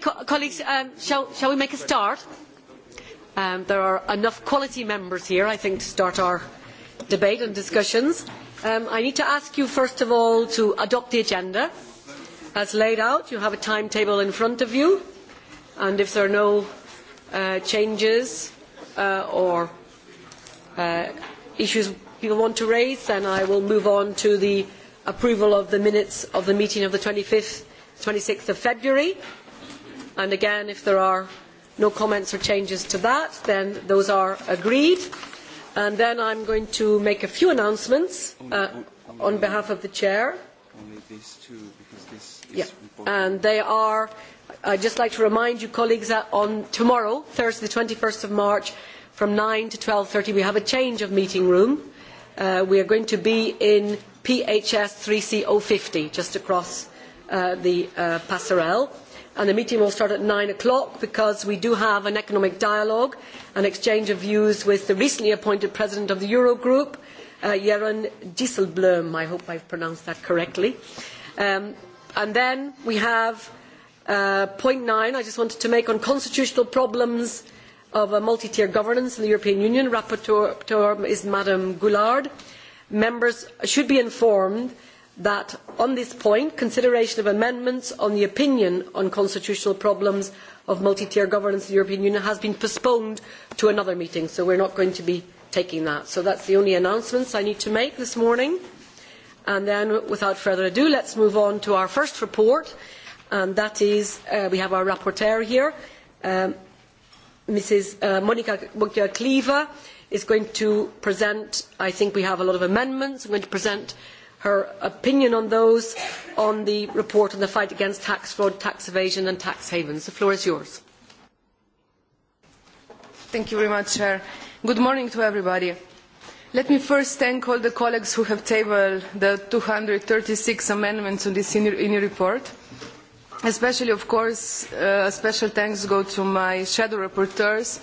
co colleagues, um, shall, shall we make a start? Um, there are enough quality members here, I think, to start our debate and discussions. Um, I need to ask you, first of all, to adopt the agenda. As laid out, you have a timetable in front of you, and if there are no uh, changes uh, or uh, issues people want to raise, then I will move on to the approval of the minutes of the meeting of the 25th, 26th of February. And again, if there are no comments or changes to that, then those are agreed. And then I am going to make a few announcements uh, on behalf of the Chair. Two, yeah. And they are, I would just like to remind you colleagues that on tomorrow, Thursday the 21st of March, from nine to twelve thirty we have a change of meeting room. Uh, we are going to be in PHS 3C050, just across uh, the uh, passerelle and the meeting will start at nine o'clock because we do have an economic dialogue and exchange of views with the recently appointed president of the Eurogroup, uh, Jeroen Dijsselbloem, I hope I have pronounced that correctly. Um, and then we have uh, point nine I just wanted to make on constitutional problems of a multi-tier governance in the European Union. Rapporteur is Madame Goulard. Members should be informed that on this point consideration of amendments on the opinion on constitutional problems of multi-tier governance in the European Union has been postponed to another meeting, so we are not going to be taking that. So that is the only announcements I need to make this morning. And then, without further ado, let us move on to our first report, and that is, uh, we have our rapporteur here, um, Mrs. Uh, Monica mukia is going to present, I think we have a lot of amendments, I am going to present her opinion on those, on the report on the fight against tax fraud, tax evasion and tax havens. The floor is yours. Thank you very much, Chair. Good morning to everybody. Let me first thank all the colleagues who have tabled the 236 amendments on this INI report. Especially, of course, uh, special thanks go to my shadow rapporteurs,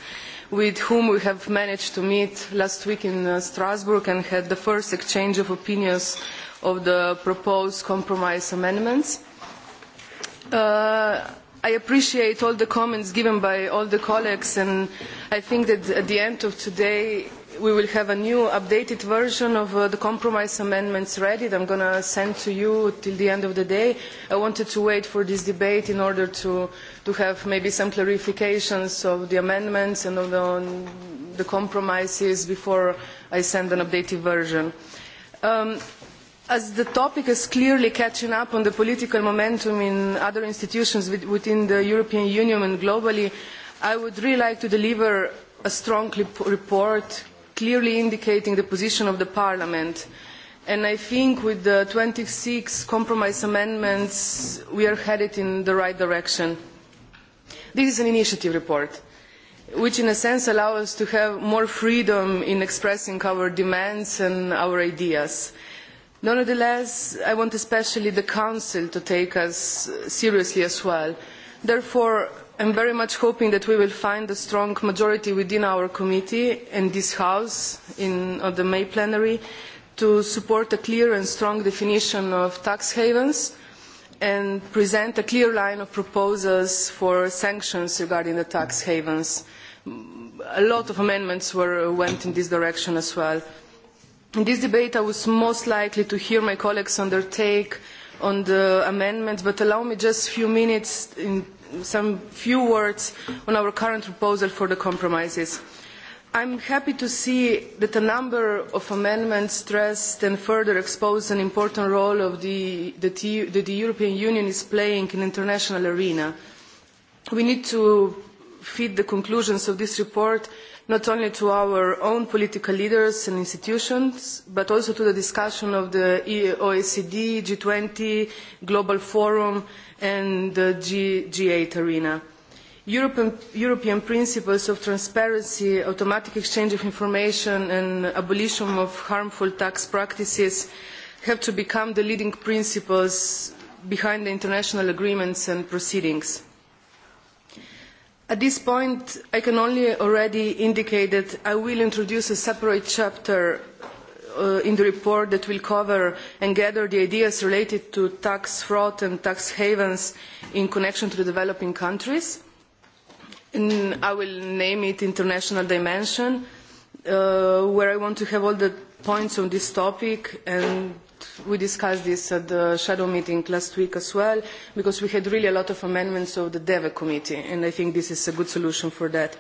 with whom we have managed to meet last week in uh, Strasbourg and had the first exchange of opinions of the proposed compromise amendments. Uh, I appreciate all the comments given by all the colleagues and I think that at the end of today we will have a new updated version of uh, the compromise amendments ready that I'm going to send to you till the end of the day. I wanted to wait for this debate in order to, to have maybe some clarifications of the amendments and of the, on the compromises before I send an updated version. Um, As the topic is clearly catching up on the political momentum in other institutions within the European Union and globally, I would really like to deliver a strong report clearly indicating the position of the Parliament. And I think with the twenty six compromise amendments, we are headed in the right direction. This is an initiative report, which in a sense allows us to have more freedom in expressing our demands and our ideas. Nonetheless, I want especially the Council to take us seriously as well. Therefore, I am very much hoping that we will find a strong majority within our committee and this House in, on the May plenary to support a clear and strong definition of tax havens and present a clear line of proposals for sanctions regarding the tax havens. A lot of amendments were, went in this direction as well. In this debate, I was most likely to hear my colleagues undertake on the amendments, but allow me just a few minutes, in some few words, on our current proposal for the compromises. I am happy to see that a number of amendments stressed and further expose an important role of the, that, EU, that the European Union is playing in the international arena. We need to feed the conclusions of this report not only to our own political leaders and institutions, but also to the discussion of the e, OECD, G20, Global Forum, and the G G8 arena. European, European principles of transparency, automatic exchange of information, and abolition of harmful tax practices have to become the leading principles behind the international agreements and proceedings. At this point, I can only already indicate that I will introduce a separate chapter uh, in the report that will cover and gather the ideas related to tax fraud and tax havens in connection to the developing countries. And I will name it International Dimension, uh, where I want to have all the points on this topic and we discussed this at the shadow meeting last week as well, because we had really a lot of amendments of the DEVA committee, and I think this is a good solution for that.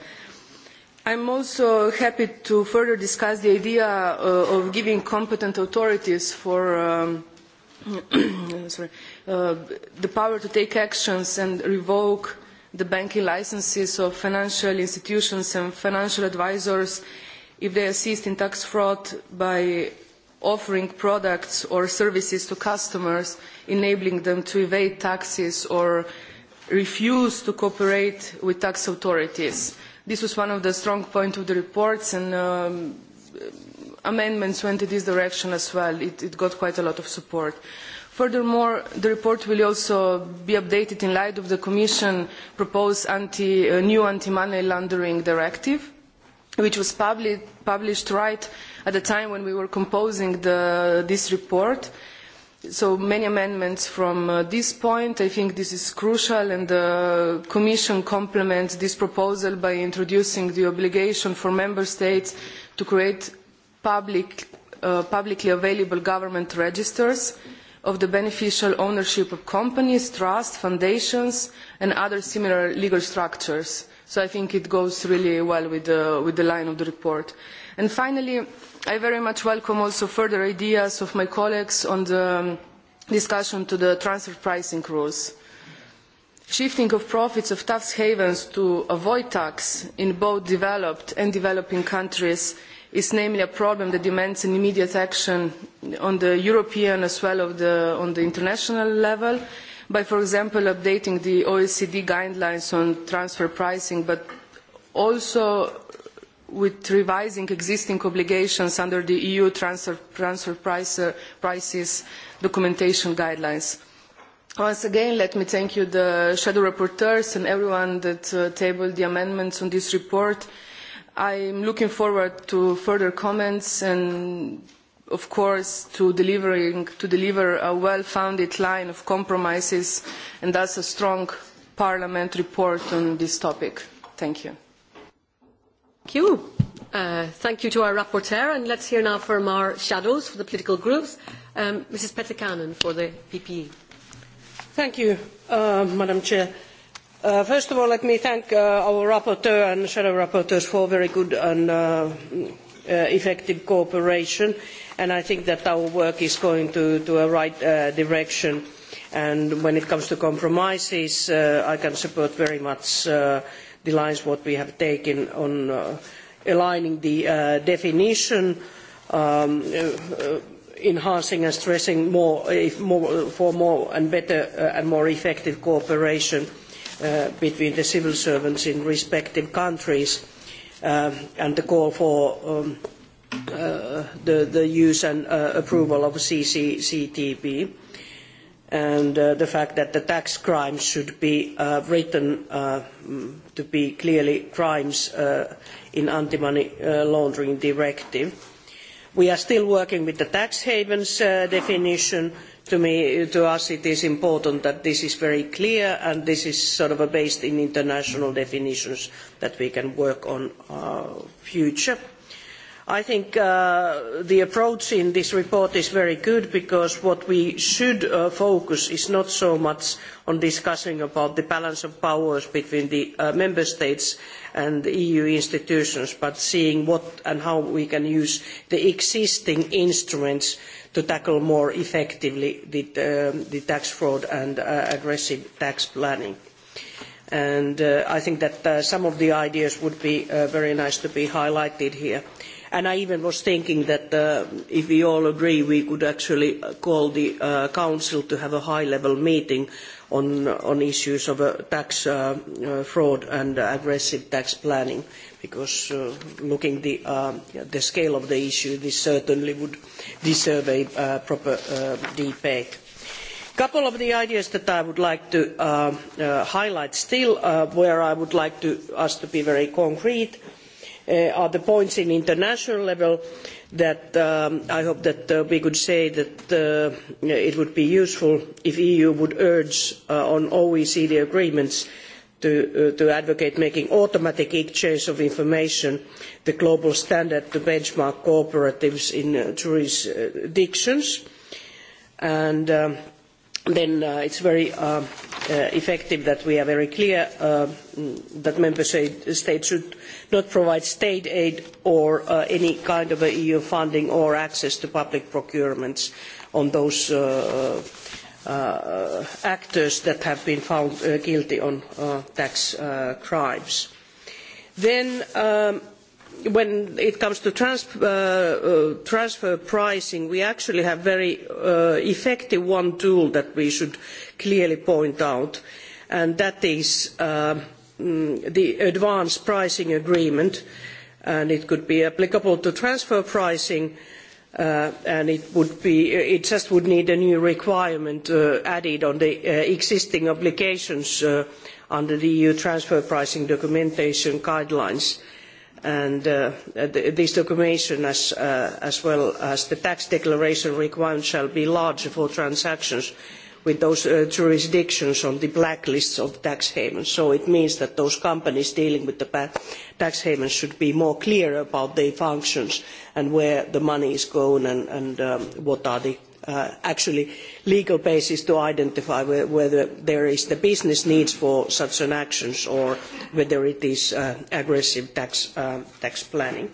I'm also happy to further discuss the idea uh, of giving competent authorities for um, sorry, uh, the power to take actions and revoke the banking licenses of financial institutions and financial advisors if they assist in tax fraud by offering products or services to customers, enabling them to evade taxes or refuse to cooperate with tax authorities. This was one of the strong points of the reports and um, amendments went in this direction as well. It, it got quite a lot of support. Furthermore, the report will also be updated in light of the Commission proposed anti, uh, new anti-money laundering directive which was published right at the time when we were composing the, this report. So many amendments from uh, this point. I think this is crucial and the Commission complements this proposal by introducing the obligation for Member States to create public, uh, publicly available government registers of the beneficial ownership of companies, trusts, foundations and other similar legal structures. So I think it goes really well with the, with the line of the report. And finally, I very much welcome also further ideas of my colleagues on the um, discussion to the transfer pricing rules. Shifting of profits of tax havens to avoid tax in both developed and developing countries is namely a problem that demands an immediate action on the European as well as on the international level by, for example, updating the OECD guidelines on transfer pricing, but also with revising existing obligations under the EU transfer, transfer price, uh, prices documentation guidelines. Once again, let me thank you, the shadow rapporteurs and everyone that uh, tabled the amendments on this report. I am looking forward to further comments and of course, to, delivering, to deliver a well-founded line of compromises and thus a strong Parliament report on this topic. Thank you. Thank you. Uh, thank you to our rapporteur, and let's hear now from our shadows for the political groups. Um, Mrs. Petikanen for the PPE. Thank you, uh, Madam Chair. Uh, first of all, let me thank uh, our rapporteur and shadow rapporteurs for very good and uh, uh, effective cooperation. Uh, and I think that our work is going to, to a right uh, direction. And when it comes to compromises, uh, I can support very much uh, the lines what we have taken on uh, aligning the uh, definition, um, uh, enhancing and stressing more, if more for more and better uh, and more effective cooperation uh, between the civil servants in respective countries, uh, and the call for um, the, the use and uh, approval of CCTB and uh, the fact that the tax crimes should be uh, written uh, mm, to be clearly crimes uh, in anti-money uh, laundering directive. We are still working with the tax havens uh, definition. To, me, to us it is important that this is very clear and this is sort of based in international definitions that we can work on uh, future. I think uh, the approach in this report is very good because what we should uh, focus is not so much on discussing about the balance of powers between the uh, member states and the EU institutions, but seeing what and how we can use the existing instruments to tackle more effectively the, um, the tax fraud and uh, aggressive tax planning and uh, I think that uh, some of the ideas would be uh, very nice to be highlighted here. And I even was thinking that uh, if we all agree, we could actually uh, call the uh, Council to have a high-level meeting on, on issues of uh, tax uh, uh, fraud and uh, aggressive tax planning, because uh, looking the, uh, the scale of the issue, this certainly would deserve a uh, proper uh, debate couple of the ideas that I would like to uh, uh, highlight still, uh, where I would like to, us to be very concrete uh, are the points in international level that um, I hope that uh, we could say that uh, it would be useful if EU would urge uh, on OECD agreements to, uh, to advocate making automatic exchange of information the global standard to benchmark cooperatives in uh, jurisdictions. And um, then uh, it's very uh, uh, effective that we are very clear uh, that member states should not provide state aid or uh, any kind of EU funding or access to public procurements on those uh, uh, uh, actors that have been found uh, guilty on uh, tax uh, crimes. Then um, when it comes to transfer, uh, uh, transfer pricing, we actually have very uh, effective one tool that we should clearly point out, and that is uh, mm, the advance pricing agreement and it could be applicable to transfer pricing uh, and it would be it just would need a new requirement uh, added on the uh, existing obligations uh, under the EU transfer pricing documentation guidelines and uh, this documentation as, uh, as well as the tax declaration requirement shall be larger for transactions uh, with those uh, jurisdictions on the blacklists of tax havens. So it means that those companies dealing with the tax havens should be more clear about their functions and where the money is going and, and um, what are the uh, actually legal basis to identify whether there is the business needs for such an actions or whether it is uh, aggressive tax, uh, tax planning.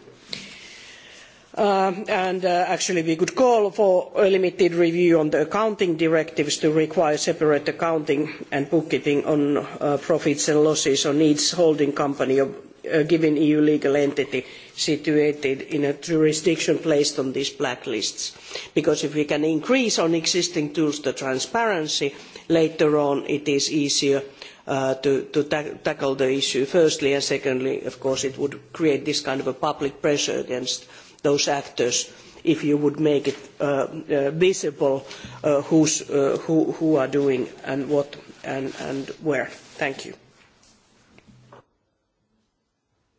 Uh, and uh, actually we could call for a limited review on the accounting directives to require separate accounting and bookkeeping on uh, profits and losses on each holding company of a given EU legal entity situated in a jurisdiction placed on these blacklists. Because if we can increase on existing tools the transparency, later on it is easier Uh, to, to ta tackle the issue firstly and secondly of course it would create this kind of a public pressure against those actors if you would make it uh, uh, visible uh, who's, uh, who, who are doing and what and, and where. Thank you.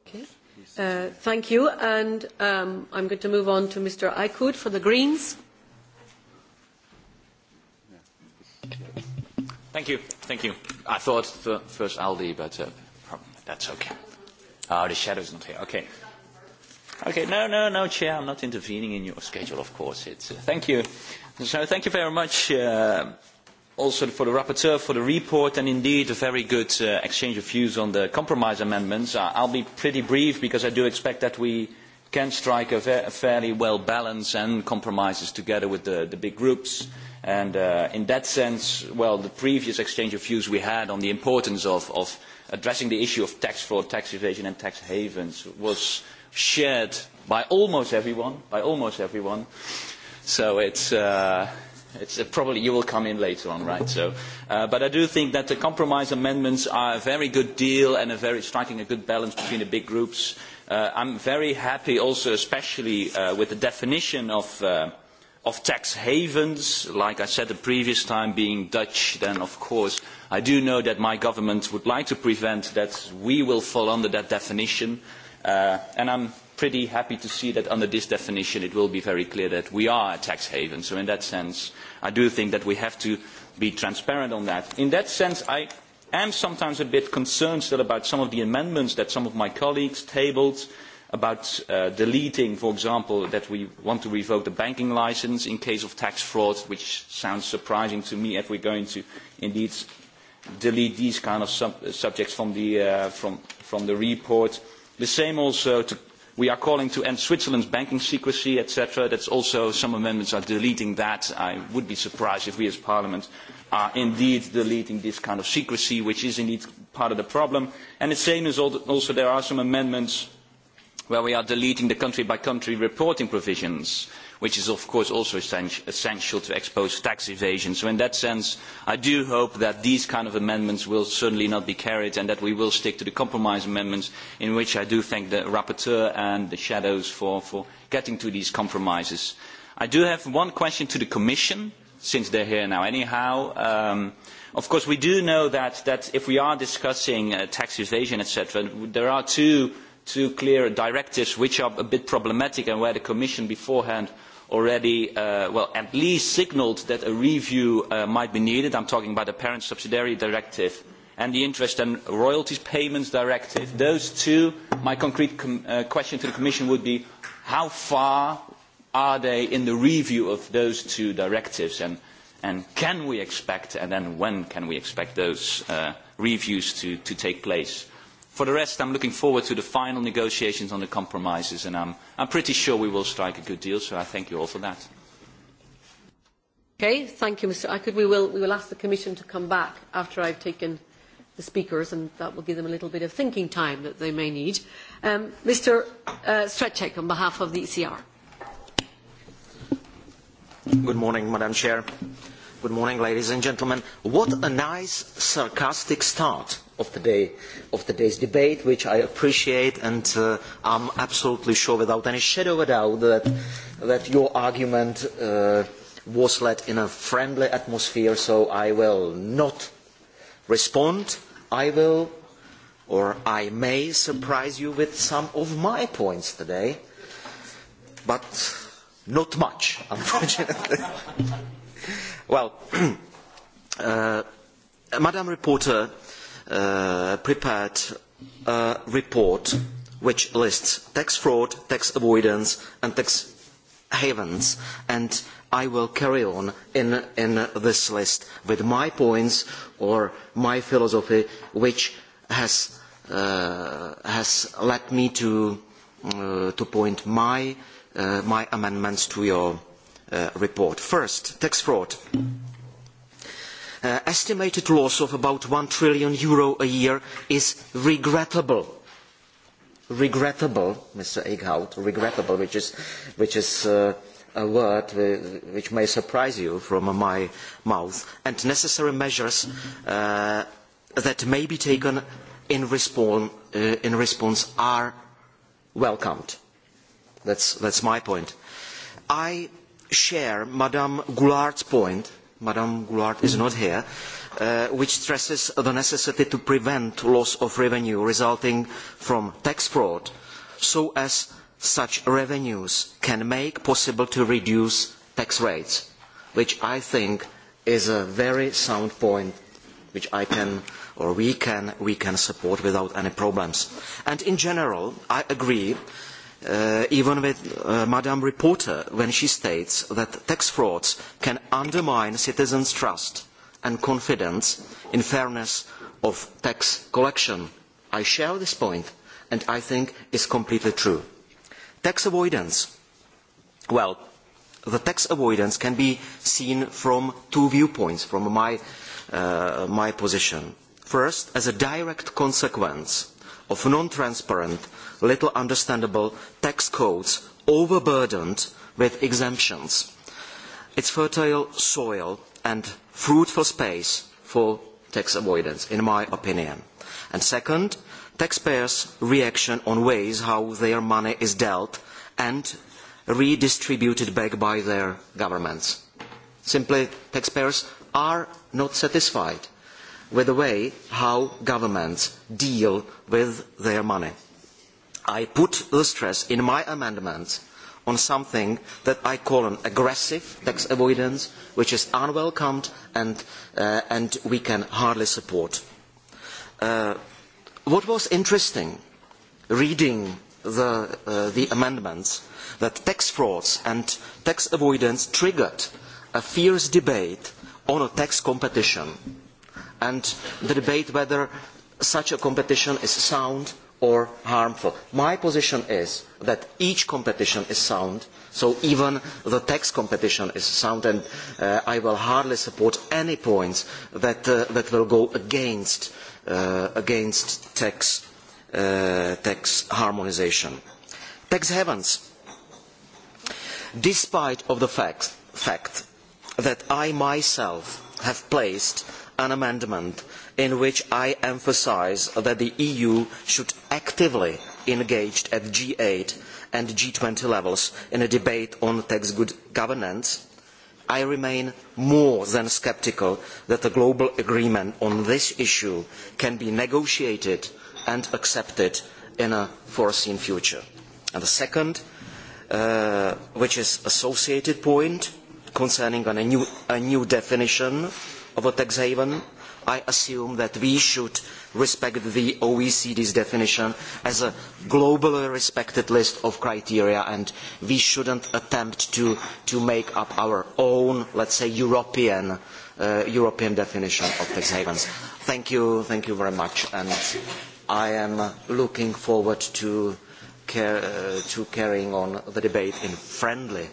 Okay. Uh, thank you, and um, I'm going to move on to Mr. Aykut for the Greens. Thank you, thank you. I thought the first Aldi, but uh, that's okay. Oh, the shadow's not here. Okay. Okay, no, no, no, Chair, I'm not intervening in your schedule, of course. It's, uh, thank you. So thank you very much uh, also for the rapporteur for the report and indeed a very good uh, exchange of views on the compromise amendments. Uh, I'll be pretty brief because I do expect that we can strike a, fa a fairly well balanced and compromises together with the, the big groups. And uh, in that sense, well, the previous exchange of views we had on the importance of, of addressing the issue of tax fraud, tax evasion and tax havens was shared by almost everyone, by almost everyone. So it's, uh, it's uh, probably you will come in later on, right? So, uh, but I do think that the compromise amendments are a very good deal and a very striking a good balance between the big groups. Uh, I'm very happy also, especially uh, with the definition of. Uh, of tax havens, like I said the previous time, being Dutch, then of course I do know that my government would like to prevent that we will fall under that definition. Uh, and I'm pretty happy to see that under this definition it will be very clear that we are a tax haven. So in that sense, I do think that we have to be transparent on that. In that sense, I am sometimes a bit concerned still about some of the amendments that some of my colleagues tabled about uh, deleting, for example, that we want to revoke the banking license in case of tax fraud, which sounds surprising to me if we're going to indeed delete these kind of sub subjects from the, uh, from, from the report. The same also, to, we are calling to end Switzerland's banking secrecy, etc. That's also, some amendments are deleting that. I would be surprised if we as Parliament are indeed deleting this kind of secrecy, which is indeed part of the problem. And the same is also, there are some amendments where we are deleting the country-by-country -country reporting provisions which is of course also essential to expose tax evasion. So in that sense, I do hope that these kind of amendments will certainly not be carried and that we will stick to the compromise amendments in which I do thank the rapporteur and the shadows for, for getting to these compromises. I do have one question to the Commission, since they are here now anyhow. Um, Of course, we do know that, that if we are discussing uh, tax evasion, etc., there are two two clear directives which are a bit problematic and where the Commission beforehand already, uh, well, at least signalled that a review uh, might be needed. I am talking about the Parent Subsidiary Directive and the Interest and Royalties Payments Directive. Those two, my concrete uh, question to the Commission would be, how far are they in the review of those two directives? And, and can we expect, and then when can we expect those uh, reviews to, to take place? For the rest, I am looking forward to the final negotiations on the compromises, and I am pretty sure we will strike a good deal, so I thank you all for that. Okay, thank you, Mr. We will, we will ask the Commission to come back after I have taken the speakers, and that will give them a little bit of thinking time that they may need. Um, Mr. Uh, on behalf of the ECR. Good morning, Madam Chair. Good morning, ladies and gentlemen. What a nice, sarcastic start of, the day, of today's debate, which I appreciate, and uh, I'm absolutely sure, without any shadow of a doubt, that, that your argument uh, was led in a friendly atmosphere, so I will not respond. I will, or I may, surprise you with some of my points today, but not much, unfortunately well, uh, Madam Reporter uh, prepared a report which lists tax fraud, tax avoidance and tax havens and I will carry on in, in this list with my points or my philosophy which has, uh, has led me to, uh, to point my, uh, my amendments to your uh, report. First, tax fraud. Uh, estimated loss of about 1 trillion euro a year is regrettable. Regrettable, Mr. Eichhout, regrettable, which is, which is uh, a word which may surprise you from my mouth, and necessary measures uh, that may be taken in, respon uh, in response are welcomed. That's, that's my point. I share Madame Goulard's point, Madame Goulard is not here, uh, which stresses the necessity to prevent loss of revenue resulting from tax fraud so as such revenues can make possible to reduce tax rates, which I think is a very sound point which I can or we can, we can support without any problems. And in general, I agree uh, even with uh, Madame Reporter when she states that tax frauds can undermine citizens' trust and confidence in fairness of tax collection. I share this point and I think is completely true. Tax avoidance. Well, the tax avoidance can be seen from two viewpoints from my, uh, my position. First, as a direct consequence of non-transparent little understandable tax codes overburdened with exemptions. It is fertile soil and fruitful space for tax avoidance, in my opinion. And second, taxpayers' reaction on ways how their money is dealt and redistributed back by their governments. Simply, taxpayers are not satisfied with the way how governments deal with their money. I put the stress in my amendments on something that I call an aggressive tax avoidance, which is unwelcomed and, uh, and we can hardly support. Uh, what was interesting reading the, uh, the amendments that tax frauds and tax avoidance triggered a fierce debate on a tax competition and the debate whether such a competition is sound or harmful. My position is that each competition is sound, so even the tax competition is sound, and uh, I will hardly support any points that, uh, that will go against, uh, against tax, uh, tax harmonization. Tax havens, despite of the fact, fact that I myself have placed an amendment in which I emphasise that the EU should actively engage at g eight and g twenty levels in a debate on tax good governance, I remain more than sceptical that a global agreement on this issue can be negotiated and accepted in a foreseen future. And the second, uh, which is associated point concerning a new, a new definition of a tax haven, I assume that we should respect the OECD's definition as a globally respected list of criteria and we shouldn't attempt to, to make up our own, let's say, European, uh, European definition of tax havens. Thank you, thank you very much and I am looking forward to, car uh, to carrying on the debate in friendly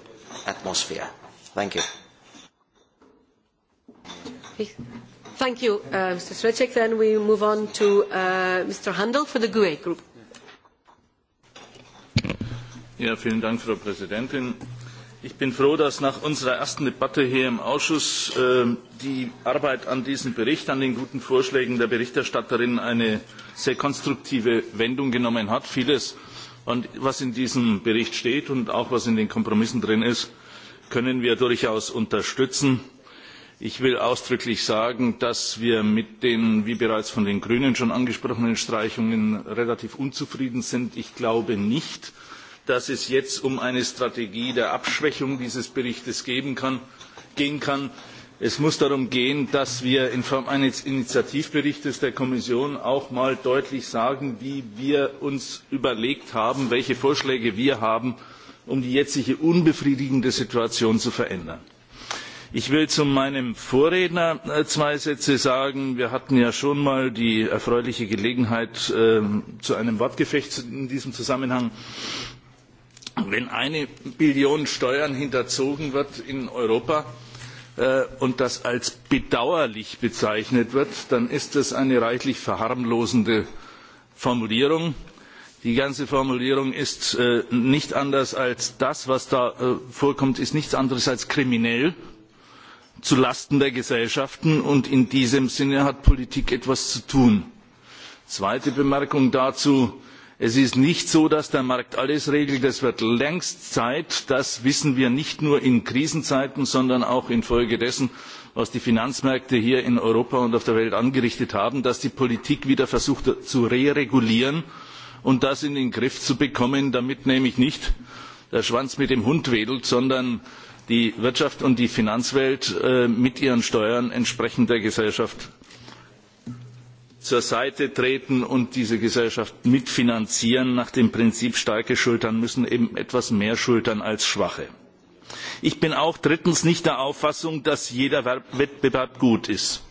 atmosphere. Thank you. Thank you, uh, Mr. Srecek. Then we move on to uh, Mr. Handel for the GUE Group. Ja, vielen Dank, Frau Präsidentin. Ich bin froh, dass nach unserer ersten Debatte hier im Ausschuss äh, die Arbeit an diesem Bericht, an den guten Vorschlägen der Berichterstatterin eine sehr konstruktive Wendung genommen hat. Vieles, und was in diesem Bericht steht und auch was in den Kompromissen drin ist, können wir durchaus unterstützen. Ich will ausdrücklich sagen, dass wir mit den, wie bereits von den Grünen schon angesprochenen Streichungen relativ unzufrieden sind. Ich glaube nicht, dass es jetzt um eine Strategie der Abschwächung dieses Berichts kann, gehen kann. Es muss darum gehen, dass wir in Form eines Initiativberichts der Kommission auch mal deutlich sagen, wie wir uns überlegt haben, welche Vorschläge wir haben, um die jetzige unbefriedigende Situation zu verändern. Ich will zu meinem Vorredner äh, zwei Sätze sagen. Wir hatten ja schon mal die erfreuliche Gelegenheit ähm, zu einem Wortgefecht in diesem Zusammenhang. Wenn eine Billion Steuern hinterzogen wird in Europa äh, und das als bedauerlich bezeichnet wird, dann ist das eine reichlich verharmlosende Formulierung. Die ganze Formulierung ist äh, nicht anders als das, was da vorkommt, ist nichts anderes als kriminell zu Lasten der Gesellschaften und in diesem Sinne hat Politik etwas zu tun. Zweite Bemerkung dazu. Es ist nicht so, dass der Markt alles regelt. Es wird längst Zeit. Das wissen wir nicht nur in Krisenzeiten, sondern auch infolgedessen, was die Finanzmärkte hier in Europa und auf der Welt angerichtet haben, dass die Politik wieder versucht zu reregulieren und das in den Griff zu bekommen, damit nämlich nicht der Schwanz mit dem Hund wedelt, sondern die Wirtschaft und die Finanzwelt äh, mit ihren Steuern entsprechend der Gesellschaft zur Seite treten und diese Gesellschaft mitfinanzieren nach dem Prinzip starke Schultern müssen eben etwas mehr schultern als schwache. Ich bin auch drittens nicht der Auffassung, dass jeder Wettbewerb gut ist.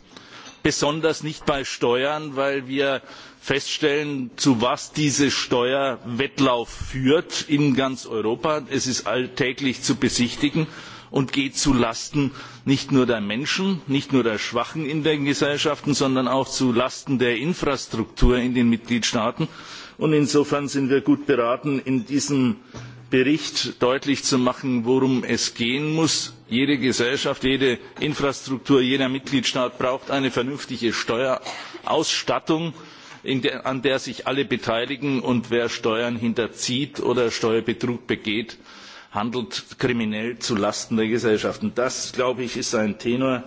Besonders nicht bei Steuern, weil wir feststellen, zu was dieser Steuerwettlauf führt in ganz Europa. Es ist alltäglich zu besichtigen und geht zu Lasten nicht nur der Menschen, nicht nur der Schwachen in den Gesellschaften, sondern auch zu Lasten der Infrastruktur in den Mitgliedstaaten. Und insofern sind wir gut beraten, in diesem Bericht deutlich zu machen, worum es gehen muss. Jede Gesellschaft, jede Infrastruktur, jeder Mitgliedstaat braucht eine vernünftige Steuerausstattung an der sich alle beteiligen und wer Steuern hinterzieht oder Steuerbetrug begeht, handelt kriminell zu Lasten der Gesellschaft. Und das, glaube ich, ist ein Tenor,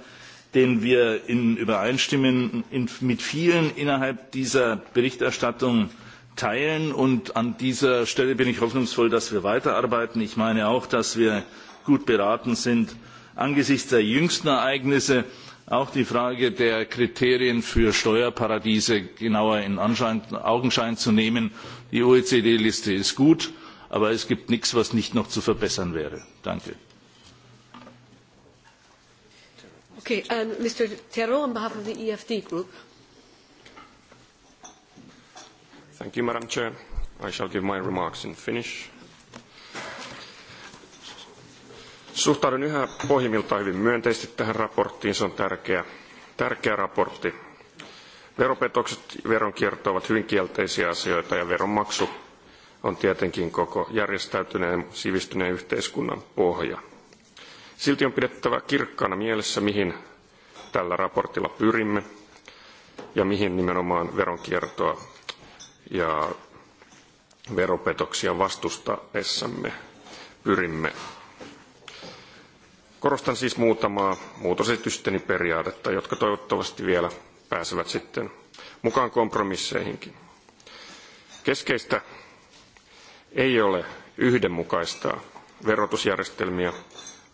den wir in Übereinstimmung mit vielen innerhalb dieser Berichterstattung teilen. Und an dieser Stelle bin ich hoffnungsvoll, dass wir weiterarbeiten. Ich meine auch, dass wir gut beraten sind angesichts der jüngsten Ereignisse auch die Frage der Kriterien für Steuerparadiese genauer in Augenschein zu nehmen. Die OECD-Liste ist gut, aber es gibt nichts, was nicht noch zu verbessern wäre. Danke. Okay, um, Mr. Terro, on behalf of the EFD group. Thank you, Madam Chair. I shall give my remarks in Finnish. Suhtaudun yhä pohjimmiltaan hyvin myönteisesti tähän raporttiin. Se on tärkeä, tärkeä raportti. Veropetokset ja veronkierto ovat hyvin kielteisiä asioita ja veronmaksu on tietenkin koko järjestäytyneen sivistyneen yhteiskunnan pohja. Silti on pidettävä kirkkaana mielessä, mihin tällä raportilla pyrimme ja mihin nimenomaan veronkiertoa ja veropetoksia vastustaessamme pyrimme. Korostan siis muutamaa muutosesitysteni periaatetta, jotka toivottavasti vielä pääsevät sitten mukaan kompromisseihinkin. Keskeistä ei ole yhdenmukaistaa verotusjärjestelmiä,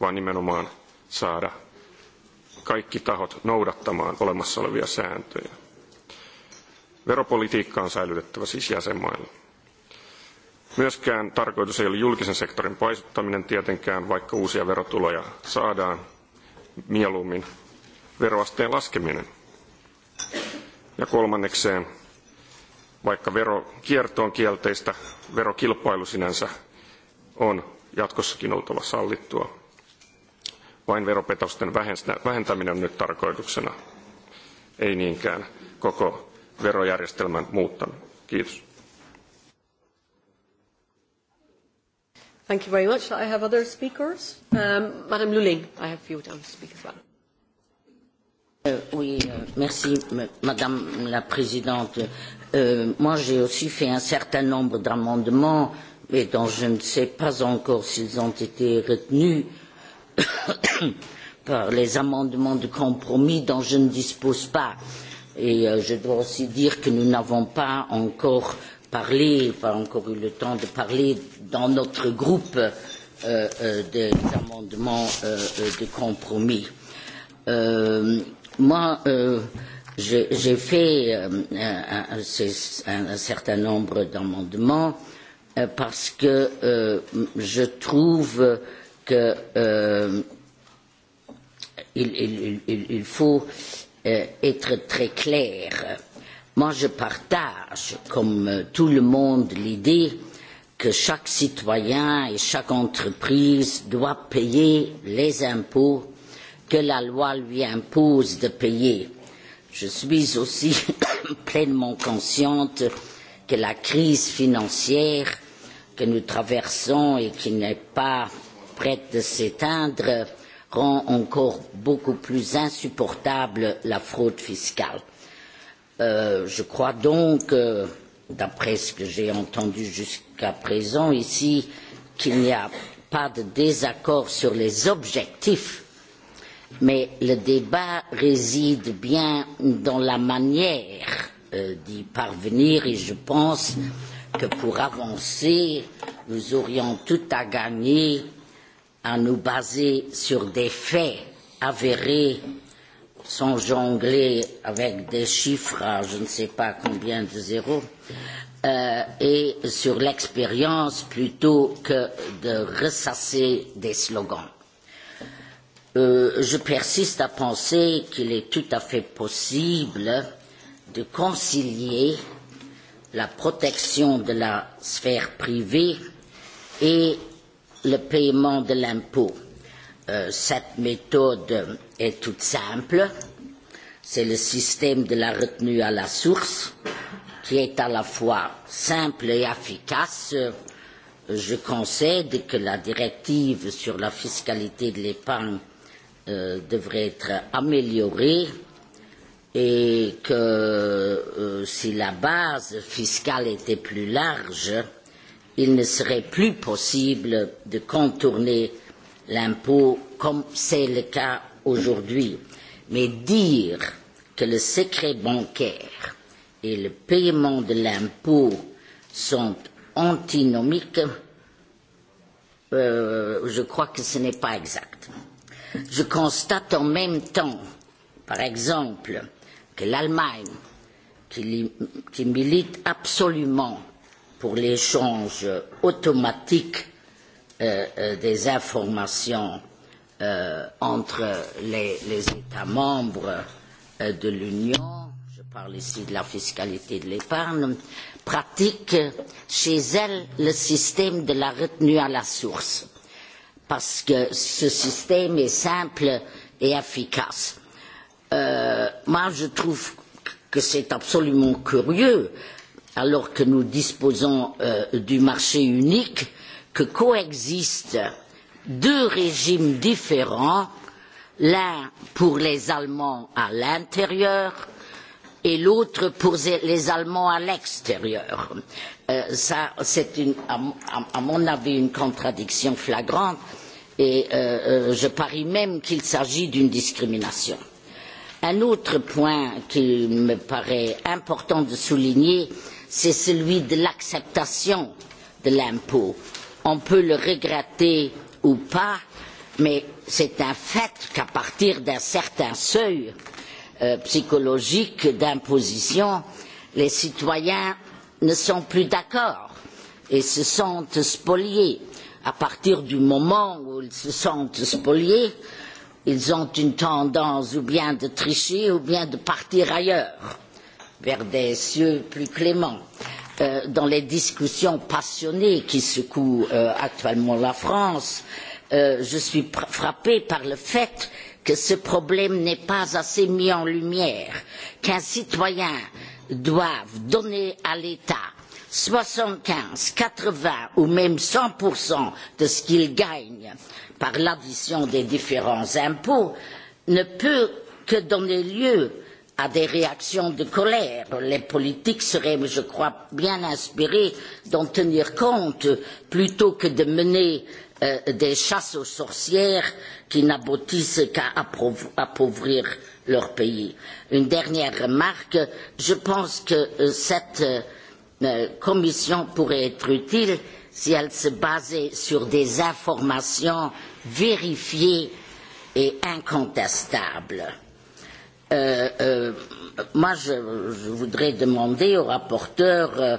vaan nimenomaan saada kaikki tahot noudattamaan olemassa olevia sääntöjä. Veropolitiikka on säilytettävä siis jäsenmailla. Myöskään tarkoitus ei ole julkisen sektorin paisuttaminen tietenkään, vaikka uusia verotuloja saadaan mieluummin veroasteen laskeminen. Ja kolmannekseen, vaikka verokierto on kielteistä, verokilpailu sinänsä on jatkossakin oltava sallittua. Vain veropetosten vähentäminen on nyt tarkoituksena, ei niinkään koko verojärjestelmän muuttaminen. Kiitos. Thank you very much. I have other speakers. Um, Madame Luling, I have few time to speak as well. Euh, oui, euh, merci Madame la Présidente. Euh, moi j'ai aussi fait un certain nombre d'amendements, mais dont je ne sais pas encore s'ils ont été retenus par les amendements de compromis dont je ne dispose pas. Et euh, je dois aussi dire que nous n'avons pas encore euh, parler, pas encore eu le temps de parler dans notre groupe euh, euh, des amendements euh, euh, de compromis. Euh, moi, euh, j'ai fait euh, un, un, un certain nombre d'amendements euh, parce que euh, je trouve que euh, il, il, il, il faut euh, être très clair Moi, je partage, comme euh, tout le monde, l'idée que chaque citoyen et chaque entreprise doit payer les impôts que la loi lui impose de payer. Je suis aussi pleinement consciente que la crise financière que nous traversons et qui n'est pas prête de s'éteindre rend encore beaucoup plus insupportable la fraude fiscale. Euh, je crois donc, euh, d'après ce que j'ai entendu jusqu'à présent ici, qu'il n'y a pas de désaccord sur les objectifs, mais le débat réside bien dans la manière euh, d'y parvenir et je pense que pour avancer, nous aurions tout à gagner à nous baser sur des faits avérés sans jongler avec des chiffres à je ne sais pas combien de zéros, euh, et sur l'expérience plutôt que de ressasser des slogans. Euh, je persiste à penser qu'il est tout à fait possible de concilier la protection de la sphère privée et le paiement de l'impôt. Euh, cette méthode est toute simple. C'est le système de la retenue à la source qui est à la fois simple et efficace. Je concède que la directive sur la fiscalité de l'épargne euh, devrait être améliorée et que euh, si la base fiscale était plus large, il ne serait plus possible de contourner euh, l'impôt comme c'est le cas aujourd'hui. Mais dire que le secret bancaire et le paiement de l'impôt sont antinomiques, euh, je crois que ce n'est pas exact. Je constate en même temps, par exemple, que l'Allemagne, qui, qui milite absolument pour l'échange automatique Euh, euh, des informations euh, entre les, les États membres euh, de l'Union, je parle ici de la fiscalité de l'épargne, pratique chez elles le système de la retenue à la source, parce que ce système est simple et efficace. Euh, moi, je trouve que c'est absolument curieux, alors que nous disposons euh, du marché unique, que coexistent deux régimes différents, l'un pour les Allemands à l'intérieur et l'autre pour les Allemands à l'extérieur. Euh, c'est à, à mon avis une contradiction flagrante et euh, euh, je parie même qu'il s'agit d'une discrimination. Un autre point qui me paraît important de souligner, c'est celui de l'acceptation de l'impôt. On peut le regretter ou pas, mais c'est un fait qu'à partir d'un certain seuil euh, psychologique d'imposition, les citoyens ne sont plus d'accord et se sentent spoliés. À partir du moment où ils se sentent spoliés, ils ont une tendance ou bien de tricher ou bien de partir ailleurs, vers des cieux plus cléments. Euh, dans les discussions passionnées qui secouent euh, actuellement la France, euh, je suis frappée par le fait que ce problème n'est pas assez mis en lumière, qu'un citoyen doive donner à l'État soixante quinze, quatre vingts ou même cent de ce qu'il gagne par l'addition des différents impôts ne peut que donner lieu à des réactions de colère. Les politiques seraient, je crois, bien inspirées d'en tenir compte plutôt que de mener euh, des chasses aux sorcières qui n'aboutissent qu'à appauvrir leur pays. Une dernière remarque, je pense que euh, cette euh, euh, commission pourrait être utile si elle se basait sur des informations vérifiées et incontestables Euh, euh, moi, je, je voudrais demander au rapporteur euh,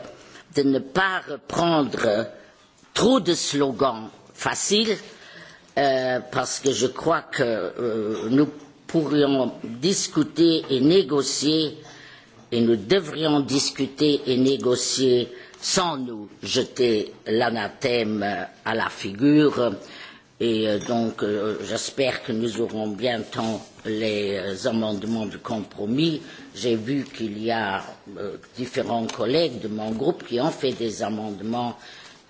de ne pas reprendre trop de slogans faciles, euh, parce que je crois que euh, nous pourrions discuter et négocier, et nous devrions discuter et négocier sans nous jeter l'anathème à la figure. Et euh, donc, euh, j'espère que nous aurons bientôt les amendements de compromis, j'ai vu qu'il y a euh, différents collègues de mon groupe qui ont fait des amendements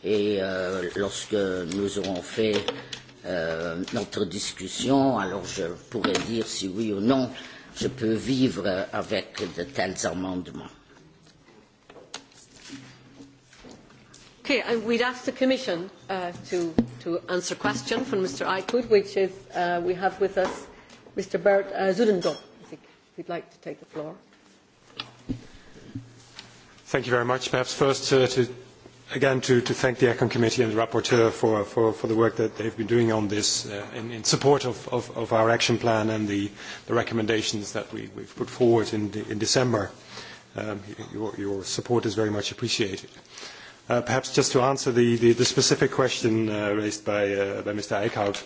et euh, lorsque nous aurons fait euh, notre discussion, alors je pourrais dire si oui ou non je peux vivre avec de tels amendements. Okay, and we'd ask the Commission uh, to, to answer question from Mr. Aykut, which is, uh, we have with us Mr. Bert uh, Zudendorf, I think, if you'd like to take the floor. Thank you very much. Perhaps first uh, to, again to, to thank the ECON Committee and the Rapporteur for, for, for the work that they've been doing on this uh, in, in support of, of, of our action plan and the, the recommendations that we, we've put forward in, in December. Um, your, your support is very much appreciated. Uh, perhaps just to answer the, the, the specific question uh, raised by, uh, by Mr. Eickhout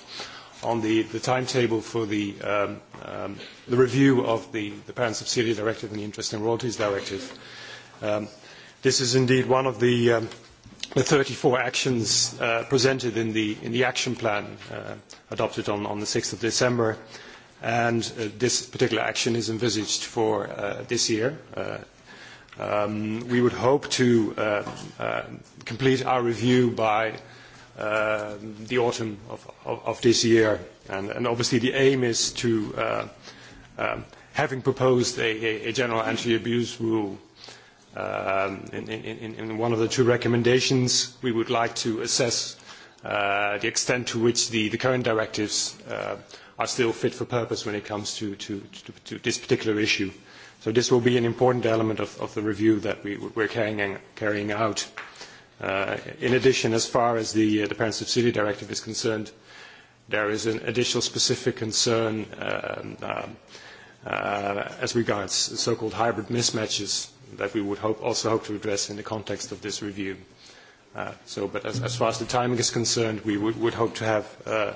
on the, the timetable for the, um, um, the review of the, the Parent Subsidy Directive and the Interest and Royalties Directive. Um, this is indeed one of the, um, the 34 actions uh, presented in the, in the action plan uh, adopted on, on the 6th of December, and uh, this particular action is envisaged for uh, this year. Uh, um, we would hope to uh, uh, complete our review by Uh, the autumn of, of, of this year. And, and obviously the aim is to, uh, um, having proposed a, a, a general anti-abuse rule um, in, in, in one of the two recommendations, we would like to assess uh, the extent to which the, the current directives uh, are still fit for purpose when it comes to, to, to, to this particular issue. So this will be an important element of, of the review that we, we're carrying, carrying out. Uh, Uh, in addition, as far as the, uh, the Parent Subsidy Directive is concerned, there is an additional specific concern um, um, uh, as regards so-called hybrid mismatches that we would hope, also hope to address in the context of this review. Uh, so, but as, as far as the timing is concerned, we would, would hope to have uh,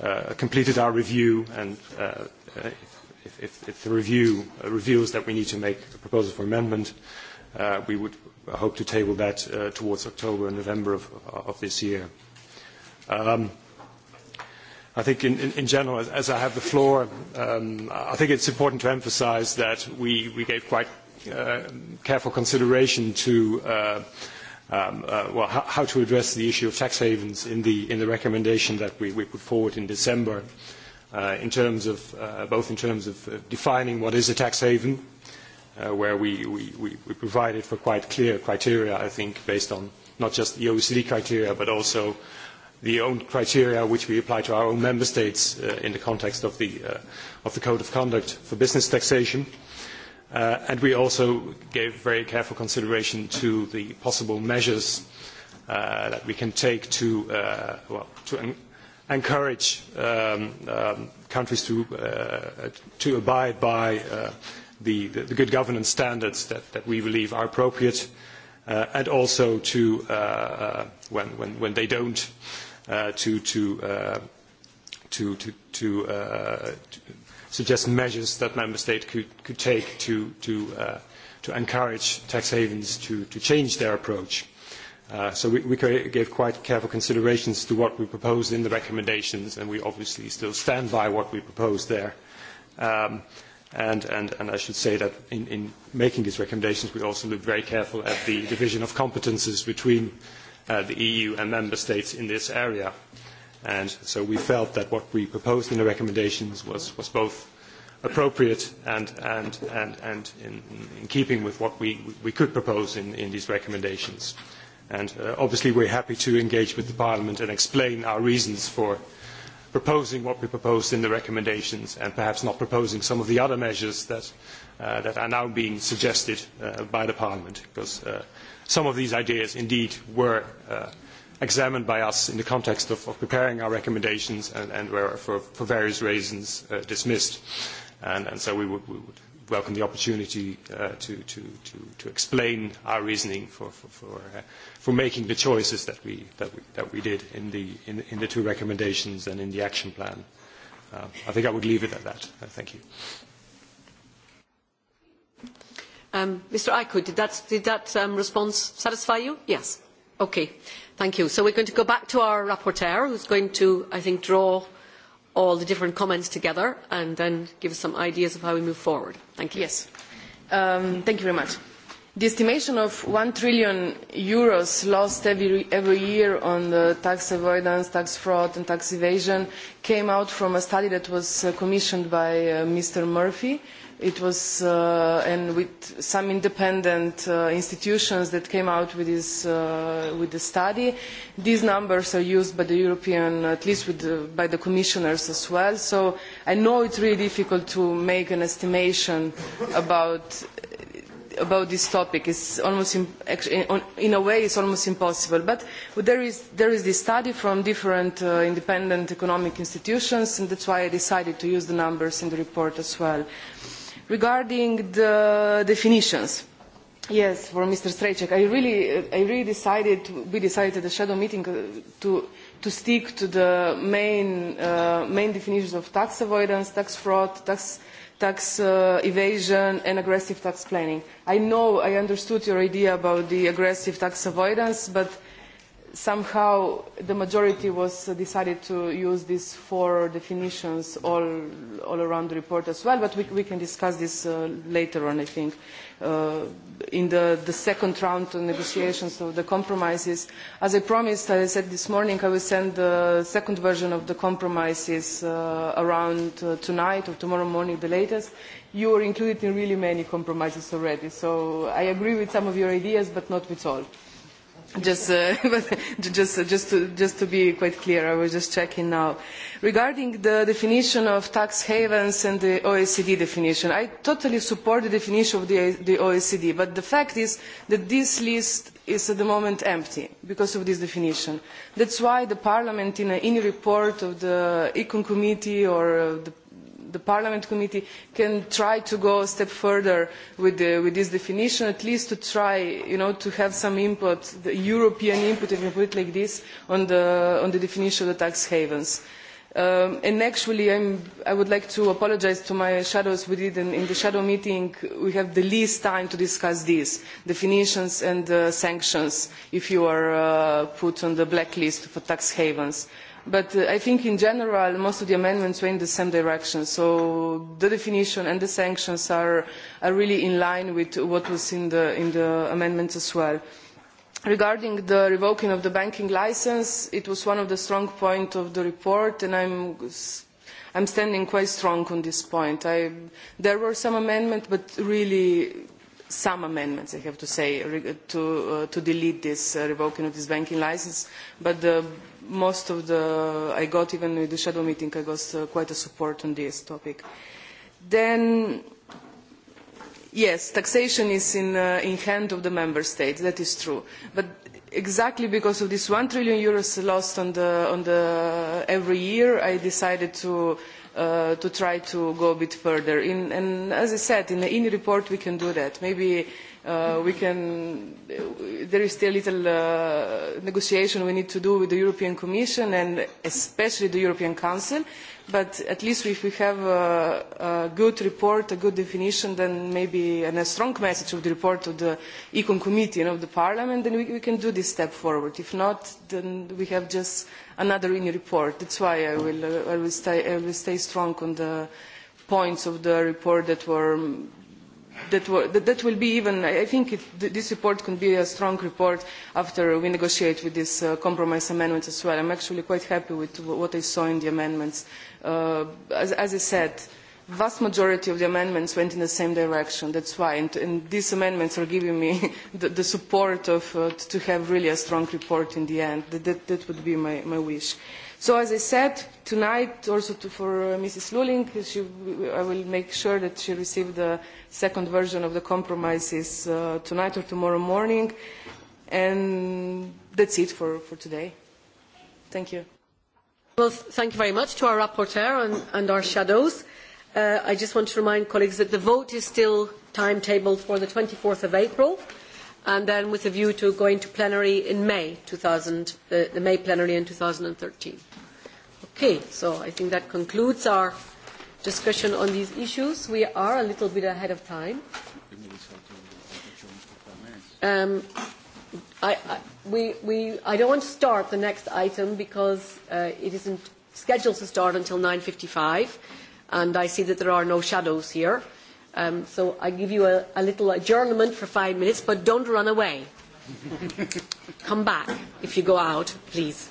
uh, completed our review and uh, if, if, if the review uh, reveals that we need to make a proposal for amendment, uh, we would I hope to table that uh, towards October and November of, of this year. Um, I think in, in, in general, as, as I have the floor, um, I think it's important to emphasize that we, we gave quite uh, careful consideration to uh, um, uh, well, how, how to address the issue of tax havens in the, in the recommendation that we, we put forward in December, uh, in terms of, uh, both in terms of uh, defining what is a tax haven, uh, uh, where we, we, we, we provided for quite clear criteria, I think, based on not just the OECD criteria, but also the own criteria which we apply to our own member states uh, in the context of the, uh, of the Code of Conduct for Business Taxation. Uh, and we also gave very careful consideration to the possible measures uh, that we can take to, uh, well, to en encourage um, um, countries to, uh, to abide by uh, the, the, the good governance standards that, that we believe are appropriate, uh, and also to, uh, uh, when, when, when they don't, uh, to, to, uh, to, to, to, uh, to suggest measures that member states could, could take to, to, uh, to encourage tax havens to, to change their approach. Uh, so we, we gave quite careful considerations to what we proposed in the recommendations, and we obviously still stand by what we proposed there. Um, And, and, and I should say that in, in making these recommendations, we also look very careful at the division of competences between uh, the EU and member states in this area. And so we felt that what we proposed in the recommendations was, was both appropriate and, and, and, and in, in keeping with what we, we could propose in, in these recommendations. And uh, obviously we're happy to engage with the Parliament and explain our reasons for proposing what we proposed in the recommendations and perhaps not proposing some of the other measures that, uh, that are now being suggested uh, by the Parliament, because uh, some of these ideas indeed were uh, examined by us in the context of, of preparing our recommendations and, and were, for, for various reasons, uh, dismissed. And, and so we would, we would welcome the opportunity uh, to, to, to, to explain our reasoning for, for, for, uh, for making the choices that we, that we, that we did in the, in, in the two recommendations and in the action plan. Uh, I think I would leave it at that. Uh, thank you. Um, Mr. Aykut, did that, did that um, response satisfy you? Yes. Okay. Thank you. So we're going to go back to our rapporteur, who's going to, I think, draw all the different comments together and then give us some ideas of how we move forward. Thank you. Yes. Um, thank you very much. The estimation of EUR one trillion euros lost every, every year on the tax avoidance, tax fraud and tax evasion came out from a study that was uh, commissioned by uh, Mr. Murphy. It was, uh, and with some independent uh, institutions that came out with this, uh, with the study. These numbers are used by the European, at least with the, by the commissioners as well. So I know it's really difficult to make an estimation about about this topic is almost in, in a way it's almost impossible but there is there is this study from different uh, independent economic institutions and that's why I decided to use the numbers in the report as well Regarding the definitions, yes, for Mr. Strejcek, I really, I really decided, we decided at the shadow meeting uh, to, to stick to the main, uh, main definitions of tax avoidance, tax fraud, tax, tax uh, evasion, and aggressive tax planning. I know I understood your idea about the aggressive tax avoidance, but somehow the majority was uh, decided to use these four definitions all, all around the report as well, but we, we can discuss this uh, later on, I think. Uh, in the, the second round of negotiations of the compromises, as I promised, as I said this morning, I will send the second version of the compromises uh, around uh, tonight or tomorrow morning, the latest. You are included in really many compromises already, so I agree with some of your ideas, but not with all. Just, uh, just, just, to, just to be quite clear, I was just checking now. Regarding the definition of tax havens and the OECD definition, I totally support the definition of the, the OECD, but the fact is that this list is at the moment empty because of this definition. That's why the Parliament, in any report of the Econ Committee or the the Parliament Committee can try to go a step further with, the, uh, with this definition, at least to try you know, to have some input, the European input, if you put it like this, on the, on the definition of the tax havens. Um, and actually, I'm, I would like to apologize to my shadows. We did in, in the shadow meeting, we have the least time to discuss these definitions and uh, sanctions if you are uh, put on the blacklist for tax havens. But uh, I think in general, most of the amendments went in the same direction. So the definition and the sanctions are, are really in line with what was in the, in the amendments as well. Regarding the revoking of the banking license, it was one of the strong points of the report, and I'm I'm standing quite strong on this point. I, there were some amendments, but really some amendments, I have to say, to, uh, to delete this uh, revoking of this banking license. But the most of the, I got even with the shadow meeting, I got uh, quite a support on this topic. Then, yes, taxation is in, uh, in hand of the member states, that is true. But exactly because of this one trillion euros lost on the, on the, every year, I decided to, uh, to try to go a bit further. In, and as I said, in the INI report we can do that. Maybe uh, we can, there is still little uh, negotiation we need to do with the European Commission and especially the European Council, but at least if we have a, a good report, a good definition, then maybe and a strong message of the report of the Econ Committee and of the Parliament, then we, we can do this step forward. If not, then we have just another in report. That's why I will, uh, I will, stay, I will stay strong on the points of the report that were that, were, that, that will be even, I think it, this report can be a strong report after we negotiate with this uh, compromise amendment as well. I'm actually quite happy with what I saw in the amendments. Uh, as, as I said, vast majority of the amendments went in the same direction. That's why, and, and these amendments are giving me the, the support of, uh, to have really a strong report in the end. That, that, that would be my, my wish. Uh, So as I said, tonight also to, for uh, Mrs. Luling, she, I will make sure that she received the second version of the compromises uh, tonight or tomorrow morning. And that's it for, for today. Thank you. Well, thank you very much to our rapporteur and, and our shadows. Uh, I just want to remind colleagues that the vote is still timetabled for the 24th of April and then with a view to going to plenary in May, 2000, uh, the May plenary in 2013. Okay, so I think that concludes our discussion on these issues. We are a little bit ahead of time. Um, I, I, we, we, I don't want to start the next item because uh, it isn't scheduled to start until 9.55 and I see that there are no shadows here. Um, so I give you a, a little adjournment for five minutes, but don't run away. Come back if you go out, please.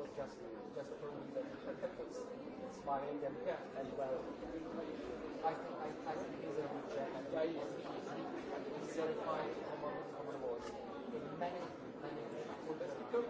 was just just proving that it was inspiring and yeah, as well. I think I, I think he's a good chef and I he's verified among common awards in many many because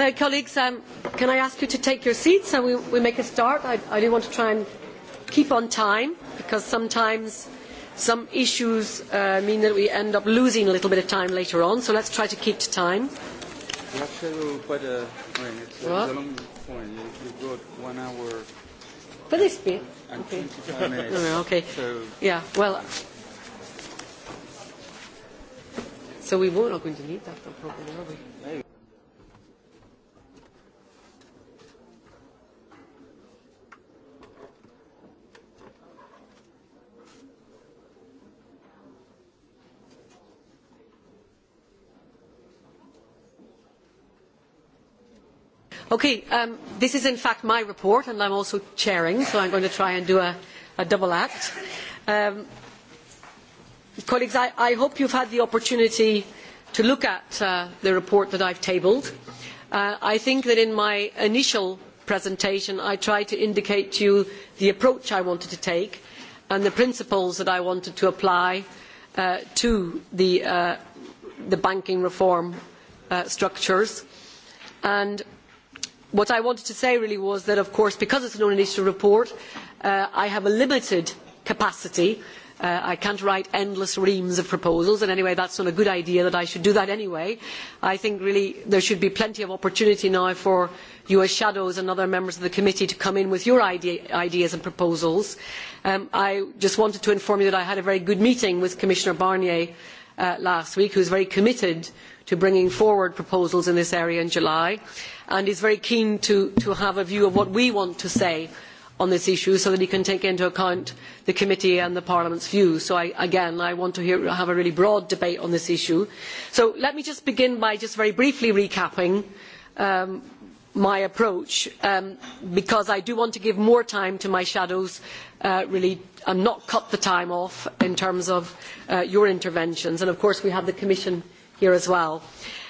Uh, colleagues, um, can I ask you to take your seats and we, we make a start? I, I do want to try and keep on time because sometimes some issues uh, mean that we end up losing a little bit of time later on, so let's try to keep to time. You have scheduled a, it's, a long point. You, you got one hour. For this bit? And okay. 25 minutes. no, no, okay. So, yeah, well. So we were not going to need that, though, probably, are we? Maybe. Okay, um, this is in fact my report, and I'm also chairing, so I'm going to try and do a, a double act. Um, colleagues, I, I hope you've had the opportunity to look at uh, the report that I've tabled. Uh, I think that in my initial presentation, I tried to indicate to you the approach I wanted to take and the principles that I wanted to apply uh, to the, uh, the, banking reform uh, structures. And what I wanted to say really was that, of course, because it is an initiative report, uh, I have a limited capacity. Uh, I cannot write endless reams of proposals, and anyway, that is not a good idea that I should do that anyway. I think really there should be plenty of opportunity now for you as shadows and other members of the committee to come in with your idea, ideas and proposals. Um, I just wanted to inform you that I had a very good meeting with Commissioner Barnier uh, last week, who is very committed uh, to bringing forward proposals in this area in July and is very keen to, to have a view of what we want to say on this issue so that he can take into account the committee and the parliament's views. So I, again, I want to hear, have a really broad debate on this issue. So let me just begin by just very briefly recapping um, my approach um, because I do want to give more time to my shadows uh, really and not cut the time off in terms of uh, your interventions. And of course we have the Commission here as well.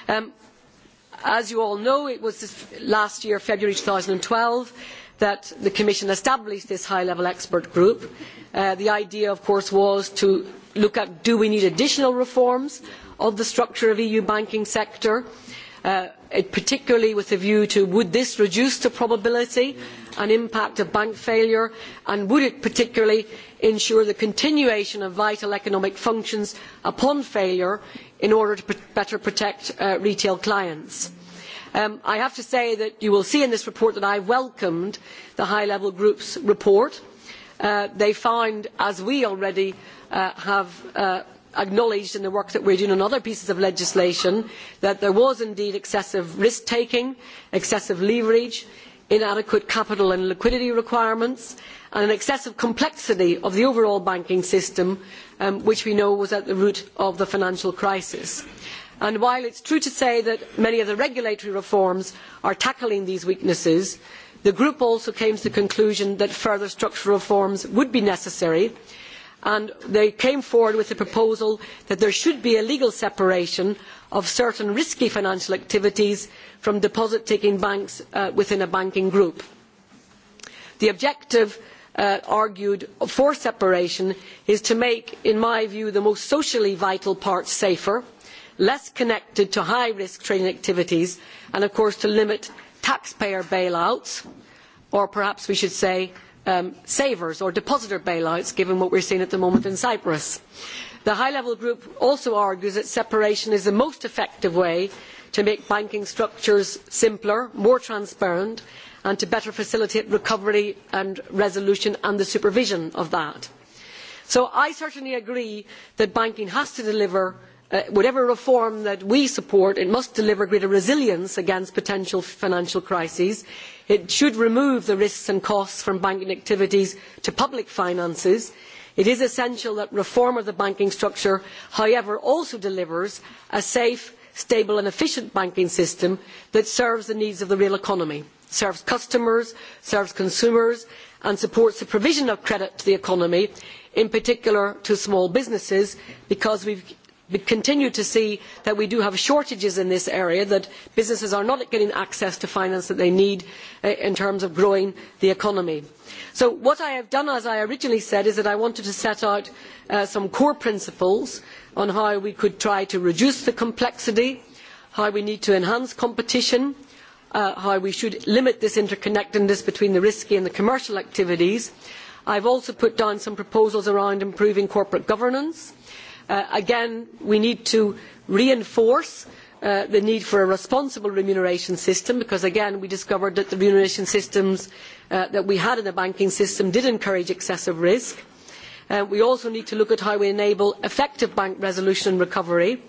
Um, as you all know, it was last year, February twelve, that the Commission established this high-level expert group. Uh, the idea, of course, was to look at do we need additional reforms of the structure of the EU banking sector, uh, particularly with a view to would this reduce the probability and impact of bank failure, and would it particularly ensure the continuation of vital economic functions upon failure in order to better protect uh, retail clients. Um, I have to say that you will see in this report that I welcomed the High Level Group's report. Uh, they found, as we already uh, have uh, acknowledged in the work that we are doing on other pieces of legislation, that there was indeed excessive risk taking, excessive leverage, inadequate capital and liquidity requirements, and an excessive complexity of the overall banking system, um, which we know was at the root of the financial crisis. And while it is true to say that many of the regulatory reforms are tackling these weaknesses, the group also came to the conclusion that further structural reforms would be necessary and they came forward with a proposal that there should be a legal separation of certain risky financial activities from deposit taking banks uh, within a banking group. The objective Uh, argued for separation is to make, in my view, the most socially vital parts safer, less connected to high risk trading activities, and of course to limit taxpayer bailouts, or perhaps we should say um, savers or depositor bailouts, given what we are seeing at the moment in Cyprus. The high level group also argues that separation is the most effective way to make banking structures simpler, more transparent, and to better facilitate recovery and resolution and the supervision of that. So I certainly agree that banking has to deliver uh, whatever reform that we support, it must deliver greater resilience against potential financial crises. It should remove the risks and costs from banking activities to public finances. It is essential that reform of the banking structure, however, also delivers a safe, stable and efficient banking system that serves the needs of the real economy serves customers, serves consumers and supports the provision of credit to the economy, in particular to small businesses, because we continue to see that we do have shortages in this area, that businesses are not getting access to finance that they need eh, in terms of growing the economy. So what I have done, as I originally said, is that I wanted to set out uh, some core principles on how we could try to reduce the complexity, how we need to enhance competition, uh, how we should limit this interconnectedness between the risky and the commercial activities. I have also put down some proposals around improving corporate governance. Uh, again, we need to reinforce uh, the need for a responsible remuneration system because, again, we discovered that the remuneration systems uh, that we had in the banking system did encourage excessive risk. Uh, we also need to look at how we enable effective bank resolution and recovery,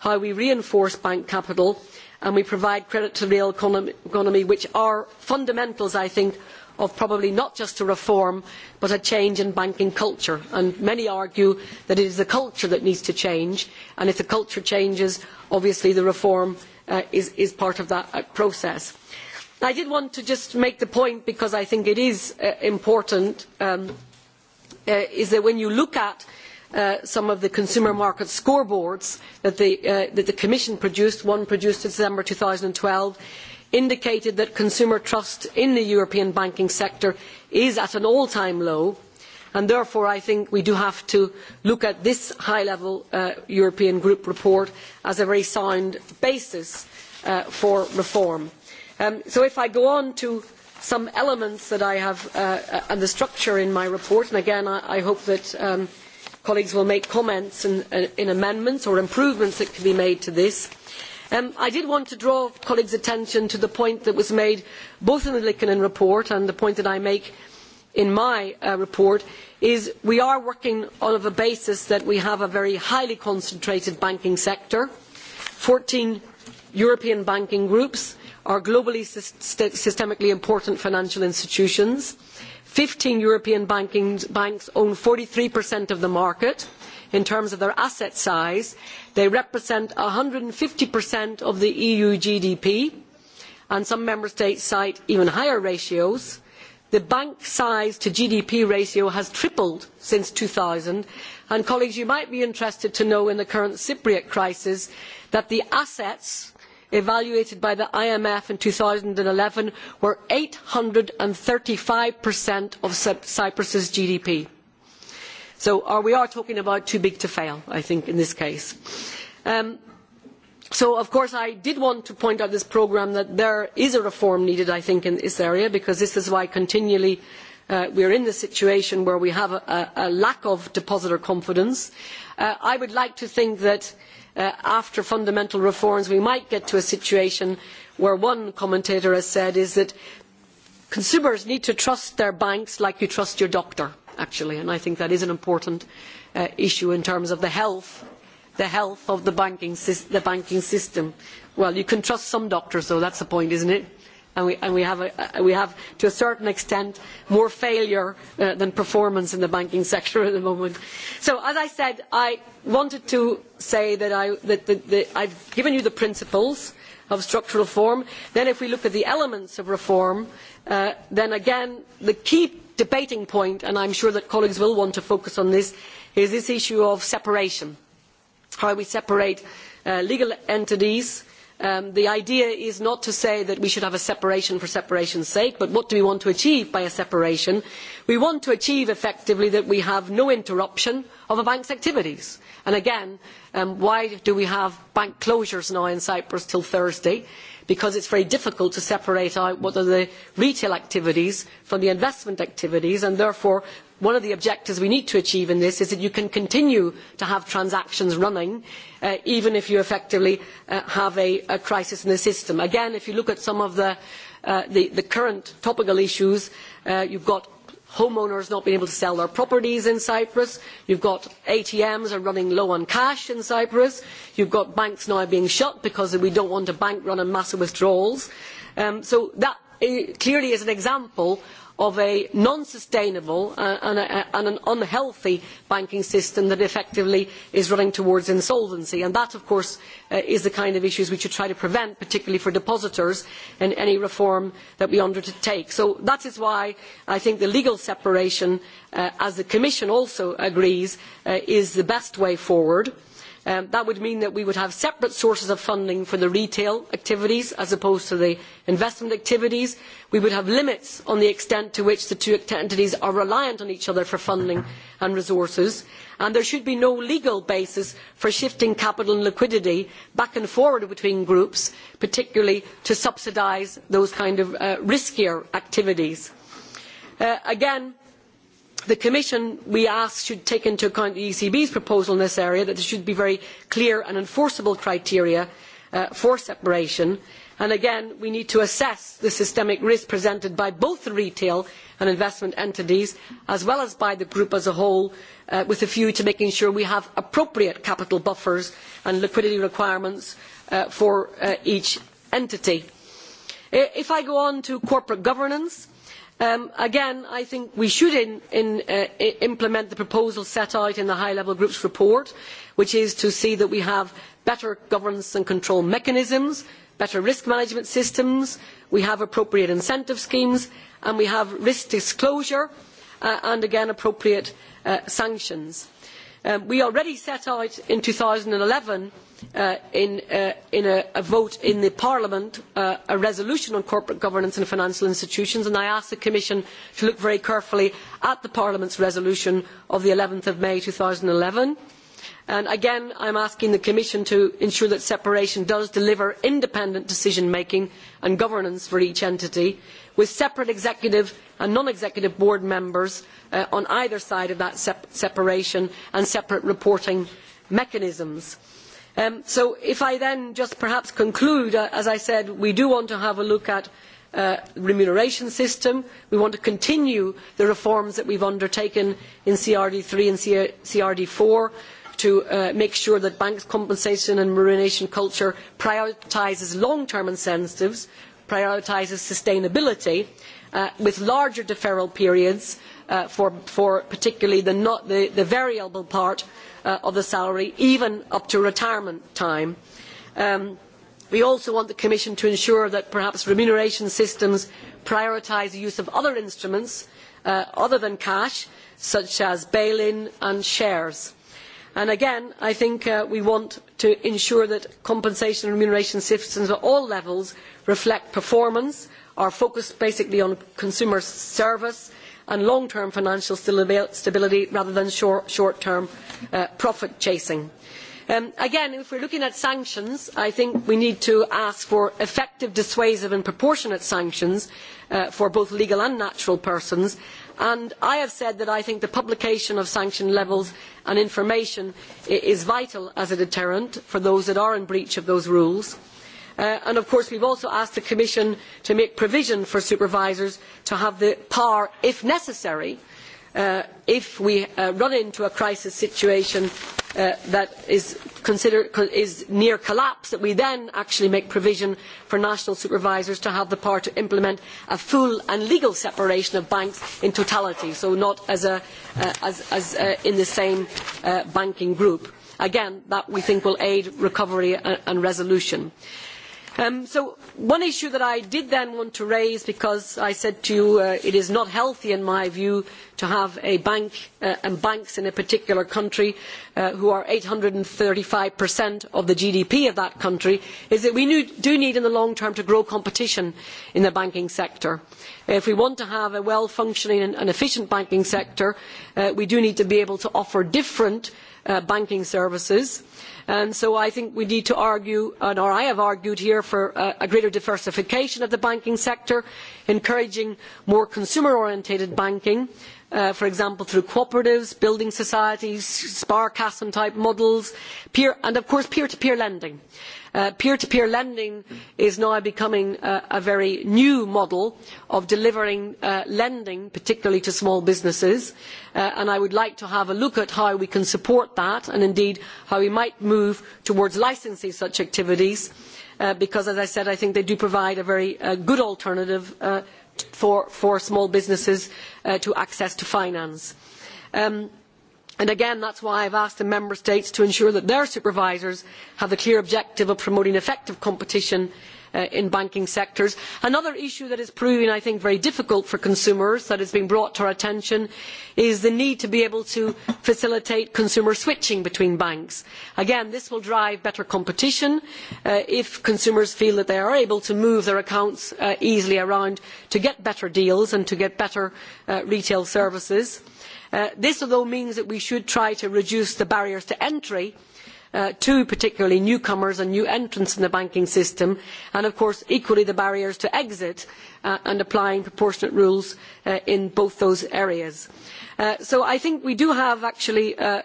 how we reinforce bank capital, and we provide credit to the real economy, which are fundamentals, I think, of probably not just a reform, but a change in banking culture. And many argue that it is the culture that needs to change, and if the culture changes, obviously the reform uh, is, is, part of that uh, process. I did want to just make the point, because I think it is uh, important, um, uh, is that when you look at Uh, some of the consumer market scoreboards that the, uh, that the Commission produced, one produced in December twelve, indicated that consumer trust in the European banking sector is at an all-time low, and therefore I think we do have to look at this high-level uh, European group report as a very sound basis for reform. Um, so if I go on to some elements that I have uh, and the structure in my report, and again, I, I hope that um, colleagues will make comments in, in amendments or improvements that can be made to this. Um, I did want to draw colleagues' attention to the point that was made both in the Likkonen report and the point that I make in my uh, report is that we are working on the basis that we have a very highly concentrated banking sector. Fourteen European banking groups are globally systemically important financial institutions. Fifteen European banks own forty 43% of the market in terms of their asset size. They represent one hundred and 150% of the EU GDP, and some member states cite even higher ratios. The bank size to GDP ratio has tripled since two thousand and colleagues, you might be interested to know in the current Cypriot crisis that the assets evaluated by the IMF in eleven were eight hundred and thirty 835% of Cyprus's GDP. So are, uh, we are talking about too big to fail, I think, in this case. Um, so, of course, I did want to point out this programme that there is a reform needed, I think, in this area, because this is why continually uh, we are in the situation where we have a, a, lack of depositor confidence. Uh, I would like to think that uh, after fundamental reforms we might get to a situation where one commentator has said is that consumers need to trust their banks like you trust your doctor actually and I think that is an important uh, issue in terms of the health the health of the banking, the banking system well you can trust some doctors though that's the point isn't it and we, and we, have, a, uh, we have, to a certain extent, more failure uh, than performance in the banking sector at the moment. So, as I said, I wanted to say that, I, that the, the, I've given you the principles of structural reform. Then, if we look at the elements of reform, uh, then again, the key debating point, and I am sure that colleagues will want to focus on this, is this issue of separation. How we separate uh, legal entities Um, the idea is not to say that we should have a separation for separation's sake, but what do we want to achieve by a separation? We want to achieve effectively that we have no interruption of a bank's activities. And again, um, why do we have bank closures now in Cyprus till Thursday? because it is very difficult to separate out what are the retail activities from the investment activities and therefore one of the objectives we need to achieve in this is that you can continue to have transactions running uh, even if you effectively uh, have a, a, crisis in the system. Again, if you look at some of the, uh, the, the current topical issues, uh, you have got homeowners not being able to sell their properties in Cyprus. You've got ATMs are running low on cash in Cyprus. You've got banks now being shut because we don't want a bank running massive withdrawals. Um, so that eh, clearly is an example of a non-sustainable uh, and, an unhealthy banking system that effectively is running towards insolvency. And that, of course, uh, is the kind of issues we should try to prevent, particularly for depositors, in any reform that we undertake. So that is why I think the legal separation, uh, as the Commission also agrees, uh, is the best way forward. Um, that would mean that we would have separate sources of funding for the retail activities as opposed to the investment activities. We would have limits on the extent to which the two entities are reliant on each other for funding and resources. And there should be no legal basis for shifting capital and liquidity back and forward between groups, particularly to subsidise those kind of uh, riskier activities. Uh, again, the Commission, we ask, should take into account the ECB's proposal in this area that there should be very clear and enforceable criteria uh, for separation. And again, we need to assess the systemic risk presented by both the retail and investment entities, as well as by the group as a whole, uh, with a view to making sure we have appropriate capital buffers and liquidity requirements uh, for uh, each entity. If I go on to corporate governance, Um, again, I think we should in, in, uh, implement the proposal set out in the High Level Group's report, which is to see that we have better governance and control mechanisms, better risk management systems, we have appropriate incentive schemes, and we have risk disclosure uh, and, again, appropriate uh, sanctions. Um, we already set out in two thousand and eleven uh, in, uh, a, vote in the Parliament uh, a resolution on corporate governance and financial institutions, and I asked the Commission to look very carefully at Parliament's resolution of the may two of May eleven And again, I am asking the Commission to ensure that separation does deliver independent decision making and governance for each entity, with separate executive and non-executive board members uh, on either side of that sep separation and separate reporting mechanisms. Um, so if I then just perhaps conclude, uh, as I said, we do want to have a look at Uh, remuneration system. We want to continue the reforms that we have undertaken in CRD three and CRD four to uh, make sure that banks' compensation and marination culture prioritises long-term incentives, prioritises sustainability, uh, with larger deferral periods uh, for, for, particularly the, not, the, the variable part uh, of the salary, even up to retirement time. Um, we also want the Commission to ensure that perhaps remuneration systems prioritise the use of other instruments uh, other than cash, such as bail-in and shares. And again, I think uh, we want to ensure that compensation and remuneration systems at all levels reflect performance, are focused basically on consumer service and long-term financial stability rather than short-term uh, profit chasing. Um, again, if we are looking at sanctions, I think we need to ask for effective, dissuasive and proportionate sanctions uh, for both legal and natural persons And I have said that I think the publication of sanction levels and information is vital as a deterrent for those that are in breach of those rules. Uh, and of course, we have also asked the Commission to make provision for supervisors to have the power, if necessary, Uh, if we uh, run into a crisis situation uh, that is, is, near collapse, that we then actually make provision for national supervisors to have the power to implement a full and legal separation of banks in totality, so not as, a, as, as in the same banking group. Again, that we think will aid recovery and resolution. Uh, Um, so one issue that I did then want to raise, because I said to you uh, it is not healthy in my view to have a bank uh, and banks in a particular country uh, who are eight hundred and thirty 835% of the GDP of that country, is that we do need in the long term to grow competition in the banking sector. If we want to have a well-functioning and efficient banking sector, uh, we do need to be able to offer different uh, banking services. And so I think we need to argue, or I have argued here, for uh, a greater diversification of the banking sector, encouraging more consumer-orientated banking, uh, for example, through cooperatives, building societies, sparCasm type models, peer, and of course peer to peer lending. Uh, peer to peer lending is now becoming uh, a very new model of delivering uh, lending, particularly to small businesses. Uh, and I would like to have a look at how we can support that and indeed how we might move towards licensing such activities uh, because, as I said, I think they do provide a very uh, good alternative for, for small businesses uh, to access to finance. Um, And again, that is why I have asked the member states to ensure that their supervisors have the clear objective of promoting effective competition Uh, in banking sectors. Another issue that is proving, I think, very difficult for consumers that has been brought to our attention is the need to be able to facilitate consumer switching between banks. Again, this will drive better competition uh, if consumers feel that they are able to move their accounts uh, easily around to get better deals and to get better uh, retail services. Uh, this, although, means that we should try to reduce the barriers to entry uh, Uh, to particularly newcomers and new entrants in the banking system and of course equally the barriers to exit uh, and applying proportionate rules uh, in both those areas. Uh, so I think we do have actually a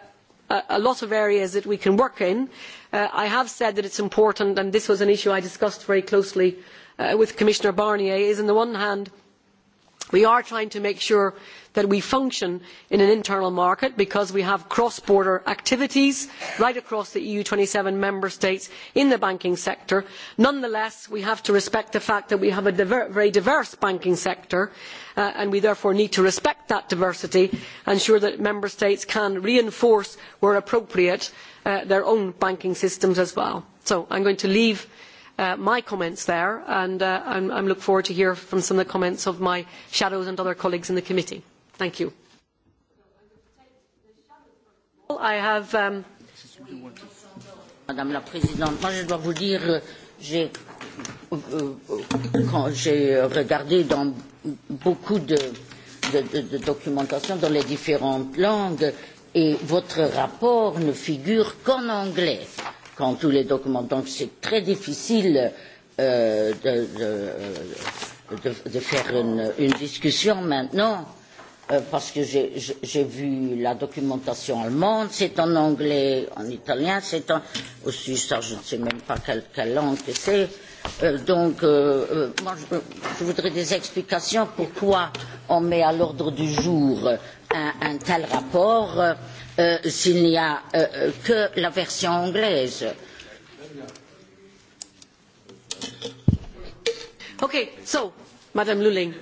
lot of areas that we can work in. I have said that it is important and this was an issue I discussed very closely with Commissioner Barnier is on the one hand We are trying to make sure that we function in an internal market because we have cross-border activities right across the EU twenty seven member states in the banking sector. Nonetheless, we have to respect the fact that we have a diver very diverse banking sector uh, and we therefore need to respect that diversity and ensure that member states can reinforce where appropriate uh, their own banking systems as well. So I am going to leave Uh, my comments there, and uh, I'm, I'm look forward to hear from some of the comments of my shadows and other colleagues in the committee. Thank you. I have. Um... Madame la Présidente, moi je dois vous dire, euh, j'ai euh, euh, quand j'ai regardé dans beaucoup de, de, de, de documentation dans les différentes langues et votre rapport ne figure qu'en anglais quand tous les documents. Donc c'est très difficile euh, de, de, de, de faire une, une discussion maintenant euh, parce que j'ai vu la documentation allemande, c'est en anglais, en italien, c'est en... aussi ça, je ne sais même pas quelle, quelle langue que c'est. Euh, donc, euh, euh, moi, je, je voudrais des explications pourquoi on met à l'ordre du jour un, un tel rapport. Euh, Euh, s'il n'y a euh, que la version anglaise. Okay, so, Madame Luling,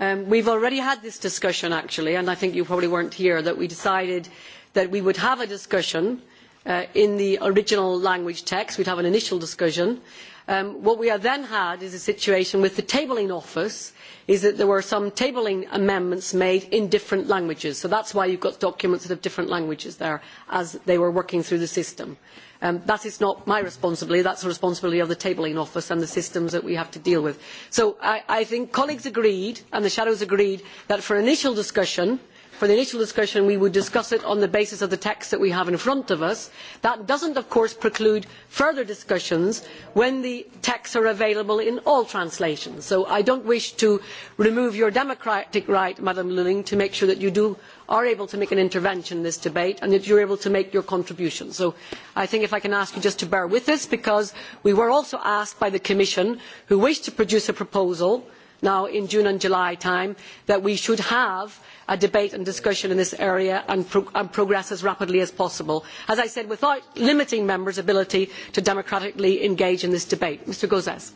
um, we've already had this discussion actually, and I think you probably weren't here, that we decided that we would have a discussion uh, in the original language text, we'd have an initial discussion, Um, what we then had is a situation with the tabling office is that there were some tabling amendments made in different languages. So that is why you have got documents that have different languages there as they were working through the system. Um, that is not my responsibility, that is the responsibility of the tabling office and the systems that we have to deal with. So I, I think colleagues agreed and the shadows agreed that for initial discussion for the initial discussion we would discuss it on the basis of the text that we have in front of us. That does not, of course, preclude further discussions when the texts are available in all translations. So I do not wish to remove your democratic right, Madam Lulling, to make sure that you do, are able to make an intervention in this debate and that you are able to make your contribution. So I think if I can ask you just to bear with us because we were also asked by the Commission, who wished to produce a proposal now in June and July time that we should have a debate and discussion in this area and, pro and, progress as rapidly as possible. As I said, without limiting members' ability to democratically engage in this debate. Mr. Gauzès.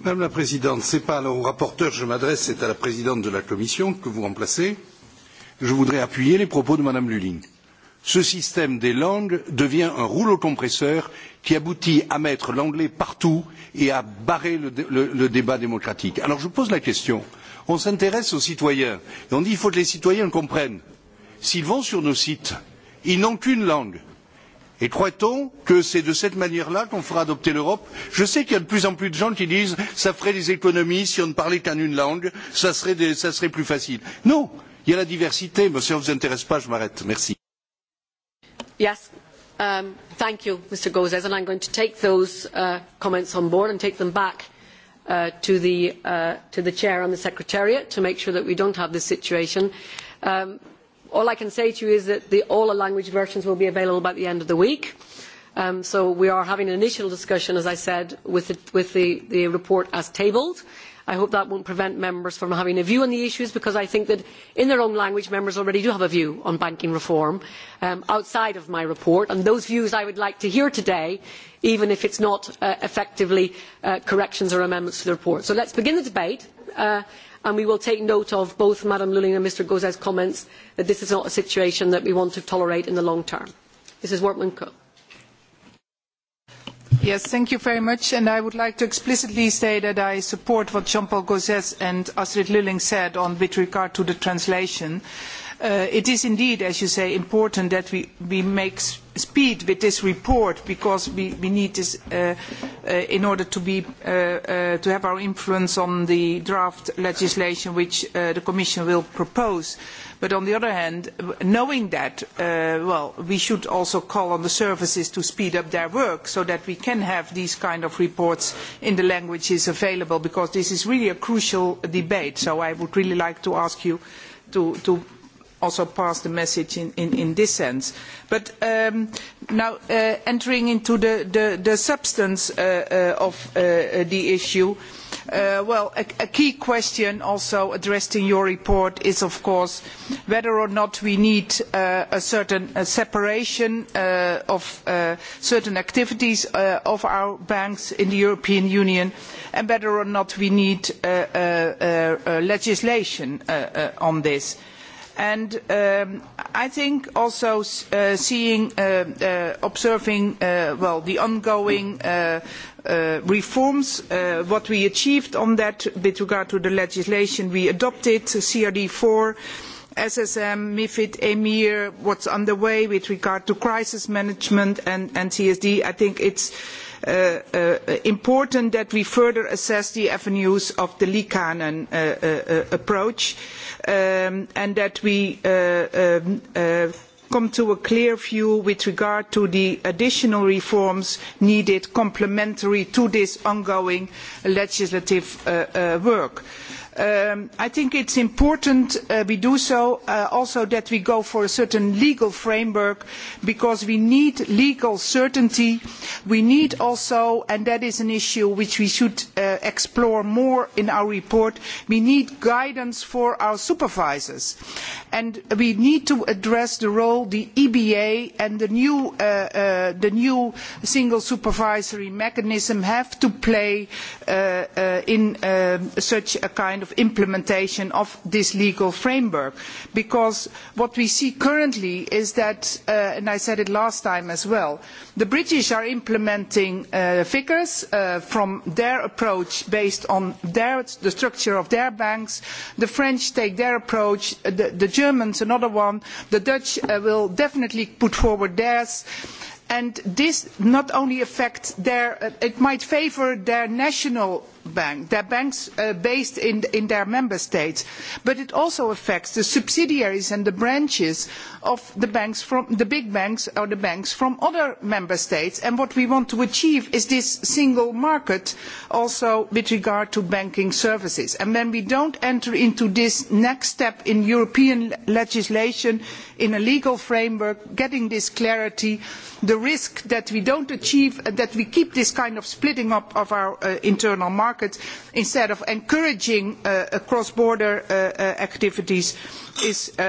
Madame la Présidente, ce n'est pas au rapporteur que je m'adresse, c'est à la Présidente de la Commission que vous remplacez. Je voudrais appuyer les propos de Madame Lulling. Ce système des langues devient un rouleau compresseur qui aboutit à mettre l'anglais partout et à barrer le, le, le, débat démocratique. Alors je pose la question. On s'intéresse aux citoyens et on dit qu'il faut que les citoyens comprennent. S'ils vont sur nos sites, ils n'ont qu'une langue. Et croit-on que c'est de cette manière-là qu'on fera adopter l'Europe Je sais qu'il y a de plus en plus de gens qui disent ça ferait des économies si on ne parlait qu'en une langue, ça serait, des, ça serait plus facile. Non, il y a la diversité, mais si on ne vous intéresse pas, je m'arrête. Merci. Yes. Um, thank you, Mr. Gozes, and I am going to take those uh, comments on board and take them back uh, to, the, uh, to, the, Chair and the Secretariat to make sure that we do not have this situation. Um, all I can say to you is that the, all the language versions will be available by the end of the week. Um, so we are having an initial discussion, as I said, with the, with the report as tabled. I hope that will not prevent members from having a view on the issues because I think that in their own language members already do have a view on banking reform um, outside of my report and those views I would like to hear today even if it is not uh, effectively uh, corrections or amendments to the report. So let us begin the debate uh, and we will take note of both Madam Lulling and Mr Gauzè's comments that this is not a situation that we want to tolerate in the long term. Ms Wortmann Cook. Yes, thank you very much. And I would like to explicitly say that I support what Jean-Paul Gauzès and Astrid Lulling said on, with regard to the translation. Uh, it is indeed, as you say, important that we, we make speed with this report because we, we need this uh, uh, in order to, be, uh, uh, to have our influence on the draft legislation which uh, the Commission will propose. But on the other hand, knowing that, uh, well, we should also call on the services to speed up their work so that we can have these kind of reports in the languages available because this is really a crucial debate. So I would really like to ask you to, to also pass the message in, in, in this sense. But um, now uh, entering into the, the, the substance uh, uh, of uh, uh, the issue, uh, well, a, a, key question also addressed in your report is, of course, whether or not we need a certain a separation of certain activities of our banks in the European Union and whether or not we need legislation on this. And um, I think also uh, seeing, uh, uh, observing, uh, well, the ongoing uh, uh, reforms, uh, what we achieved on that with regard to the legislation we adopted, CRD4, SSM, MIFID, EMIR, what's underway with regard to crisis management and, and CSD, I think it's uh, uh, important that we further assess the avenues of the Likanen uh, uh, uh, approach um, and that we uh, um, uh, come to a clear view with regard to the additional reforms needed complementary to this ongoing legislative uh, work. Um, I think it is important that uh, we do so uh, also that we go for a certain legal framework because we need legal certainty. We need also, and that is an issue which we should uh, explore more in our report, we need guidance for our supervisors. And we need to address the role the EBA and the new, the new single supervisory mechanism have to play in um, such a kind of of implementation of this legal framework. Because what we see currently is that, uh, and I said it last time as well, the British are implementing uh, figures uh, from their approach based on their, the structure of their banks. The French take their approach, uh, the, the Germans another one, the Dutch uh, will definitely put forward theirs and this not only affects their uh, it might favour their national bank. their are banks uh, based in, in, their member states. But it also affects the subsidiaries and the branches of the, banks from, the big banks or the banks from other member states. And what we want to achieve is this single market also with regard to banking services. And when we do not enter into this next step in European legislation, in a legal framework, getting this clarity, the risk that we do not achieve, that we keep this kind of splitting up of our uh, internal market market instead of encouraging uh, cross-border uh, uh, activities. Uh, is, uh, uh,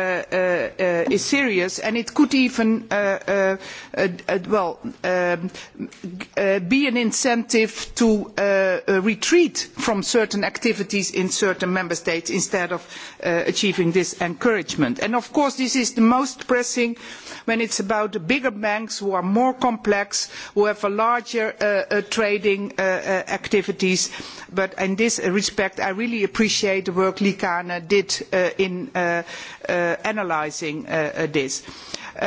uh, is serious and it could even well, um, be an incentive to retreat from certain activities in certain member states instead of achieving this encouragement. And of course this is the most pressing when it is about the bigger banks who are more complex, who have a larger trading activities. But in this respect, I really appreciate the work Likana did uh, in uh, Uh, analysing uh, uh, this.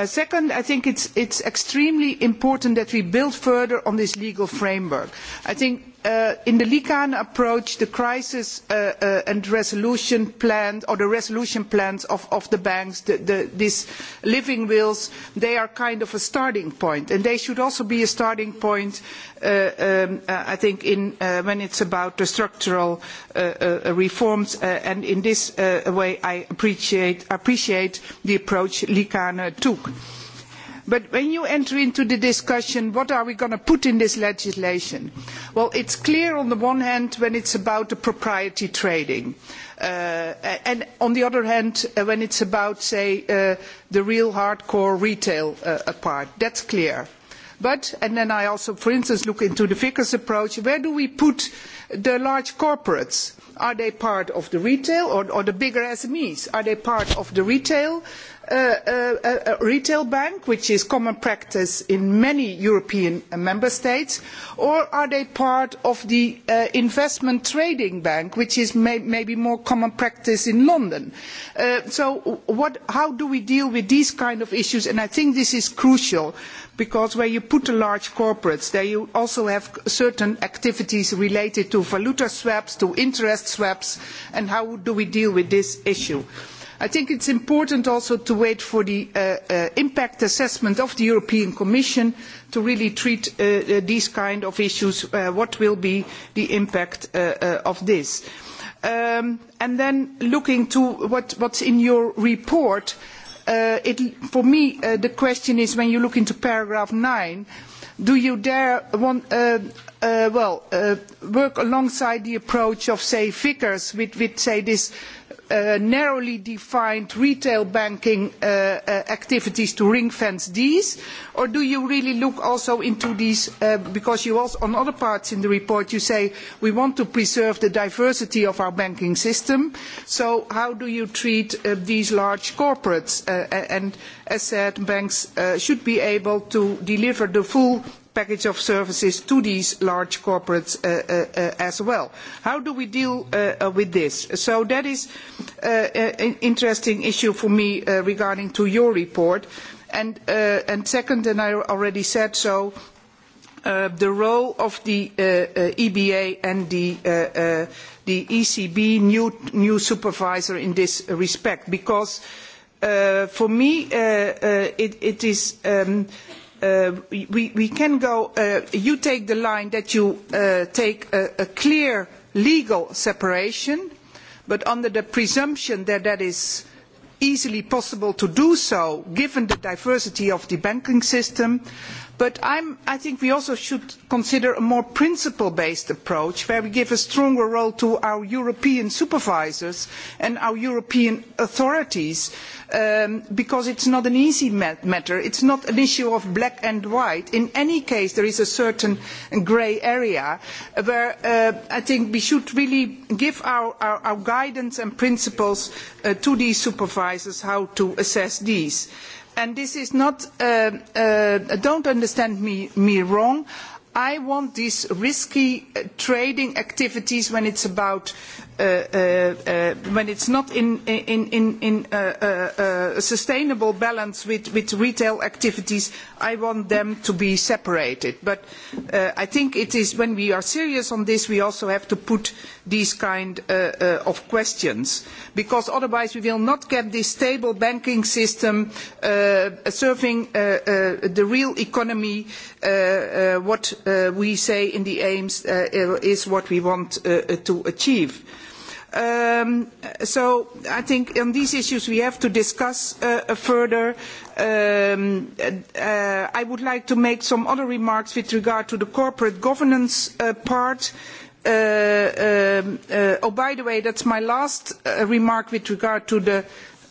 second, I think it is extremely important that we build further on this legal framework. I think Uh, in the Likan approach, the crisis uh, uh, and resolution plan, or the resolution plans of, of the banks, the, the, these living wills, they are kind of a starting point, and they should also be a starting point. Uh, um, uh, I think in, when it is about the structural reforms, and in this way, I appreciate, appreciate the approach Likan took. But when you enter into the discussion, what are we going to put in this legislation? Well, it is clear on the one hand when it is about the propriety trading. Uh, and on the other hand, uh, when it is about, say, uh, the real hardcore retail uh, part, that is clear. But, and then I also, for instance, look into the Vickers approach, where do we put the large corporates? Are they part of the retail or, or the bigger SMEs? Are they part of the retail? a, a, retail bank, which is common practice in many European uh, member states, or are they part of the uh, investment trading bank, which is may, maybe more common practice in London? Uh, so what, how do we deal with these kinds of issues? And I think this is crucial because where you put the large corporates, there you also have certain activities related to valuta swaps, to interest swaps, and how do we deal with this issue? I think it is important also to wait for the uh, uh, impact assessment of the European Commission to really treat uh, uh, these kinds of issues. Uh, what will be the impact of this? Um, and then looking to what, is in your report, it, for me the question is when you look into paragraph nine, do you dare want, uh, uh, well, uh, work alongside the approach of, say, Vickers with, with say, this uh, narrowly defined retail banking uh, uh activities to ring fence these? Or do you really look also into these, uh, because you also, on other parts in the report, you say we want to preserve the diversity of our banking system. So how do you treat uh, these large corporates? and as said, banks should be able to deliver the full package of services to these large corporates uh, uh, uh, as well. How do we deal with this? So that is an interesting issue for me regarding your report. And, and, second, and I already said so, Uh, the role of the uh, uh, EBA and the, the ECB new, new, supervisor in this respect because for me it, it, is um, uh, we, we can go, uh, you take the line that you uh, take a, a clear legal separation, but under the presumption that that is easily possible to do so, given the diversity of the banking system, But I'm, I think we also should consider a more principle-based approach where we give a stronger role to our European supervisors and our European authorities um, because it is not an easy matter. It is not an issue of black and white. In any case, there is a certain grey area where uh, I think we should really give our, our, our guidance and principles uh, to these supervisors how to assess these. Uh, and this is not, uh, uh, don't understand me, me wrong, I want these risky uh, trading activities when it is about uh, uh, is uh, when it's not in, in, in, in uh, uh, uh, sustainable balance with, with retail activities, I want them to be separated. But uh, I think it is when we are serious on this, we also have to put these kind uh, uh, of questions, because otherwise we will not get this stable banking system uh, serving uh, uh, the real economy. Uh, uh, what uh, we say in the aims uh, is what we want uh, to achieve. Um, so I think on these issues we have to discuss uh, uh, further. Um, uh, I would like to make some other remarks with regard to the corporate governance uh, part. Uh, um, uh, oh, by the way, that is my last remark with regard to the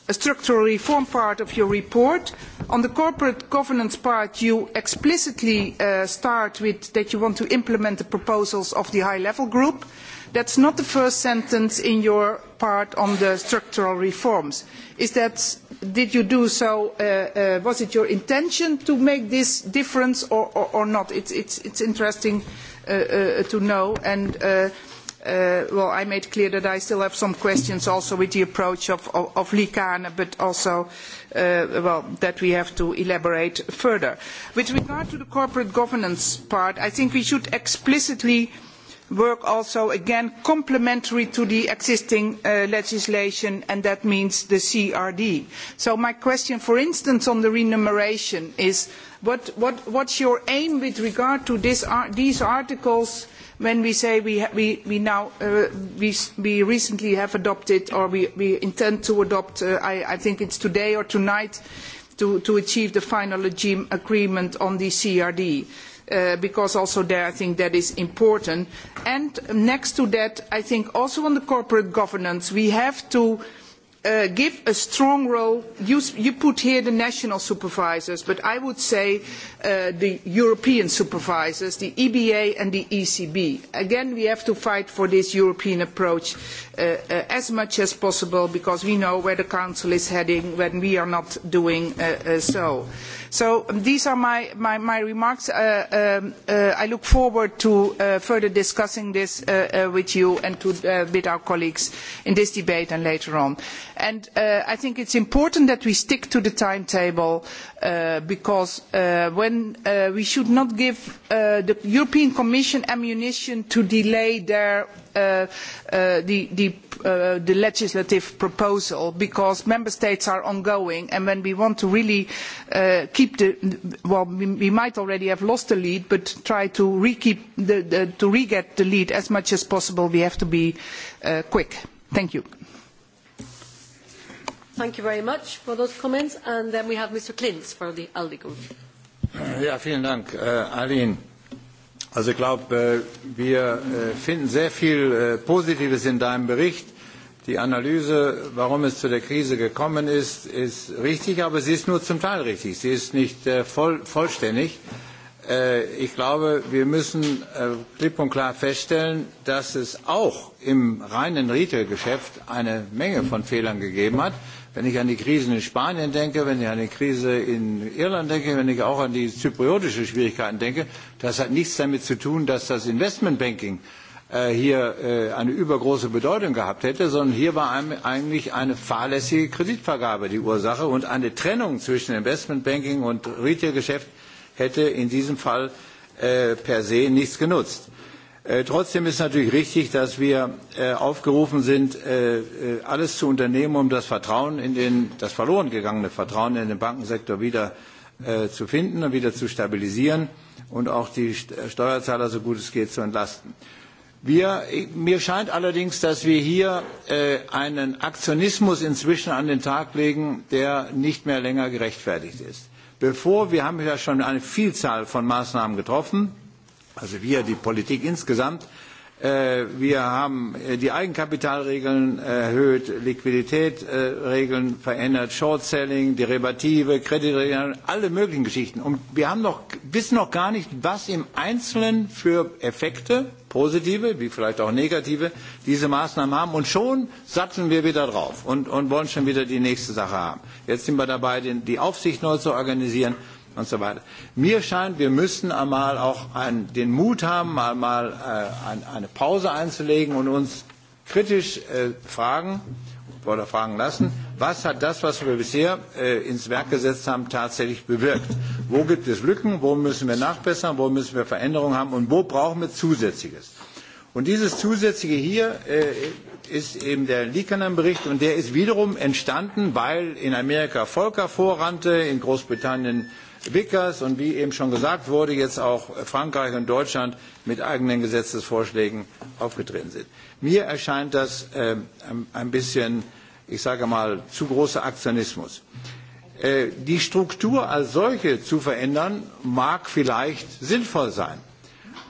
structural reform part of your report. On the corporate governance part, you explicitly start with that you want to implement the proposals of the high-level group. Uh, That is not the first sentence in your part on the structural reforms. That, did you do so, uh, uh, was it your intention to make this difference or, or, or not? It is interesting uh, uh, to know. And uh, uh, well, I made clear that I still have some questions also with the approach of, of, of but also well, that we have to elaborate further. With regard to the corporate governance part, I think we should explicitly work also again complementary to the existing uh, legislation and that means the CRD. So my question for instance on the remuneration is what, what is your aim with regard to this, these articles when we say we, we, we now uh, we, we recently have adopted or we, we intend to adopt uh, I, I think it's today or tonight to, to achieve the final agreement on the CRD. Uh, Uh, because also there I think that is important. And next to that, I think also on the corporate governance, we have to uh, give a strong role. You, you, put here the national supervisors, but I would say uh, the European supervisors, the EBA and the ECB. Again, we have to fight for this European approach uh, uh, as much as possible because we know where the Council is heading when we are not doing uh, uh, so. So um, these are my, my, my remarks. Um, I look forward to further discussing this with you and to, with our colleagues in this debate and later on. And uh, I think it's important that we stick to the timetable uh, because uh, when, uh, we should not give uh, the European Commission ammunition to delay their, uh, uh, the, the, uh, the legislative proposal because member states are ongoing and when we want to really uh, keep the, well, we might already have lost the lead, but try to re the, the, to re-get the lead as much as possible, we have to be uh, quick. Thank you. Thank you very much for those comments. And then we have Mr. Klintz for the ALDE Group. Äh, ja, vielen Dank, äh, Aline. Also ich glaube, äh, wir finden sehr viel Positives in deinem Bericht. Die Analyse, warum es zu der Krise gekommen ist, ist richtig, aber sie ist nur zum Teil richtig. Sie ist nicht voll, vollständig. ich glaube, wir müssen klipp und klar feststellen, dass es auch im reinen Retail-Geschäft eine Menge von Fehlern gegeben hat. Wenn ich an die Krisen in Spanien denke, wenn ich an die Krise in Irland denke, wenn ich auch an die zypriotischen Schwierigkeiten denke, das hat nichts damit zu tun, dass das Investmentbanking äh, hier äh, eine übergroße Bedeutung gehabt hätte, sondern hier war eigentlich eine fahrlässige Kreditvergabe die Ursache und eine Trennung zwischen Investmentbanking und Retailgeschäft hätte in diesem Fall äh, per se nichts genutzt. Äh, trotzdem ist natürlich richtig, dass wir äh, aufgerufen sind, äh, alles zu unternehmen, um das Vertrauen in den, das verloren gegangene Vertrauen in den Bankensektor wieder zu finden und wieder zu stabilisieren und auch die Steuerzahler so gut es geht zu entlasten. Wir, mir scheint allerdings, dass wir hier einen Aktionismus inzwischen an den Tag legen, der nicht mehr länger gerechtfertigt ist. Bevor, wir haben ja schon eine Vielzahl von Maßnahmen getroffen, also wir, die Politik insgesamt. Äh, wir haben äh, die Eigenkapitalregeln erhöht, Liquiditätregeln verändert, Short-Selling, Derivative, Kreditregeln, alle möglichen Geschichten. Und wir haben noch, wissen noch gar nicht, was im Einzelnen für Effekte, positive wie vielleicht auch negative, diese Maßnahmen haben. Und schon satteln wir wieder drauf und, und wollen schon wieder die nächste Sache haben. Jetzt sind wir dabei, den, die Aufsicht neu zu organisieren und so weiter. Mir scheint, wir müssen einmal auch ein, den Mut haben, einmal äh, ein, eine Pause einzulegen und uns kritisch äh, fragen oder fragen lassen, was hat das, was wir bisher äh, ins Werk gesetzt haben, tatsächlich bewirkt? Wo gibt es Lücken? Wo müssen wir nachbessern? Wo müssen wir Veränderungen haben? Und wo brauchen wir Zusätzliches? Und dieses Zusätzliche hier äh, ist eben der Liikanen-Bericht und der ist wiederum entstanden, weil in Amerika Volker vorrannte, in Großbritannien Wickers und wie eben schon gesagt wurde, jetzt auch Frankreich und Deutschland mit eigenen Gesetzesvorschlägen aufgetreten sind. Mir erscheint das äh, ein bisschen, ich sage mal, zu großer Aktionismus. Äh, die Struktur als solche zu verändern, mag vielleicht sinnvoll sein.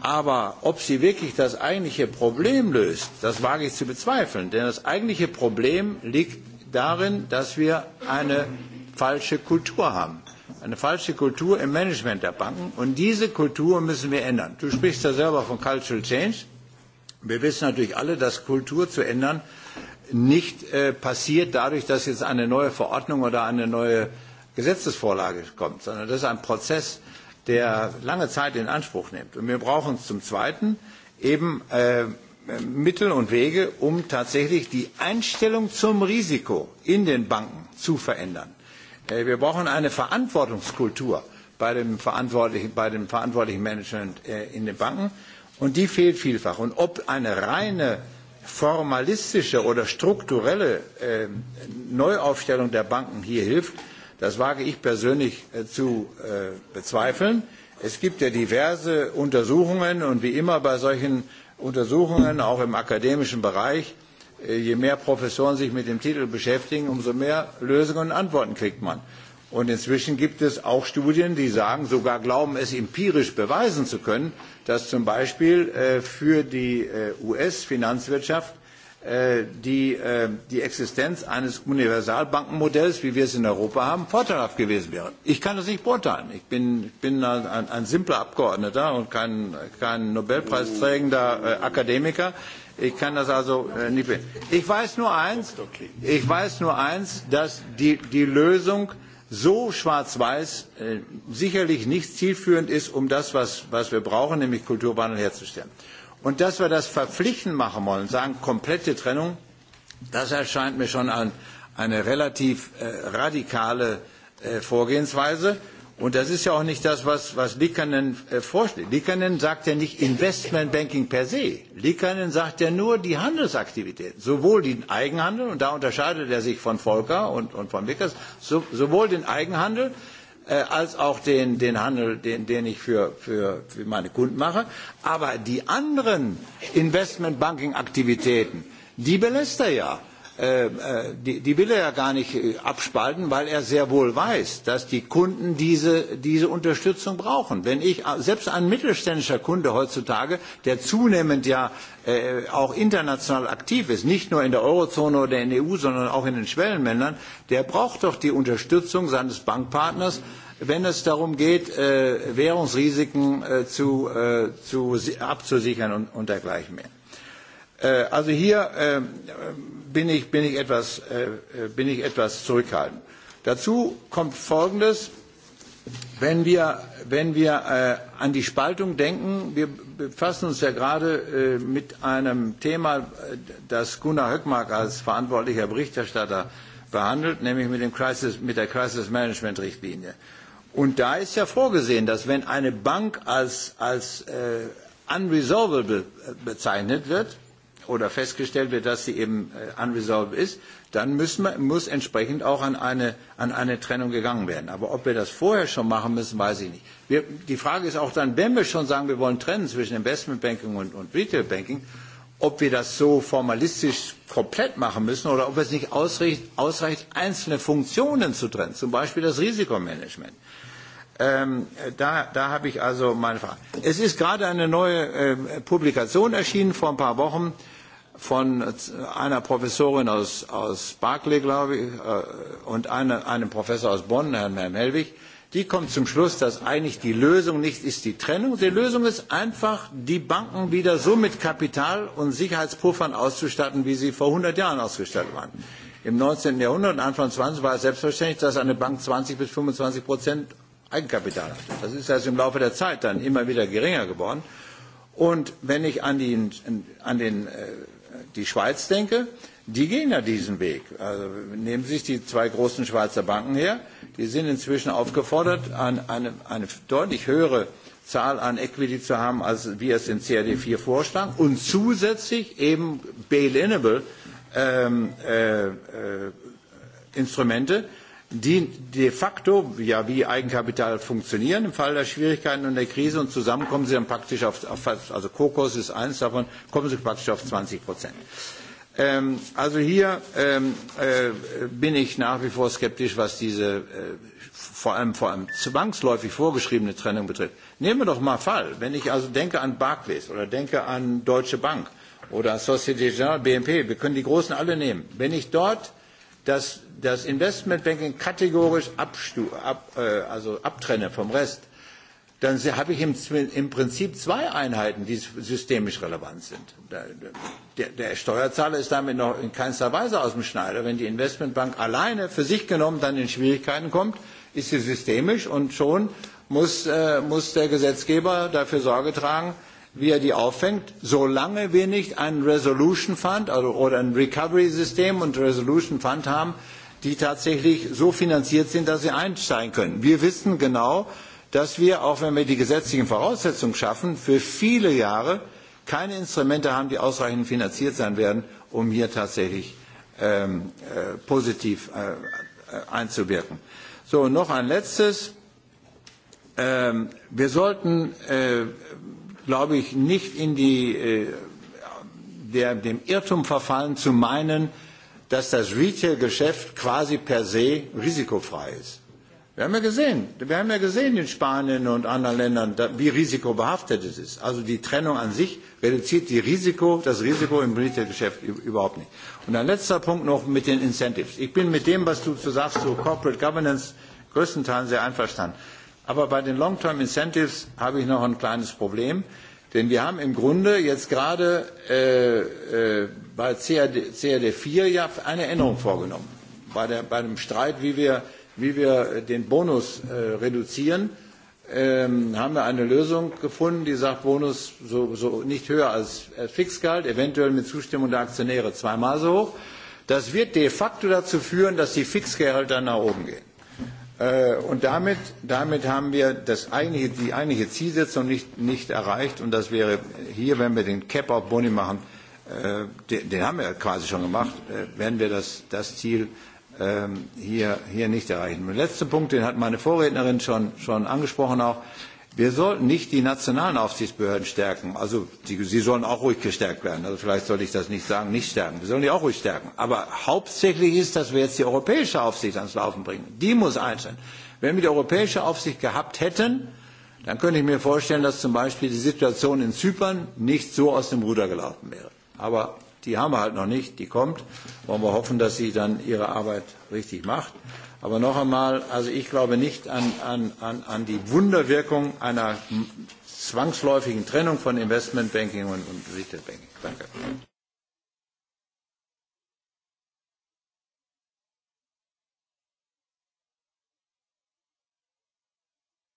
Aber ob sie wirklich das eigentliche Problem löst, das wage ich zu bezweifeln. Denn das eigentliche Problem liegt darin, dass wir eine falsche Kultur haben eine falsche Kultur im Management der Banken. Und diese Kultur müssen wir ändern. Du sprichst ja selber von Cultural Change. Wir wissen natürlich alle, dass Kultur zu ändern nicht äh, passiert dadurch, dass jetzt eine neue Verordnung oder eine neue Gesetzesvorlage kommt, sondern das ist ein Prozess, der lange Zeit in Anspruch nimmt. Und wir brauchen zum Zweiten eben äh, Mittel und Wege, um tatsächlich die Einstellung zum Risiko in den Banken zu verändern. Äh, wir brauchen eine Verantwortungskultur bei dem verantwortlichen, bei dem verantwortlichen Management äh, in den Banken und die fehlt vielfach. Und ob eine reine formalistische oder strukturelle ähm, Neuaufstellung der Banken hier hilft, das wage ich persönlich äh, zu bezweifeln. Es gibt ja diverse Untersuchungen und wie immer bei solchen Untersuchungen, auch im akademischen Bereich, Äh, je mehr Professoren sich mit dem Titel beschäftigen, umso mehr Lösungen und Antworten kriegt man. Und inzwischen gibt es auch Studien, die sagen, sogar glauben es empirisch beweisen zu können, dass zum Beispiel äh, für die äh, US-Finanzwirtschaft äh, die, äh, die Existenz eines Universalbankenmodells, wie wir es in Europa haben, vorteilhaft gewesen wäre. Ich kann das nicht beurteilen. Ich bin, ich bin ein, ein, ein simpler Abgeordneter und kein, kein Nobelpreisträgender äh, Akademiker. Ich kann das also äh, nicht mehr. Ich weiß nur eins, ich weiß nur eins, dass die, die Lösung so schwarz-weiß äh, sicherlich nicht zielführend ist, um das, was, was wir brauchen, nämlich Kulturwandel herzustellen. Und dass wir das verpflichtend machen wollen, sagen komplette Trennung, das erscheint mir schon an eine relativ äh, radikale äh, Vorgehensweise. Und das ist ja auch nicht das, was, was Likanen äh, vorschlägt. Likanen sagt ja nicht Investmentbanking per se. Likanen sagt ja nur die Handelsaktivitäten, sowohl den Eigenhandel, und da unterscheidet er sich von Volker und, und von Wickers, so, sowohl den Eigenhandel äh, als auch den, den Handel, den, den ich für, für, für meine Kunden mache. Aber die anderen Investmentbanking-Aktivitäten, die belässt er ja. Äh, äh, die, die will er ja gar nicht äh, abspalten, weil er sehr wohl weiß, dass die Kunden diese, diese Unterstützung brauchen. Wenn ich, selbst ein mittelständischer Kunde heutzutage, der zunehmend ja äh, auch international aktiv ist, nicht nur in der Eurozone oder in der EU, sondern auch in den Schwellenländern, der braucht doch die Unterstützung seines Bankpartners, wenn es darum geht, äh, Währungsrisiken äh, zu, äh, zu, abzusichern und, und dergleichen mehr. Äh, also hier ähm, bin ich, bin ich, etwas, äh, äh, bin ich etwas zurückhaltend. Dazu kommt Folgendes. Wenn wir, wenn wir äh, an die Spaltung denken, wir befassen uns ja gerade äh, mit einem Thema, das Gunnar Höckmark als verantwortlicher Berichterstatter behandelt, nämlich mit, dem Crisis, mit der Crisis Management Richtlinie. Und da ist ja vorgesehen, dass wenn eine Bank als, als äh, unresolvable bezeichnet wird, oder festgestellt wird, dass sie eben äh, unresolved ist, dann müssen wir, muss entsprechend auch an eine, an eine Trennung gegangen werden. Aber ob wir das vorher schon machen müssen, weiß ich nicht. Wir, die Frage ist auch dann, wenn wir schon sagen, wir wollen trennen zwischen Investmentbanking und, und Retail Banking, ob wir das so formalistisch komplett machen müssen oder ob es nicht ausreicht, ausreicht einzelne Funktionen zu trennen, zum Beispiel das Risikomanagement. Ähm, da, da habe ich also meine Frage. Es ist gerade eine neue äh, Publikation erschienen vor ein paar Wochen von einer Professorin aus, aus Barclay, glaube ich, äh, und eine, einem Professor aus Bonn, Herrn, Herrn Helwig, die kommt zum Schluss, dass eigentlich die Lösung nicht ist die Trennung. Die Lösung ist einfach, die Banken wieder so mit Kapital und Sicherheitspuffern auszustatten, wie sie vor 100 Jahren ausgestattet waren. Im 19. Jahrhundert und Anfang 20 war es selbstverständlich, dass eine Bank 20 bis 25 Prozent Eigenkapital hatte. Das ist also im Laufe der Zeit dann immer wieder geringer geworden. Und wenn ich an, die, an den äh, die Schweiz denke, die gehen ja diesen Weg. Also nehmen Sie sich die zwei großen Schweizer Banken her, die sind inzwischen aufgefordert, eine, eine, eine deutlich höhere Zahl an Equity zu haben, als wir es in CRD 4 vorschlagen, und zusätzlich eben bail-inable ähm, äh, äh, Instrumente, die de facto ja wie Eigenkapital funktionieren im Fall der Schwierigkeiten und der Krise und zusammen kommen sie dann praktisch auf, auf also Kokos ist eins davon, kommen sie praktisch auf 20 Prozent. Ähm, also hier ähm, äh, bin ich nach wie vor skeptisch, was diese äh, vor allem, vor allem zwangsläufig vorgeschriebene Trennung betrifft. Nehmen wir doch mal Fall, wenn ich also denke an Barclays oder denke an Deutsche Bank oder Société Générale, BNP, wir können die Großen alle nehmen. Wenn ich dort das das Investmentbanking kategorisch abstu, ab, äh, also abtrenne vom Rest, dann habe ich im, im Prinzip zwei Einheiten, die systemisch relevant sind. Der, der Steuerzahler ist damit noch in keinster Weise aus dem Schneider. Wenn die Investmentbank alleine für sich genommen dann in Schwierigkeiten kommt, ist sie systemisch und schon muss, äh, muss der Gesetzgeber dafür Sorge tragen, wie er die auffängt, solange wir nicht einen Resolution Fund also, oder ein Recovery System und Resolution Fund haben, die tatsächlich so finanziert sind, dass sie einsteigen können. Wir wissen genau, dass wir, auch wenn wir die gesetzlichen Voraussetzungen schaffen, für viele Jahre keine Instrumente haben, die ausreichend finanziert sein werden, um hier tatsächlich ähm, äh, positiv äh, äh einzuwirken. So, noch ein letztes. Ähm, wir sollten, äh, glaube ich, nicht in die, äh, der, dem Irrtum verfallen zu meinen, dass das Retail-Geschäft quasi per se risikofrei ist. Wir haben ja gesehen, wir haben ja gesehen in Spanien und anderen Ländern, wie risikobehaftet es ist. Also die Trennung an sich reduziert die Risiko, das Risiko im Retail-Geschäft überhaupt nicht. Und ein letzter Punkt noch mit den Incentives. Ich bin mit dem, was du sagst zu Corporate Governance größtenteils sehr einverstanden. Aber bei den Long-Term Incentives habe ich noch ein kleines Problem. Denn wir haben im Grunde jetzt gerade äh, äh, bei CRD, CRD 4 ja eine Änderung vorgenommen. Bei, der, bei dem Streit, wie wir, wie wir den Bonus äh, reduzieren, ähm, haben wir eine Lösung gefunden, die sagt, Bonus so, so nicht höher als, als Fixgehalt, eventuell mit Zustimmung der Aktionäre zweimal so hoch. Das wird de facto dazu führen, dass die Fixgehälter nach oben gehen. Äh, und damit, damit haben wir das eigentliche, die eigentliche Zielsetzung nicht, nicht erreicht. Und das wäre hier, wenn wir den Cap auf Boni machen, äh, den, den haben wir quasi schon gemacht, äh, werden wir das, das Ziel äh, hier, hier nicht erreichen. Und der letzte Punkt, den hat meine Vorrednerin schon, schon angesprochen auch, Wir sollten nicht die nationalen Aufsichtsbehörden stärken. Also die, sie sollen auch ruhig gestärkt werden. Also vielleicht sollte ich das nicht sagen, nicht stärken. Wir sollen die auch ruhig stärken. Aber hauptsächlich ist, dass wir jetzt die europäische Aufsicht ans Laufen bringen. Die muss einstellen. Wenn wir die europäische Aufsicht gehabt hätten, dann könnte ich mir vorstellen, dass zum Beispiel die Situation in Zypern nicht so aus dem Ruder gelaufen wäre. Aber die haben wir halt noch nicht, die kommt. Wollen wir hoffen, dass sie dann ihre Arbeit richtig macht. Aber noch einmal, also ich glaube nicht an, an, an, an die Wunderwirkung einer zwangsläufigen Trennung von Investmentbanking und, und Retail Banking. Danke.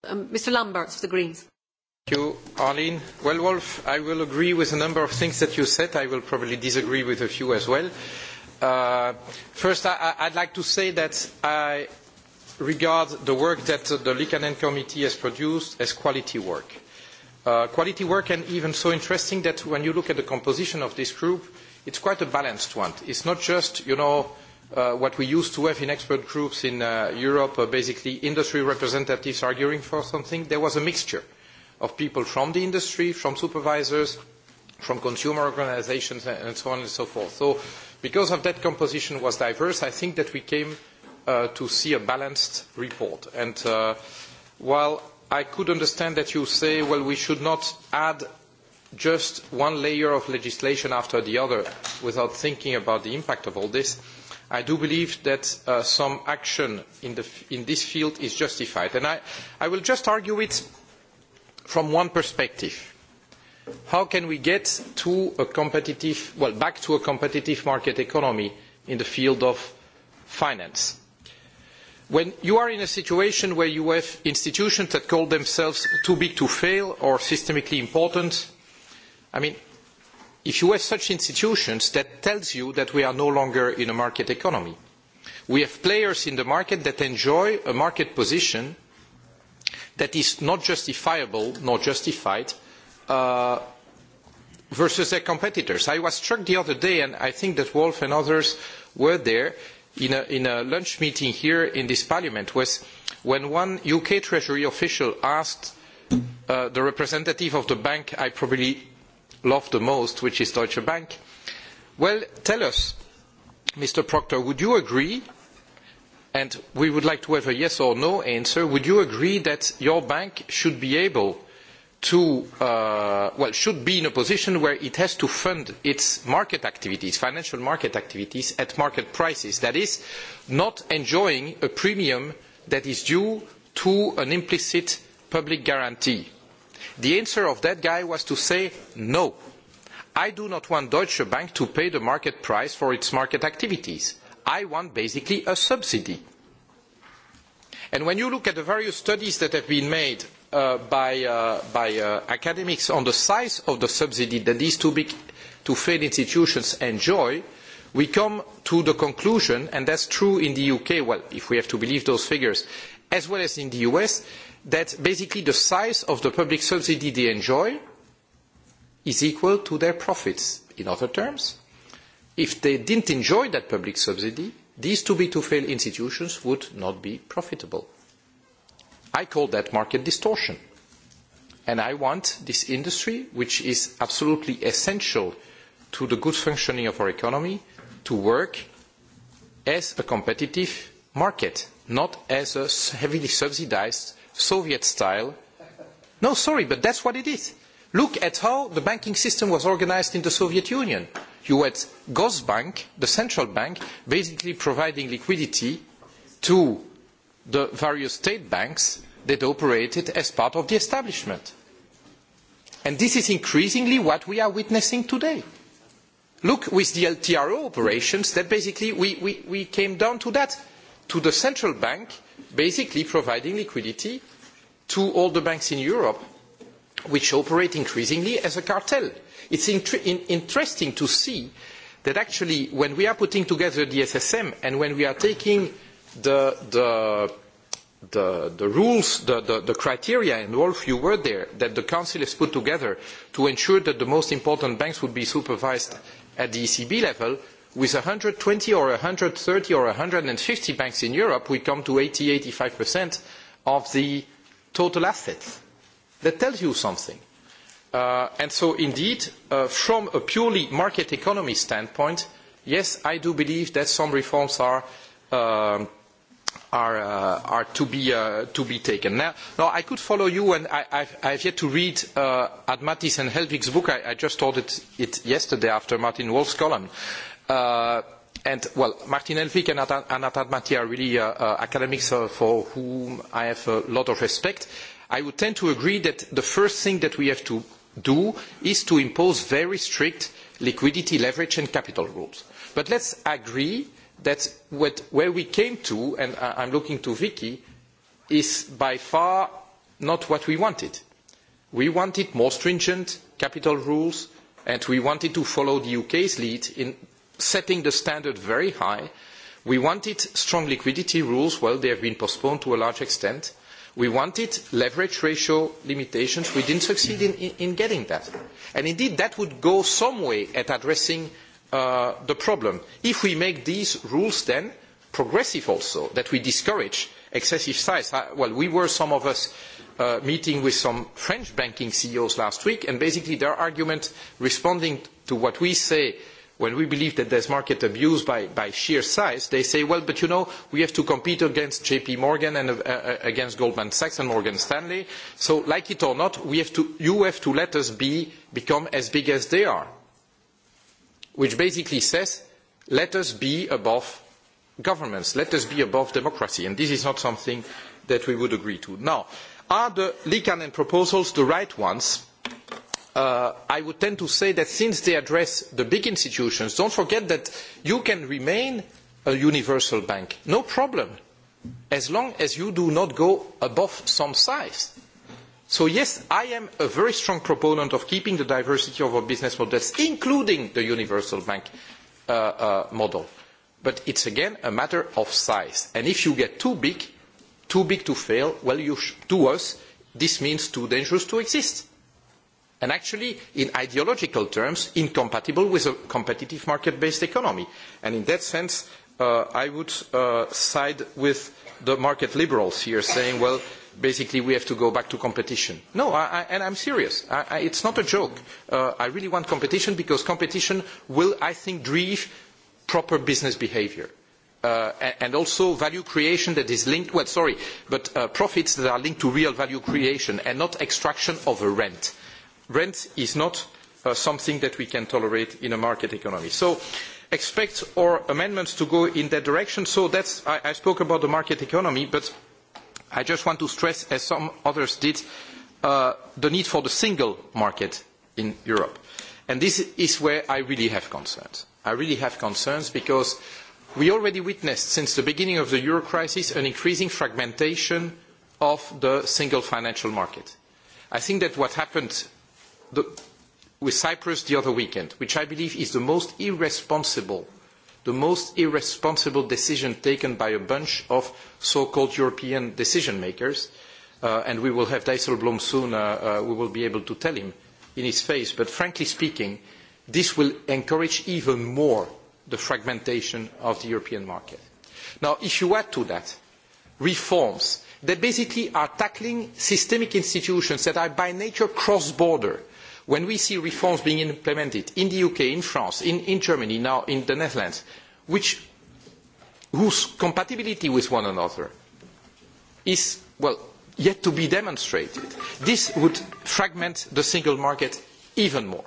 Um, Mr. Lamberts, the Greens. Thank you, Arlene. Well, Wolf, I will agree with a number of things that you said. I will probably disagree with a few as well. Uh, Uh, first, I, I'd like to say that I regard the work that the Likanen Committee has produced as quality work. Uh, quality work and even so interesting that when you look at the composition of this group, it's quite a balanced one. It's not just, you know, uh, what we used to have in expert groups in uh, Europe, uh, basically industry representatives arguing for something. There was a mixture of people from the industry, from supervisors, from consumer organizations, and so on and so forth. So Because of that composition was diverse, I think that we came uh, to see a balanced report. And uh, while I could understand that you say, well, we should not add just one layer of legislation after the other without thinking about the impact of all this, I do believe that uh, some action in, the, in this field is justified. And I, I will just argue it from one perspective. How can we get to a competitive, well, back to a competitive market economy in the field of finance? When you are in a situation where you have institutions that call themselves too big to fail or systemically important, I mean, if you have such institutions, that tells you that we are no longer in a market economy. We have players in the market that enjoy a market position that is not justifiable nor justified uh, versus their competitors. I was struck the other day, and I think that Wolf and others were there in a, in a lunch meeting here in this parliament, was when one UK Treasury official asked uh, the representative of the bank I probably love the most, which is Deutsche Bank, well, tell us, Mr. Proctor, would you agree, and we would like to have a yes or no answer, would you agree that your bank should be able to, uh, well, should be in a position where it has to fund its market activities, financial market activities at market prices. That is, not enjoying a premium that is due to an implicit public guarantee. The answer of that guy was to say no. I do not want Deutsche Bank to pay the market price for its market activities. I want basically a subsidy. And when you look at the various studies that have been made uh, by, uh, by uh, academics on the size of the subsidy that these two big to fail institutions enjoy, we come to the conclusion, and that is true in the UK, well, if we have to believe those figures, as well as in the US, that basically the size of the public subsidy they enjoy is equal to their profits. In other terms, if they did not enjoy that public subsidy, these too big to fail institutions would not be profitable. I call that market distortion. And I want this industry, which is absolutely essential to the good functioning of our economy, to work as a competitive market, not as a heavily subsidized Soviet-style. No, sorry, but that's what it is. Look at how the banking system was organized in the Soviet Union. You had Gosbank, the central bank, basically providing liquidity to the various state banks that operated as part of the establishment. And this is increasingly what we are witnessing today. Look, with the LTRO operations, that basically we, we, we came down to that, to the central bank basically providing liquidity to all the banks in Europe, which operate increasingly as a cartel. It's inter in interesting to see that actually when we are putting together the SSM and when we are taking the, the, the, the rules, the, the, the criteria, and of you were there, that the Council has put together to ensure that the most important banks would be supervised at the ECB level, with 120 or 130 or 150 banks in Europe, we come to 80-85% of the total assets. That tells you something. Uh, and so indeed, uh, from a purely market economy standpoint, yes, I do believe that some reforms are um, are, uh, are to, be, uh, to be taken. Now, now I could follow you, and I, I've, I've yet to read uh, Admatis and Helvig's book. I, I just ordered it yesterday after Martin Wolf's column. Uh, and, well, Martin Helvig and Anat, Admati are really uh, uh, academics uh, for whom I have a lot of respect. I would tend to agree that the first thing that we have to do is to impose very strict liquidity, leverage, and capital rules. But let's agree that what, where we came to, and I, am looking to Vicky, is by far not what we wanted. We wanted more stringent capital rules, and we wanted to follow the UK's lead in setting the standard very high. We wanted strong liquidity rules, well, they have been postponed to a large extent. We wanted leverage ratio limitations. We didn't succeed in, in, in getting that. And indeed, that would go some way at addressing Uh, the problem. If we make these rules then progressive also, that we discourage excessive size, I, well, we were some of us uh, meeting with some French banking CEOs last week, and basically their argument responding to what we say when we believe that there is market abuse by, by, sheer size, they say, well, but you know, we have to compete against JP Morgan and uh, uh, against Goldman Sachs and Morgan Stanley. So, like it or not, have to, you have to let us be, become as big as they are which basically says, let us be above governments, let us be above democracy, and this is not something that we would agree to. Now, are the Likanen proposals the right ones? Uh, I would tend to say that since they address the big institutions, don't forget that you can remain a universal bank, no problem, as long as you do not go above some size. So yes, I am a very strong proponent of keeping the diversity of our business models, including the universal bank uh, uh, model. But it's again a matter of size. And if you get too big, too big to fail, well, you sh to us, this means too dangerous to exist. And actually, in ideological terms, incompatible with a competitive market-based economy. And in that sense, uh, I would uh, side with the market liberals here, saying, well, basically we have to go back to competition. No, I, I, and I'm serious. I, I, it's not a joke. Uh, I really want competition because competition will, I think, drive proper business behavior. Uh, and also value creation that is linked, well, sorry, but uh, profits that are linked to real value creation and not extraction of a rent. Rent is not uh, something that we can tolerate in a market economy. So expect our amendments to go in that direction. So that's, I, I spoke about the market economy, but I just want to stress, as some others did, uh, the need for the single market in Europe. And this is where I really have concerns. I really have concerns because we already witnessed since the beginning of the euro crisis an increasing fragmentation of the single financial market. I think that what happened the, with Cyprus the other weekend, which I believe is the most irresponsible the most irresponsible decision taken by a bunch of so-called European decision makers. Uh, and we will have Dijsselbloem soon, uh, uh, we will be able to tell him in his face. But frankly speaking, this will encourage even more the fragmentation of the European market. Now, if you add to that reforms that basically are tackling systemic institutions that are by nature cross-border, When we see reforms being implemented in the UK, in France, in, in Germany, now in the Netherlands, which, whose compatibility with one another is, well, yet to be demonstrated, this would fragment the single market even more.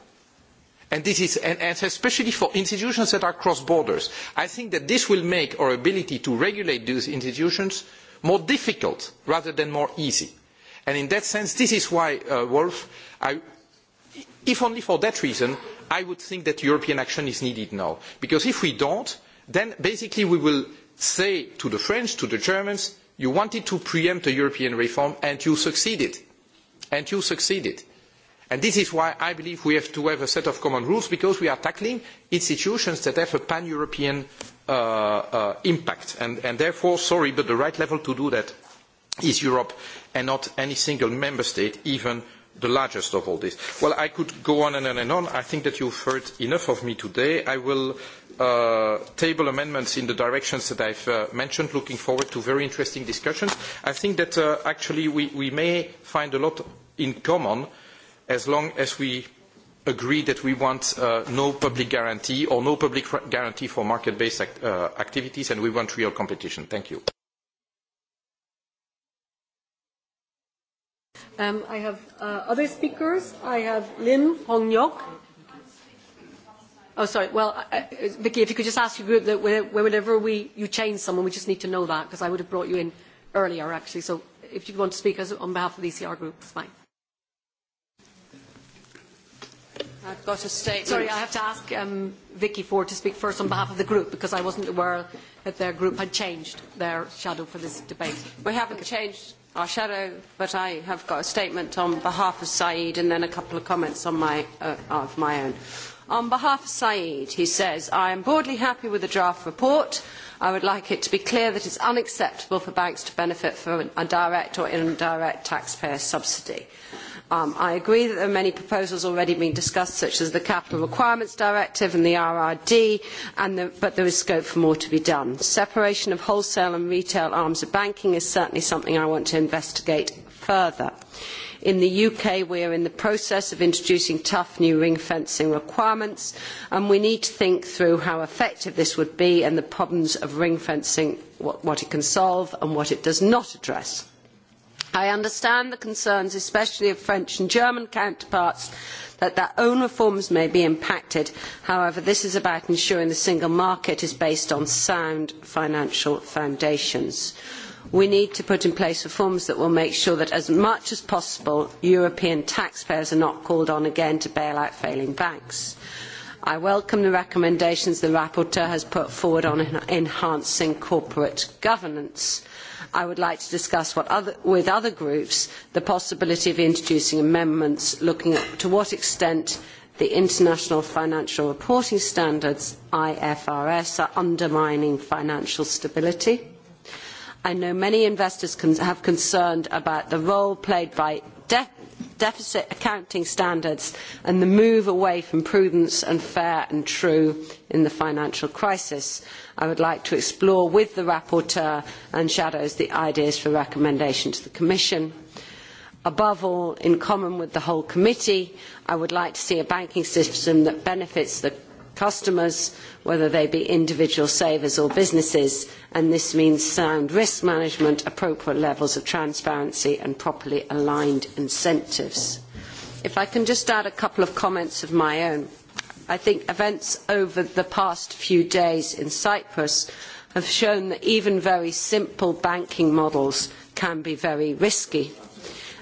And this is, and, and especially for institutions that are cross borders. I think that this will make our ability to regulate those institutions more difficult rather than more easy. And in that sense, this is why, uh, Wolf, I If only for that reason, I would think that European action is needed now. Because if we do not, then basically we will say to the French, to the Germans, you wanted to preempt a European reform and you succeeded. And you succeeded. And this is why I believe we have to have a set of common rules because we are tackling institutions that have a pan-European uh, uh, impact. And, and therefore, sorry, but the right level to do that is Europe and not any single member state, even the largest of all this. Well, I could go on and on and on. I think that you've heard enough of me today. I will uh, table amendments in the directions that I've uh, mentioned, looking forward to very interesting discussions. I think that uh, actually we, we may find a lot in common as long as we agree that we want uh, no public guarantee or no public guarantee for market-based act, uh, activities and we want real competition. Thank you. Um, I have uh, other speakers. I have Lim Hong Yok. Oh, sorry. Well, uh, Vicky, if you could just ask you that whenever we, you change someone, we just need to know that because I would have brought you in earlier, actually. So if you want to speak as, on behalf of the ECR group, it's fine. I've got a statement. Sorry, I have to ask um, Vicky Ford to speak first on behalf of the group because I wasn't aware that their group had changed their shadow for this debate. We haven't okay. changed our shadow, but I have got a statement on behalf of Saeed and then a couple of comments on my, uh, of my own. On behalf of Saeed, he says, I am broadly happy with the draft report. I would like it to be clear that it is unacceptable for banks to benefit from a direct or indirect taxpayer subsidy. Um, I agree that there are many proposals already being discussed, such as the Capital Requirements Directive and the RRD, and the, but there is scope for more to be done. Separation of wholesale and retail arms of banking is certainly something I want to investigate further. In the UK, we are in the process of introducing tough new ring fencing requirements, and we need to think through how effective this would be and the problems of ring fencing, what, what it can solve and what it does not address. I understand the concerns, especially of French and German counterparts, that their own reforms may be impacted. However, this is about ensuring the single market is based on sound financial foundations. We need to put in place reforms that will make sure that as much as possible European taxpayers are not called on again to bail out failing banks. I welcome the recommendations the rapporteur has put forward on enhancing corporate governance. I would like to discuss other, with other groups the possibility of introducing amendments looking at to what extent the International Financial Reporting Standards, IFRS, are undermining financial stability. I know many investors have concerned about the role played by debt deficit accounting standards and the move away from prudence and fair and true in the financial crisis. I would like to explore with the rapporteur and shadows the ideas for recommendation to the Commission. Above all, in common with the whole committee, I would like to see a banking system that benefits the customers, whether they be individual savers or businesses, and this means sound risk management, appropriate levels of transparency and properly aligned incentives. If I can just add a couple of comments of my own. I think events over the past few days in Cyprus have shown that even very simple banking models can be very risky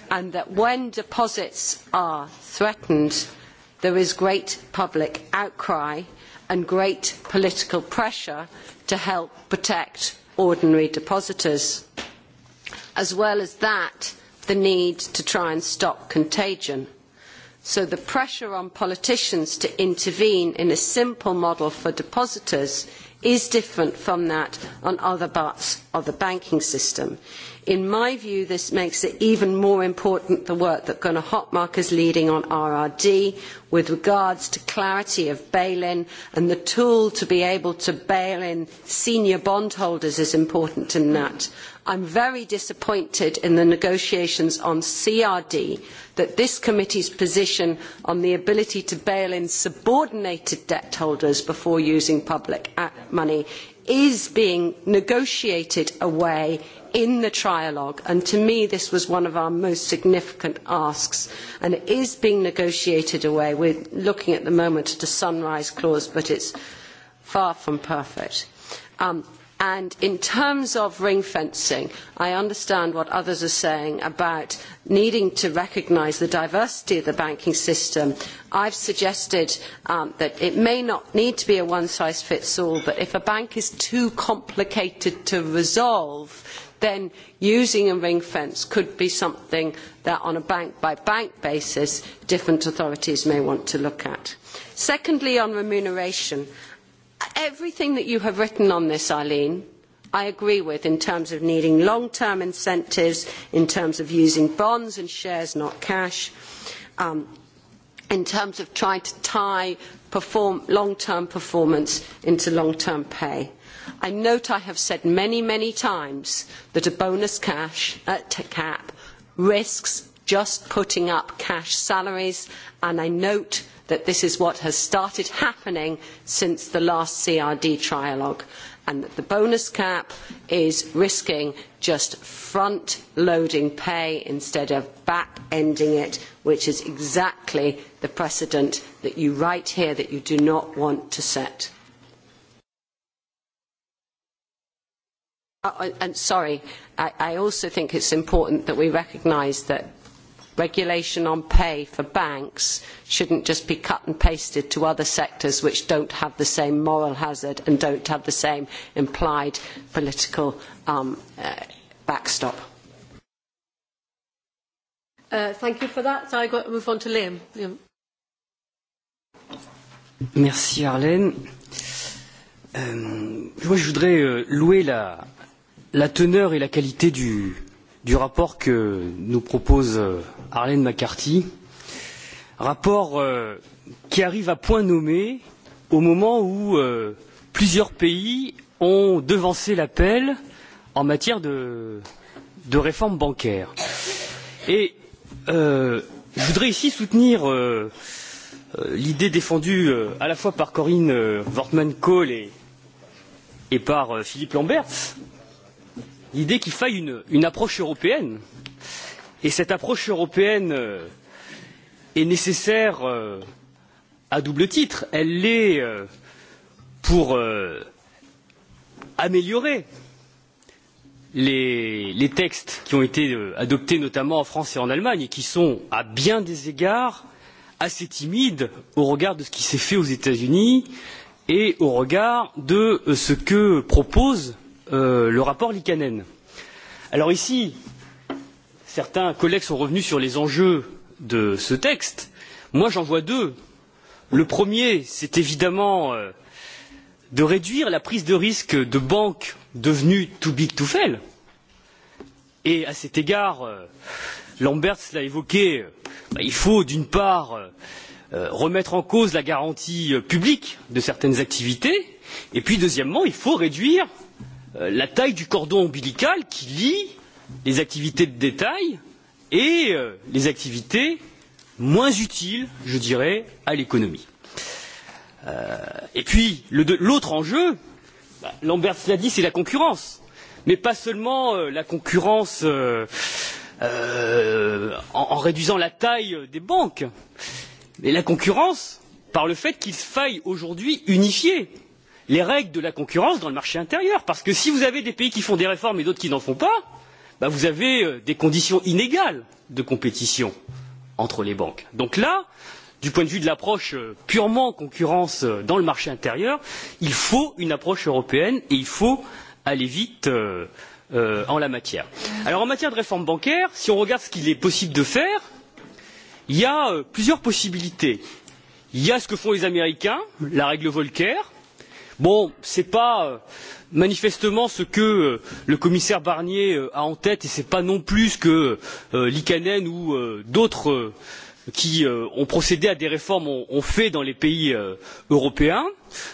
and that when deposits are threatened, there is great public outcry and great political pressure to help protect ordinary depositors. As well as that, the need to try and stop contagion. So the pressure on politicians to intervene in a simple model for depositors is different from that on other parts of the banking system. In my view, this makes it even more important the work that Gunnar Hotmark is leading on RRD with regards to clarity of bail-in and the tool to be able to bail in senior bondholders is important in that. I am very disappointed in the negotiations on CRD that this committee's position on the ability to bail in subordinated debt holders before using public money is being negotiated away in the trialogue, and to me this was one of our most significant asks, and it is being negotiated away. We are looking at the moment at a sunrise clause, but it is far from perfect. Um, And in terms of ring fencing, I understand what others are saying about needing to recognise the diversity of the banking system. I have suggested um, that it may not need to be a one size fits all, but if a bank is too complicated to resolve, then using a ring fence could be something that on a bank by bank basis different authorities may want to look at. Secondly, on remuneration, everything that you have written on this, Eileen, I agree with in terms of needing long-term incentives, in terms of using bonds and shares, not cash, um, in terms of trying to tie long-term performance into long-term pay. I note I have said many, many times that a bonus cash uh, cap risks just putting up cash salaries, and I note that this is what has started happening since the last CRD trialogue, and that the bonus cap is risking just front loading pay instead of back ending it, which is exactly the precedent that you write here that you do not want to set. Uh, uh, and sorry, I, I also think it's important that we recognise that regulation on pay for banks shouldn't just be cut and pasted to other sectors which don't have the same moral hazard and don't have the same implied political um, uh, backstop. Uh, thank you for that. So I got move on to Liam. Liam. Merci Arlène. Euh, je voudrais euh, louer la, la teneur et la qualité du, du rapport que nous propose euh, Arlène McCarthy, rapport euh, qui arrive à point nommé au moment où euh, plusieurs pays ont devancé l'appel en matière de, de réforme bancaire. Et euh, je voudrais ici soutenir euh, euh, l'idée défendue euh, à la fois par Corinne euh, Wortmann-Kohl et, et par euh, Philippe Lamberts l'idée qu'il faille une, une approche européenne. Et cette approche européenne euh, est nécessaire euh, à double titre. Elle l'est euh, pour améliorer les, les textes qui ont été adoptés notamment en France et en Allemagne et qui sont à bien des égards assez timides au regard de ce qui s'est fait aux États-Unis et au regard de ce que propose Euh, le rapport Likanen. Alors ici, certains collègues sont revenus sur les enjeux de ce texte. Moi, j'en vois deux. Le premier, c'est évidemment euh, de réduire la prise de risque de banques devenues too big to fail. Et à cet égard, euh, Lamberts l'a évoqué, euh, bah, il faut d'une part euh, euh, remettre en cause la garantie euh, publique de certaines activités, et puis deuxièmement, il faut réduire Euh, la taille du cordon ombilical qui lie les activités de détail et euh, les activités moins utiles, je dirais, à l'économie. Euh, et puis, l'autre enjeu, bah, Lambert l'a dit, c'est la concurrence. Mais pas seulement euh, la concurrence euh, euh, en, en réduisant la taille des banques, mais la concurrence par le fait qu'il faille aujourd'hui unifier les règles de la concurrence dans le marché intérieur. Parce que si vous avez des pays qui font des réformes et d'autres qui n'en font pas, bah vous avez euh, des conditions inégales de compétition entre les banques. Donc là, du point de vue de l'approche euh, purement concurrence euh, dans le marché intérieur, il faut une approche européenne et il faut aller vite euh, euh, en la matière. Alors en matière de réforme bancaire, si on regarde ce qu'il est possible de faire, il y a euh, plusieurs possibilités. Il y a ce que font les Américains, la règle Volcker, Bon, ce n'est pas euh, manifestement ce que euh, le commissaire Barnier euh, a en tête et ce n'est pas non plus ce que Likanen ou d'autres qui ont procédé à des réformes ont, fait dans les pays européens.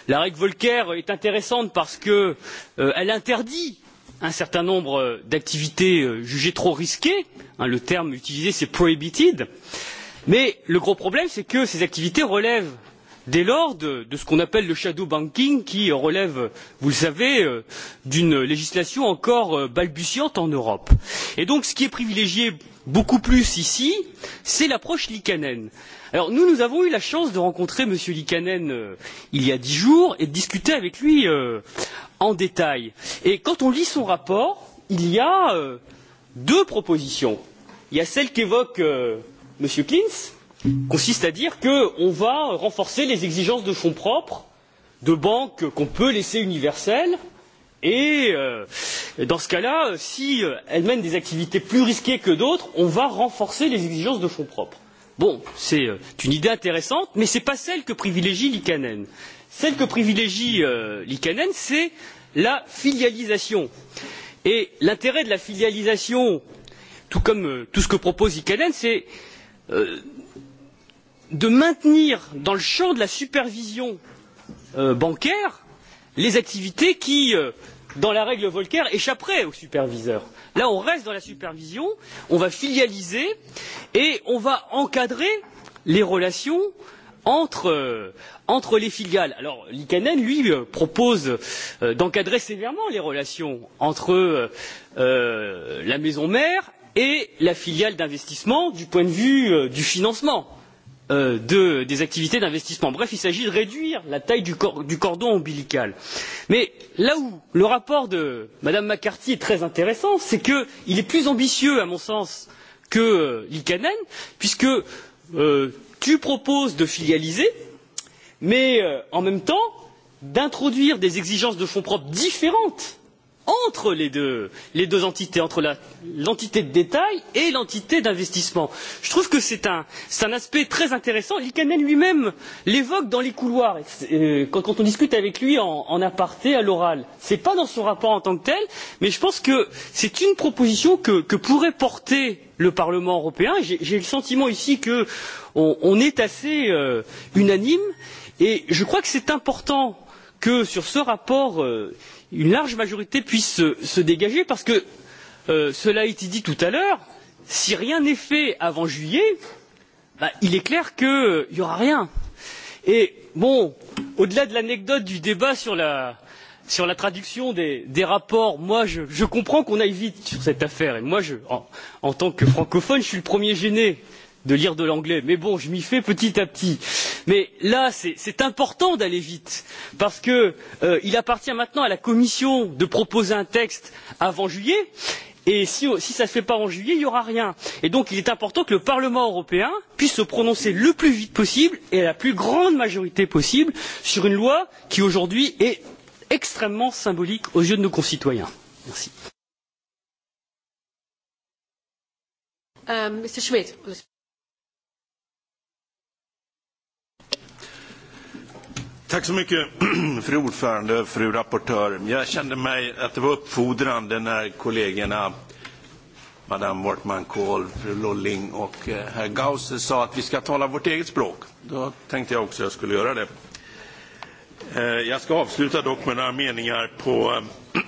La règle Volcker est intéressante parce qu'elle interdit un certain nombre d'activités jugées trop risquées. le terme utilisé c'est prohibited. Mais le gros problème c'est que ces activités relèvent dès lors de, de ce qu'on appelle le shadow banking qui relève, vous le savez, euh, d'une législation encore euh, balbutiante en Europe. Et donc ce qui est privilégié beaucoup plus ici, c'est l'approche Likanen. Alors nous, nous avons eu la chance de rencontrer M. Likanen euh, il y a dix jours et de discuter avec lui euh, en détail. Et quand on lit son rapport, il y a euh, deux propositions. Il y a celle qu'évoque euh, M. Klintz, consiste à dire qu'on va renforcer les exigences de fonds propres de banques qu'on peut laisser universelles et euh, dans ce cas là, si euh, elles mènent des activités plus risquées que d'autres, on va renforcer les exigences de fonds propres. Bon, c'est euh, une idée intéressante, mais ce n'est pas celle que privilégie Likanen. Celle que privilégie euh, Likanen, c'est la filialisation. Et l'intérêt de la filialisation, tout comme euh, tout ce que propose Likanen, c'est euh, de maintenir dans le champ de la supervision euh, bancaire les activités qui, euh, dans la règle Volcker, échapperaient aux superviseurs. Là, on reste dans la supervision, on va filialiser et on va encadrer les relations entre, euh, entre les filiales. Alors, Likanen, lui, euh, propose euh, d'encadrer sévèrement les relations entre euh, euh, la maison mère et la filiale d'investissement du point de vue euh, du financement. Euh, de, des activités d'investissement. Bref, il s'agit de réduire la taille du, cor, du cordon ombilical. Mais là où le rapport de Mme McCarthy est très intéressant, c'est qu'il est plus ambitieux, à mon sens, que euh, Likanen, puisque euh, tu proposes de filialiser, mais euh, en même temps d'introduire des exigences de fonds propres différentes entre les deux, les deux entités, entre l'entité de détail et l'entité d'investissement. Je trouve que c'est un, un, aspect très intéressant. Ilkenen lui-même l'évoque dans les couloirs, euh, quand, quand, on discute avec lui en, en aparté, à l'oral. Ce n'est pas dans son rapport en tant que tel, mais je pense que c'est une proposition que, que pourrait porter le Parlement européen. J'ai le sentiment ici qu'on on est assez euh, unanime et je crois que c'est important que sur ce rapport, euh, une large majorité puisse se, se dégager parce que euh, cela a été dit tout à l'heure, si rien n'est fait avant juillet, bah, il est clair qu'il n'y euh, aura rien. Et bon, au-delà de l'anecdote du débat sur la, sur la traduction des, des rapports, moi je, je comprends qu'on aille vite sur cette affaire. Et moi, je, en, en tant que francophone, je suis le premier gêné. Euh, de lire de l'anglais, mais bon, je m'y fais petit à petit. Mais là, c'est important d'aller vite, parce qu'il euh, appartient maintenant à la Commission de proposer un texte avant juillet, et si, si ça ne se fait pas en juillet, il n'y aura rien. Et donc, il est important que le Parlement européen puisse se prononcer le plus vite possible et à la plus grande majorité possible sur une loi qui, aujourd'hui, est extrêmement symbolique aux yeux de nos concitoyens. Merci. Um, euh, Mr. Schmidt. Tack så mycket, fru ordförande, fru rapportör. Jag kände mig att det var uppfordrande när kollegorna Madame Wortman Kohl, fru Lolling och eh, herr Gause sa att vi ska tala vårt eget språk. Då tänkte jag också att jag skulle göra det. Eh, jag ska avsluta dock med några meningar på, eh,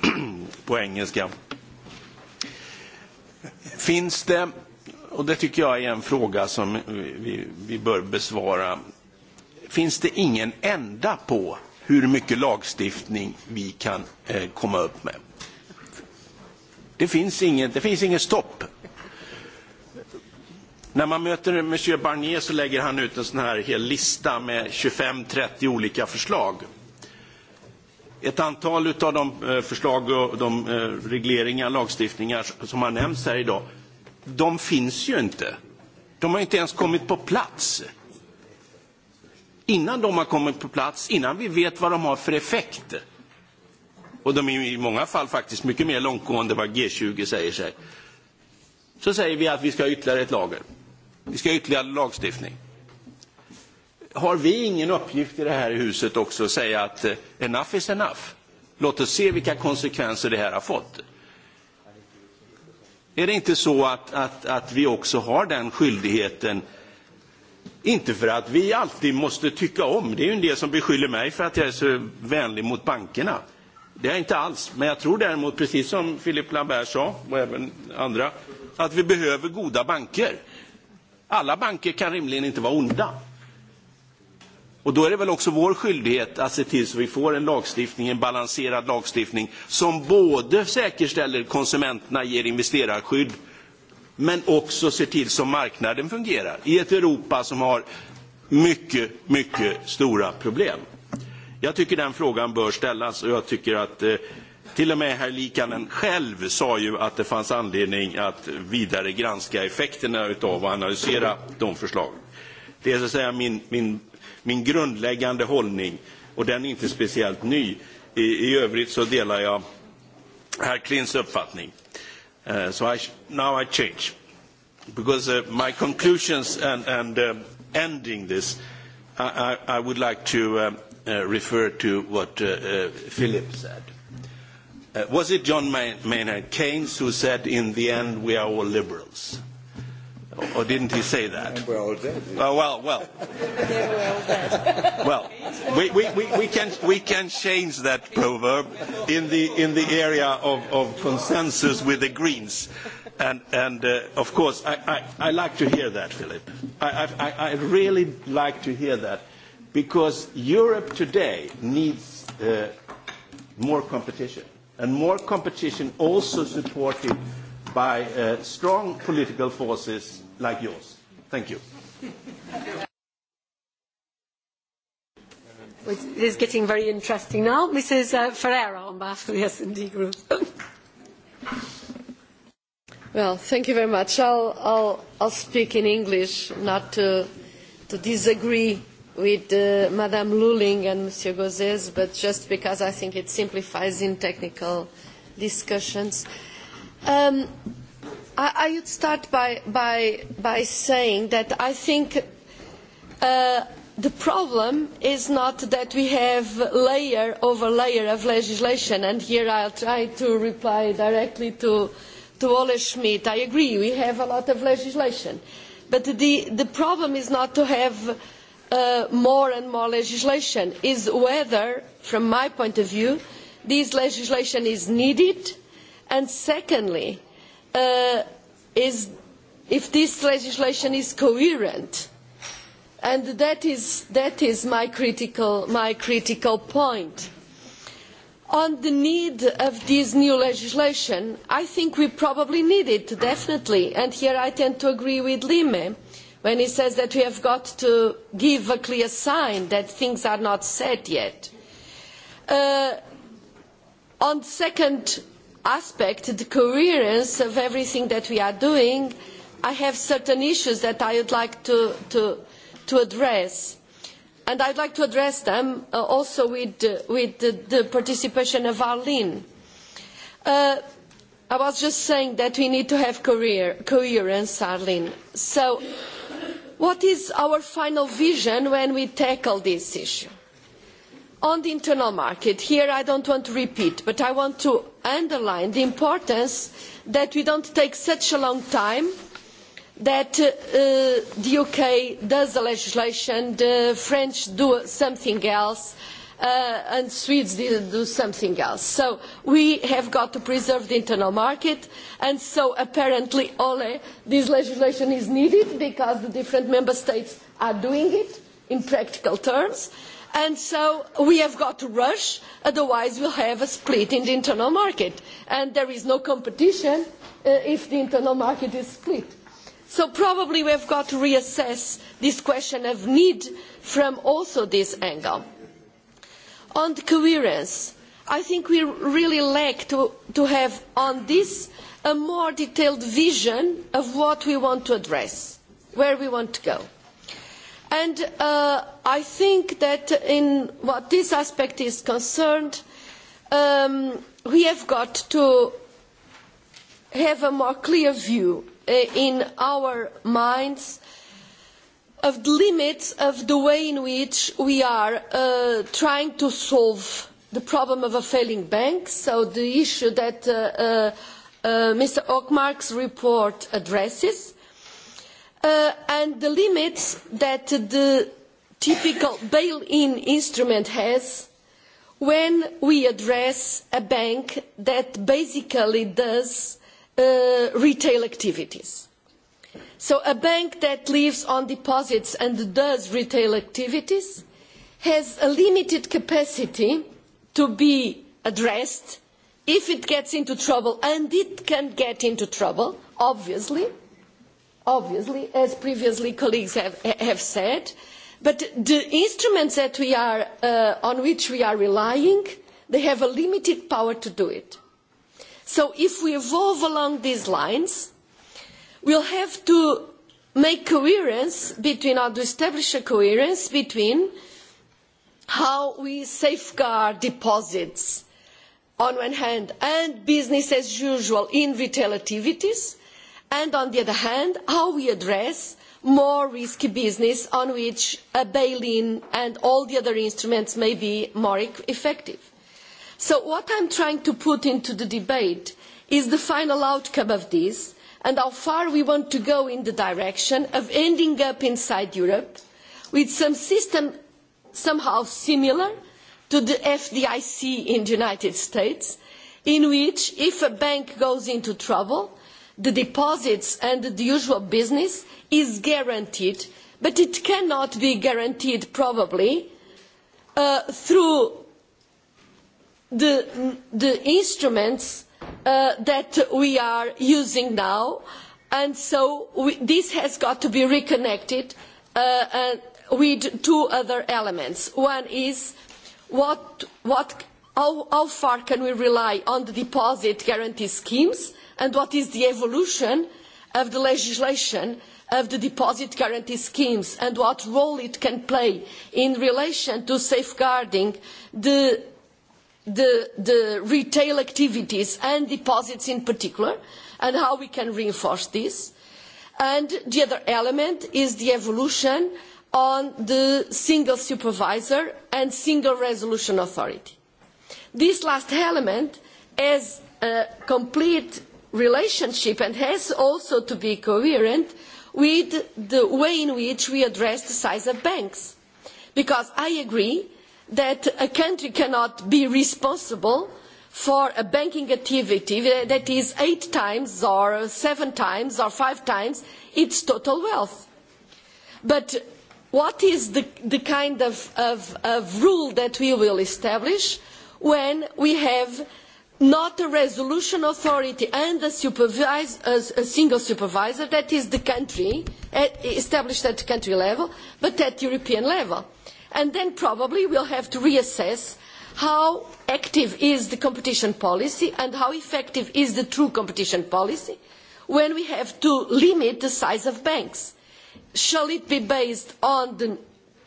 på engelska. Finns det, och det tycker jag är en fråga som vi, vi bör besvara, finns det ingen ända på hur mycket lagstiftning vi kan eh, komma upp med. Det finns, ingen, det finns ingen stopp. När man möter Monsieur Barnier så lägger han ut en sån här hel lista med 25-30 olika förslag. Ett antal av de eh, förslag och de eh, regleringar, lagstiftningar som har nämnts här idag, de finns ju inte. De har inte ens kommit på plats innan de har kommit på plats, innan vi vet vad de har för effekt. Och de är i många fall faktiskt mycket mer långtgående än vad G20 säger sig. Så säger vi att vi ska ha ytterligare ett lager. Vi ska ha ytterligare lagstiftning. Har vi ingen uppgift i det här huset också att säga att eh, enough is enough? Låt oss se vilka konsekvenser det här har fått. Är det inte så att, att, att vi också har den skyldigheten Inte för att vi alltid måste tycka om, det är ju en del som beskyller mig för att jag är så vänlig mot bankerna. Det är jag inte alls, men jag tror däremot, precis som Philip Lambert sa, och även andra, att vi behöver goda banker. Alla banker kan rimligen inte vara onda. Och då är det väl också vår skyldighet att se till så vi får en lagstiftning, en balanserad lagstiftning, som både säkerställer konsumenterna, ger investerarskydd men också se till så marknaden fungerar i ett Europa som har mycket, mycket stora problem. Jag tycker den frågan bör ställas och jag tycker att eh, till och med herr Likanen själv sa ju att det fanns anledning att vidare granska effekterna av och analysera de förslagen. Det är så att säga min, min, min grundläggande hållning och den är inte speciellt ny. I, i övrigt så delar jag herr Klins uppfattning. Uh, so I sh now I change because uh, my conclusions and, and um, ending this, I, I, I would like to um, uh, refer to what uh, uh, Philip said. Uh, was it John Maynard Keynes who said, in the end, we are all liberals? Or didn't he say that? And we're all dead. Oh, well, well. well, we, we, we, we, can, we can change that proverb in the, in the area of, of consensus with the Greens. And, and uh, of course, I, I, I like to hear that, Philip. I, I, I really like to hear that because Europe today needs uh, more competition. And more competition also supported by uh, strong political forces like yours. Thank you. It is getting very interesting now. Mrs. Uh, Ferreira on behalf of the S&D Group. well, thank you very much. I'll, I'll, I'll speak in English, not to, to disagree with uh, Madame Luling and Monsieur Gauzès, but just because I think it simplifies in technical discussions. Um, I, I would start by, by, by saying that I think uh, the problem is not that we have layer over layer of legislation, and here I will try to reply directly to, to Ole Schmidt. I agree, we have a lot of legislation. But the, the problem is not to have uh, more and more legislation, is whether, from my point of view, this legislation is needed, and secondly, uh, is if this legislation is coherent. And that is, that is my, critical, my critical point. On the need of this new legislation, I think we probably need it, definitely. And here I tend to agree with Lime when he says that we have got to give a clear sign that things are not set yet. Uh, on second aspect, the coherence of everything that we are doing, I have certain issues that I would like to, to, to address. And I would like to address them uh, also with, uh, with the, the, participation of Arlene. Uh, I was just saying that we need to have career, coherence, Arlene. So what is our final vision when we tackle this issue? On the internal market, here I do not want to repeat, but I want to underline the importance that we do not take such a long time that uh, uh the UK does the legislation, the French do something else, uh, and Swedes do something else. So we have got to preserve the internal market, and so apparently, Ole, this legislation is needed because the different member states are doing it in practical terms. And so we have got to rush, otherwise we will have a split in the internal market. And there is no competition uh, if the internal market is split. So probably we have got to reassess this question of need from also this angle. On the coherence, I think we really lack to, to have on this a more detailed vision of what we want to address, where we want to go. And uh, I think that in what this aspect is concerned, um, we have got to have a more clear view uh, in our minds of the limits of the way in which we are uh, trying to solve the problem of a failing bank, so the issue that uh, uh, uh Mr. Ockmark's report addresses, uh, and the limits that the typical bail-in instrument has when we address a bank that basically does uh, retail activities. So a bank that lives on deposits and does retail activities has a limited capacity to be addressed if it gets into trouble, and it can get into trouble, obviously, obviously, as previously colleagues have, have said, but the instruments that we are, uh, on which we are relying, they have a limited power to do it. So if we evolve along these lines, we'll have to make coherence between, or to establish a coherence between how we safeguard deposits on one hand and business as usual in retail activities and on the other hand how we address more risky business on which a bail-in and all the other instruments may be more effective. So what I am trying to put into the debate is the final outcome of this and how far we want to go in the direction of ending up inside Europe with some system somehow similar to the FDIC in the United States in which if a bank goes into trouble the deposits and the usual business is guaranteed, but it cannot be guaranteed probably uh, through the, the instruments uh, that we are using now. And so we, this has got to be reconnected uh, with two other elements. One is what, what, how, how far can we rely on the deposit guarantee schemes? and what is the evolution of the legislation of the deposit guarantee schemes and what role it can play in relation to safeguarding the, the, the retail activities and deposits in particular and how we can reinforce this. And the other element is the evolution on the single supervisor and single resolution authority. This last element has a complete relationship and has also to be coherent with the way in which we address the size of banks. Because I agree that a country cannot be responsible for a banking activity that is eight times or seven times or five times its total wealth. But what is the, the kind of, of, of rule that we will establish when we have not a resolution authority and a, a, a single supervisor, that is the country, at, eh, established at the country level, but at European level. And then probably we'll have to reassess how active is the competition policy and how effective is the true competition policy when we have to limit the size of banks. Shall it be based on the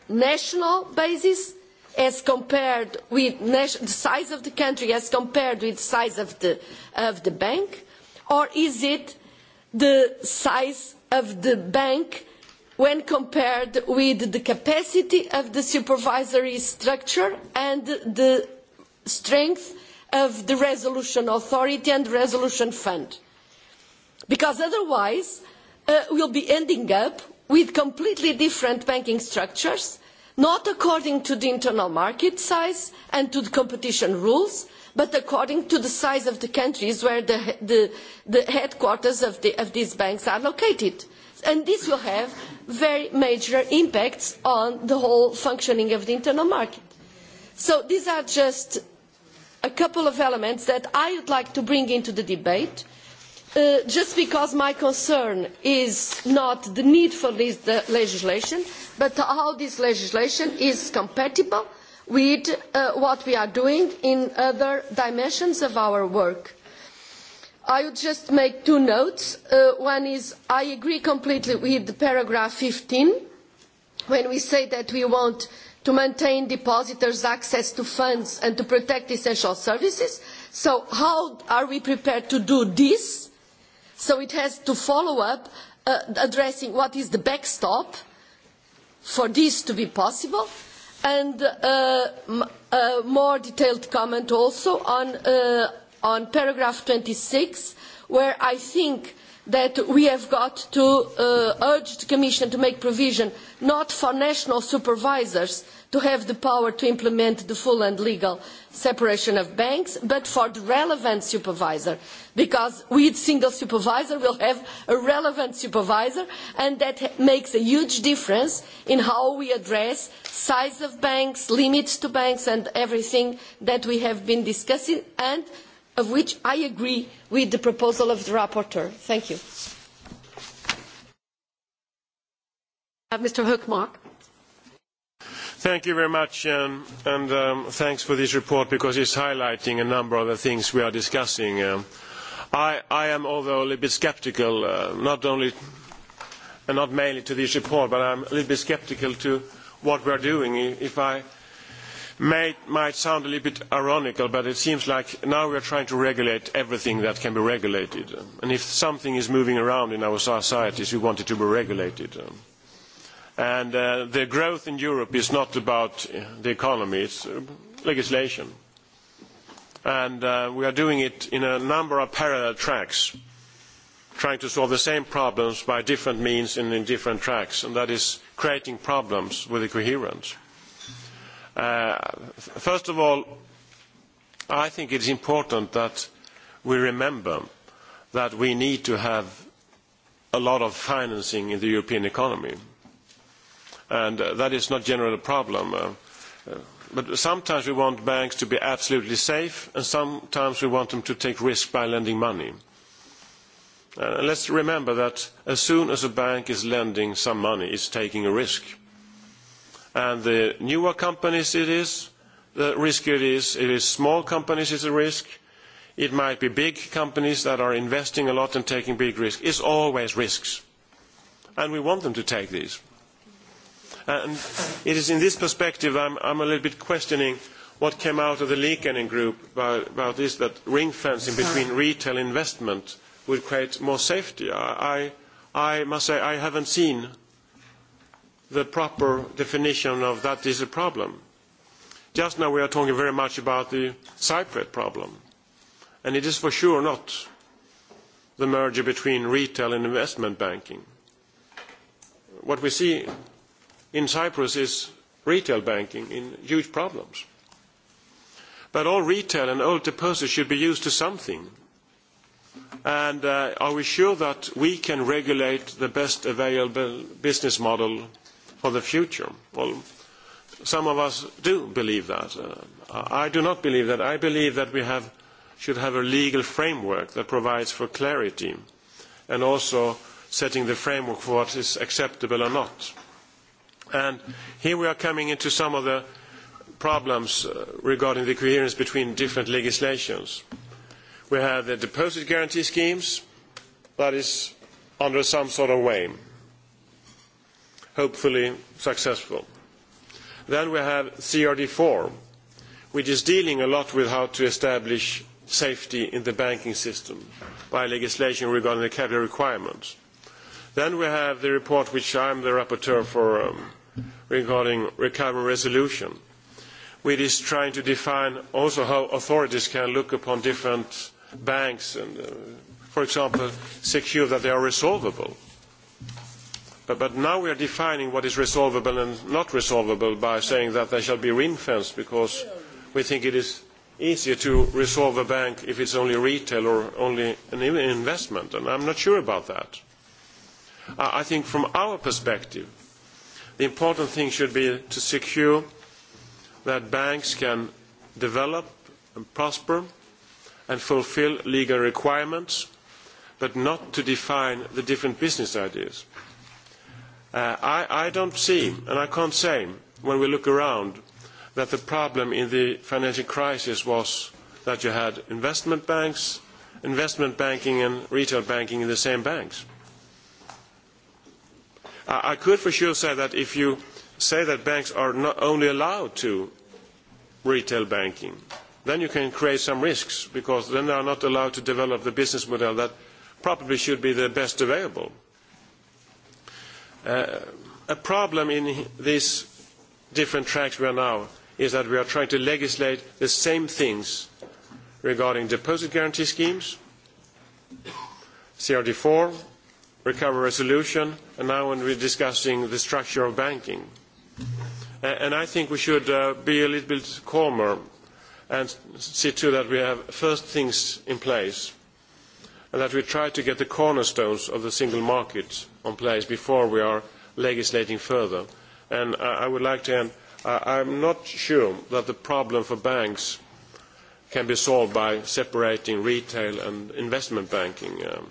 national basis as compared with the size of the country as compared with the size of the, of the bank? Or is it the size of the bank when compared with the capacity of the supervisory structure and the strength of the resolution authority and the resolution fund? Because otherwise, uh, we'll be ending up with completely different banking structures not according to the internal market size and to the competition rules, but according to the size of the countries where the, the, the headquarters of, the, of these banks are located. And this will have very major impacts on the whole functioning of the internal market. So these are just a couple of elements that I would like to bring into the debate Uh, just because my concern is not the need for this legislation, but how this legislation is compatible with uh, what we are doing in other dimensions of our work. I would just make two notes. Uh, one is I agree completely with paragraph fifteen when we say that we want to maintain depositors' access to funds and to protect essential services. So how are we prepared to do this? So it has to follow up uh, addressing what is the backstop for this to be possible and uh, a uh, more detailed comment also on, uh, on paragraph 26 where I think that we have got to uh, urge the Commission to make provision not for national supervisors to have the power to implement the full and legal uh, separation of banks, but for the relevant supervisor, because we, the single supervisor, will have a relevant supervisor, and that makes a huge difference in how we address size of banks, limits to banks, and everything that we have been discussing, and of which I agree with the proposal of the rapporteur. Thank you. Uh, Mr. Hookmark. Thank you very much, um, and um, thanks for this report because it's highlighting a number of the things we are discussing. Um, I, I am, although a little bit skeptical, uh, not only and not mainly to this report, but I'm a little bit skeptical to what we are doing. If I may, might sound a little bit ironical, but it seems like now we are trying to regulate everything that can be regulated. And if something is moving around in our societies, we want it to be regulated. Um, And uh, the growth in Europe is not about uh, the economy, it's uh, legislation. And uh, we are doing it in a number of parallel tracks, trying to solve the same problems by different means and in different tracks, and that is creating problems with the coherence. Uh, first of all, I think it is important that we remember that we need to have a lot of financing in the European economy and uh, that is not generally a problem. Uh, uh, but sometimes we want banks to be absolutely safe, and sometimes we want them to take risk by lending money. Uh, and let's remember that as soon as a bank is lending some money, it's taking a risk. And the newer companies it is, the riskier it is. It is small companies it's a risk. It might be big companies that are investing a lot and taking big risks. It's always risks. And we want them to take these. And it is in this perspective I'm, I'm a little bit questioning what came out of the Liikanen group about, about this, that ring fencing between retail investment would create more safety. I, I must say I haven't seen the proper definition of that is a problem. Just now we are talking very much about the Cypriot problem, and it is for sure not the merger between retail and investment banking. What we see in Cyprus is retail banking in huge problems. But all retail and old deposits should be used to something. And uh, are we sure that we can regulate the best available business model for the future? Well, some of us do believe that. Uh, I do not believe that. I believe that we have, should have a legal framework that provides for clarity and also setting the framework for what is acceptable or not. And here we are coming into some of the problems uh, regarding the coherence between different legislations. We have the deposit guarantee schemes that is under some sort of way, hopefully successful. Then we have CRD4, which is dealing a lot with how to establish safety in the banking system by legislation regarding the capital requirements. Then we have the report which I am the rapporteur for um, regarding recovery resolution, which is trying to define also how authorities can look upon different banks and, uh, for example, secure that they are resolvable. But, but now we are defining what is resolvable and not resolvable by saying that they shall be ring-fenced because we think it is easier to resolve a bank if it's only retail or only an investment, and I'm not sure about that. I think from our perspective, The important thing should be to secure that banks can develop and prosper and fulfill legal requirements, but not to define the different business ideas. Uh, I, I don't see, and I can't say, when we look around, that the problem in the financial crisis was that you had investment banks, investment banking and retail banking in the same banks. I, could for sure say that if you say that banks are not only allowed to retail banking, then you can create some risks because then they are not allowed to develop the business model that probably should be the best available. Uh, a problem in these different tracks we are now is that we are trying to legislate the same things regarding deposit guarantee schemes, CRD4, recovery resolution, and now when we're discussing the structure of banking. And I think we should uh, be a little bit calmer and see to that we have first things in place and that we try to get the cornerstones of the single market in place before we are legislating further. And I would like to end, I am not sure that the problem for banks can be solved by separating retail and investment banking. Um,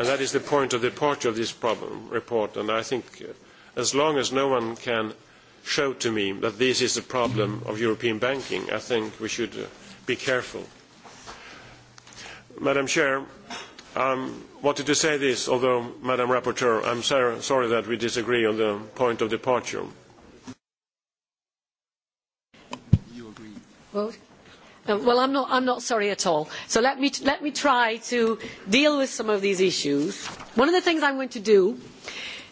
And that is the point of departure of this problem, report. And I think uh, as long as no one can show to me that this is a problem of European banking, I think we should uh, be careful. Madam Chair, I um, wanted to say this, although, Madam Rapporteur, I am sorry, that we disagree on the point of departure. Uh, well, I'm not, I'm not sorry at all. So let me, let me try to deal with some of these issues. One of the things I'm going to do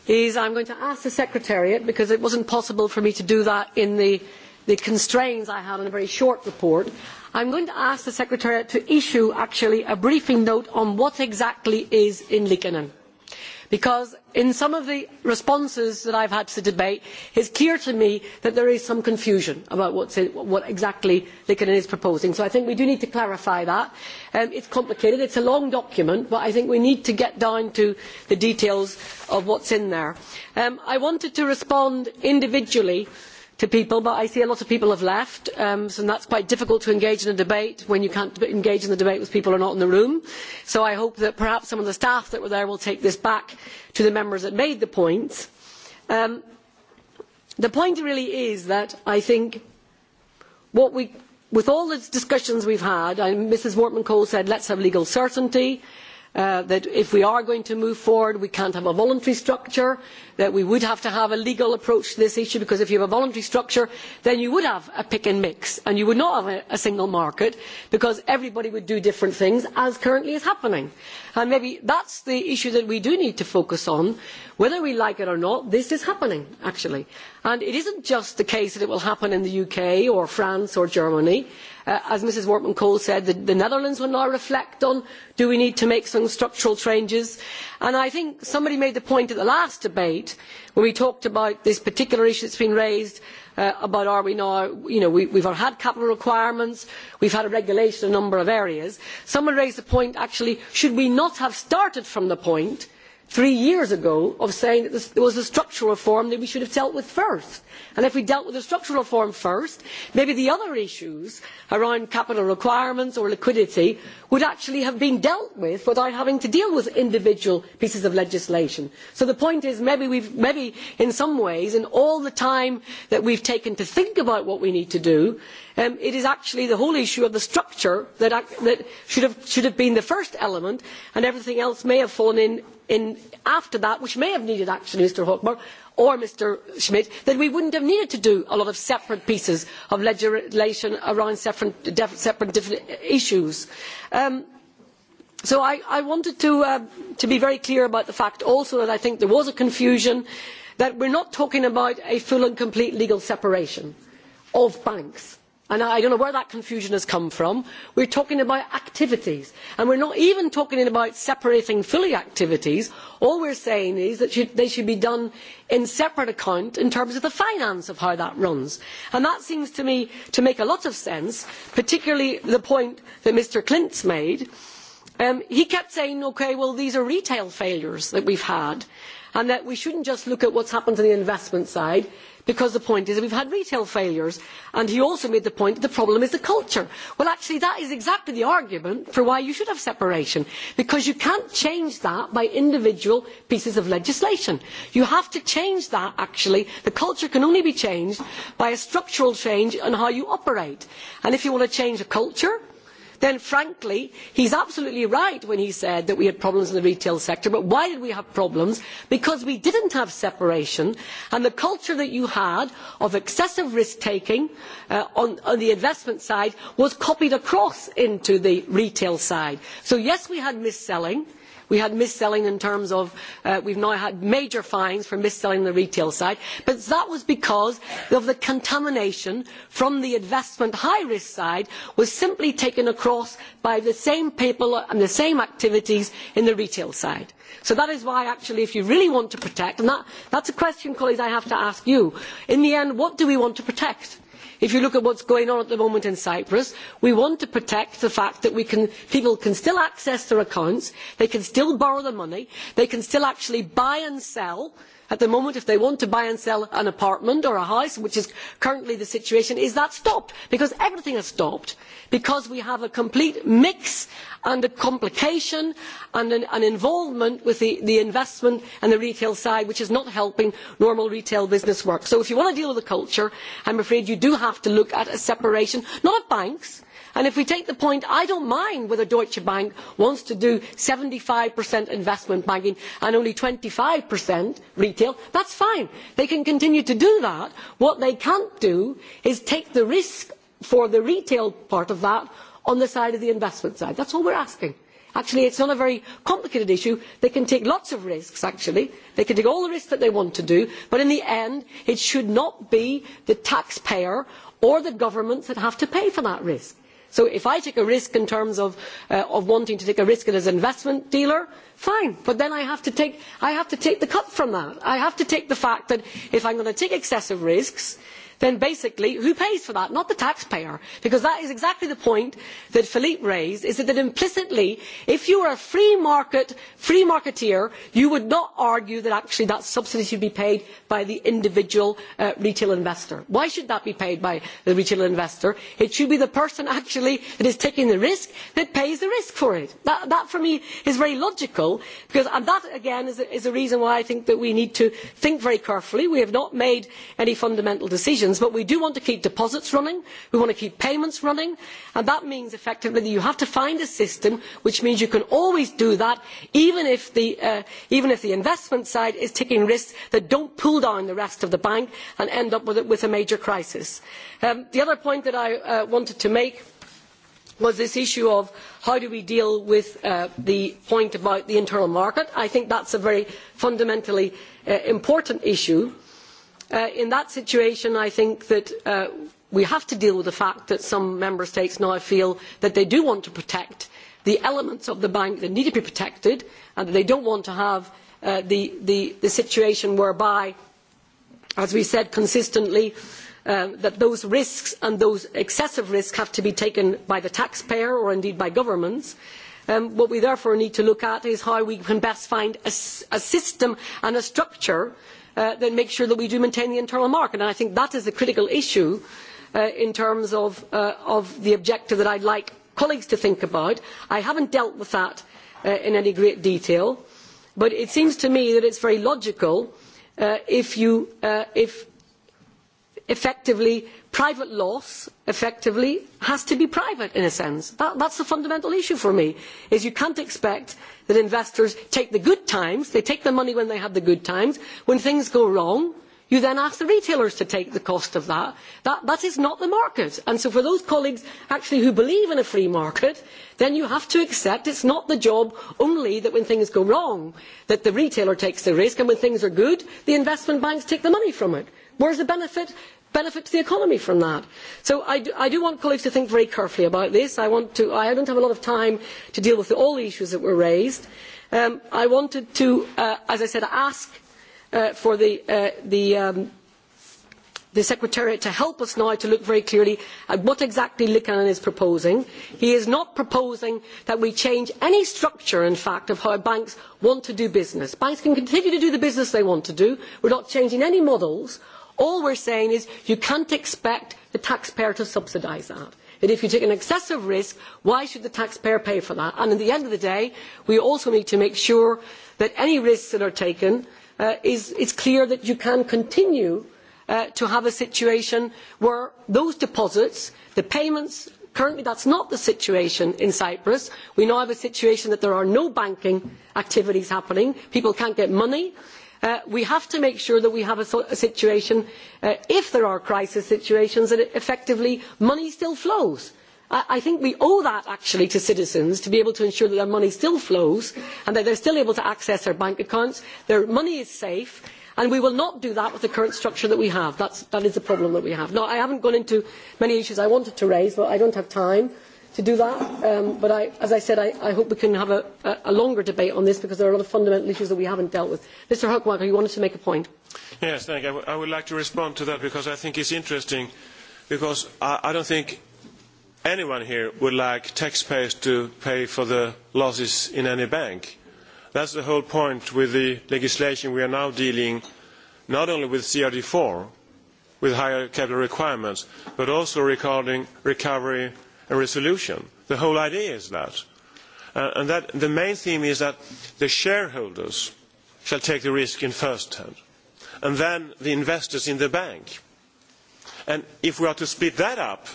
is I'm going to ask the Secretariat, because it wasn't possible for me to do that in the, the constraints I had on a very short report, I'm going to ask the Secretariat to issue actually a briefing note on what exactly is in Liikanen because in some of the responses that I have had to the debate it is clear to me that there is some confusion about in, what exactly Likkonen is proposing. So I think we do need to clarify that. Um, it is complicated, it is a long document, but I think we need to get down to the details of what is in there. Um, I wanted to respond individually to people, but I see a lot of people have left, um, so that's quite difficult to engage in a debate when you can't engage in the debate with people who are not in the room. So I hope that perhaps some of the staff that were there will take this back to the members that made the points. Um, the point really is that I think what we, with all the discussions we've had, and Mrs. Mortman Cole said, let's have legal certainty. Uh, that if we are going to move forward, we can't have a voluntary structure that we would have to have a legal approach to this issue because if you have a voluntary structure then you would have a pick and mix and you would not have a, a single market because everybody would do different things as currently is happening. And maybe that is the issue that we do need to focus on. Whether we like it or not, this is happening actually. And it isn't just the case that it will happen in the UK or France or Germany. Uh, as Mrs. Wortmann Kool said, the, the Netherlands will now reflect on do we need to make some structural changes. Uh, I think somebody made the point at the last debate when we talked about this particular issue that has been raised uh, about are we now, you know, we, we've had capital requirements, we've had a regulation in a number of areas. Someone raised the point actually, should we not have started from the point three years ago of saying that it was a structural reform that we should have dealt with first. And if we dealt with the structural reform first, maybe the other issues around capital requirements or liquidity would actually have been dealt with without having to deal with individual pieces of legislation. So the point is maybe, we've, maybe in some ways, in all the time that we have taken to think about what we need to do, um, it is actually the whole issue of the structure that, that should, have, should have been the first element and everything else may have fallen in in, after that, which may have needed action, Mr Hochmar or Mr Schmidt, then we would not have needed to do a lot of separate pieces of legislation around separate, separate different issues. Um, so I, I wanted to, uh, to be very clear about the fact also that I think there was a confusion that we are not talking about a full and complete legal separation of banks And I don't know where that confusion has come from. We are talking about activities. And we are not even talking about separating fully activities. All we are saying is that they should be done in separate account in terms of the finance of how that runs. And that seems to me to make a lot of sense, particularly the point that Mr. Klinz made. Um, he kept saying, okay, well, these are retail failures that we have had and that we should not just look at what has happened to the investment side because the point is that we have had retail failures and he also made the point that the problem is the culture. Well actually that is exactly the argument for why you should have separation because you cannot change that by individual pieces of legislation. You have to change that actually. The culture can only be changed by a structural change in how you operate. And if you want to change a culture, then frankly he is absolutely right when he said that we had problems in the retail sector. But why did we have problems? Because we did not have separation and the culture that you had of excessive risk taking uh, on, on the investment side was copied across into the retail side. So yes, we had mis-selling We had mis-selling in terms of, uh, we've now had major fines for mis-selling the retail side, but that was because of the contamination from the investment high-risk side was simply taken across by the same people and the same activities in the retail side. So that is why actually if you really want to protect, and that, is a question colleagues I have to ask you, in the end what do we want to protect? If you look at what is going on at the moment in Cyprus, we want to protect the fact that can, people can still access their accounts, they can still borrow the money, they can still actually buy and sell, At the moment, if they want to buy and sell an apartment or a house, which is currently the situation, is that stopped? Because everything has stopped. Because we have a complete mix and a complication and an, an involvement with the, the, investment and the retail side, which is not helping normal retail business work. So if you want to deal with the culture, I am afraid you do have to look at a separation, not of banks, And if we take the point, I do not mind whether Deutsche Bank wants to do seventy 75% investment banking and only twenty 25% retail, that is fine. They can continue to do that. What they cannot do is take the risk for the retail part of that on the side of the investment side. That is all we are asking. Actually, it is not a very complicated issue. They can take lots of risks, actually. They can take all the risks that they want to do, but in the end, it should not be the taxpayer or the governments that have to pay for that risk. So if I take a risk in terms of, uh, of wanting to take a risk as an investment dealer, fine. But then I have, to take, I have to take the cut from that. I have to take the fact that if I am going to take excessive risks, then basically who pays for that? Not the taxpayer. Because that is exactly the point that Philippe raised, is that implicitly, if you are a free market, free marketeer, you would not argue that actually that subsidy should be paid by the individual uh, retail investor. Why should that be paid by the retail investor? It should be the person actually that is taking the risk that pays the risk for it. That, that for me is very logical, because, and that again is a, is a reason why I think that we need to think very carefully. We have not made any fundamental decisions decisions but we do want to keep deposits running we want to keep payments running and that means effectively that you have to find a system which means you can always do that even if the, uh, even if the investment side is taking risks that do not pull down the rest of the bank and end up with, with a major crisis. Um, the other point that I uh, wanted to make was this issue of how do we deal with uh, the point about the internal market. I think that is a very fundamentally uh, important issue. Uh, in that situation, I think that uh, we have to deal with the fact that some member states now feel that they do want to protect the elements of the bank that need to be protected and that they do not want to have uh, the, situation whereby, as we said consistently, that those risks and those excessive risks have to be taken by the taxpayer or indeed by governments. Um, what we therefore need to look at is how we can best find a system and a structure uh, then make sure that we do maintain the internal market. And I think that is the critical issue uh, in terms of, uh, of the objective that I would like colleagues to think about. I have not dealt with that uh, in any great detail, but it seems to me that it is very logical uh, if, you, uh, if effectively private loss effectively has to be private in a sense. That, is the fundamental issue for me, is you cannot expect that investors take the good times, they take the money when they have the good times, when things go wrong, you then ask the retailers to take the cost of that. That, that is not the market. And so for those colleagues actually who believe in a free market, then you have to accept it is not the job only that when things go wrong, that the retailer takes the risk, and when things are good, the investment banks take the money from it. Where is the benefit benefit to the economy from that. So I do, I do want colleagues to think very carefully about this. I, want to, I don't have a lot of time to deal with all the issues that were raised. Um, I wanted to, uh, as I said, ask uh, for the, uh, the, um, the Secretariat to help us now to look very clearly at what exactly Likanen is proposing. He is not proposing that we change any structure, in fact, of how banks want to do business. Banks can continue to do the business they want to do. We are not changing any models All we are saying is you cannot expect the taxpayer to subsidise that. And if you take an excessive risk, why should the taxpayer pay for that? And at the end of the day, we also need to make sure that any risks that are taken, uh, is, it's clear that you can continue uh, to have a situation where those deposits, the payments Currently, that is not the situation in Cyprus. We now have a situation that there are no banking activities happening. People cannot get money. Uh, we have to make sure that we have a, situation, uh, if there are crisis situations, that effectively money still flows. I, I think we owe that actually to citizens to be able to ensure that their money still flows and that they are still able to access their bank accounts, their money is safe, and we will not do that with the current structure that we have. That's, that is the problem that we have. Now, I have not gone into many issues I wanted to raise, but I do not have time to do that. Um, but I, as I said, I, I hope we can have a, a longer debate on this because there are a lot of fundamental issues that we haven't dealt with. Mr. Huckwalker, you wanted to make a point. Yes, thank you. I, w I would like to respond to that because I think it's interesting because I, I don't think anyone here would like taxpayers to pay for the losses in any bank. That's the whole point with the legislation we are now dealing not only with CRD4, with higher capital requirements, but also regarding recovery a resolution. The whole idea is that. Uh, and that the main theme is that the shareholders shall take the risk in first hand, and then the investors in the bank. And if we are to split that up,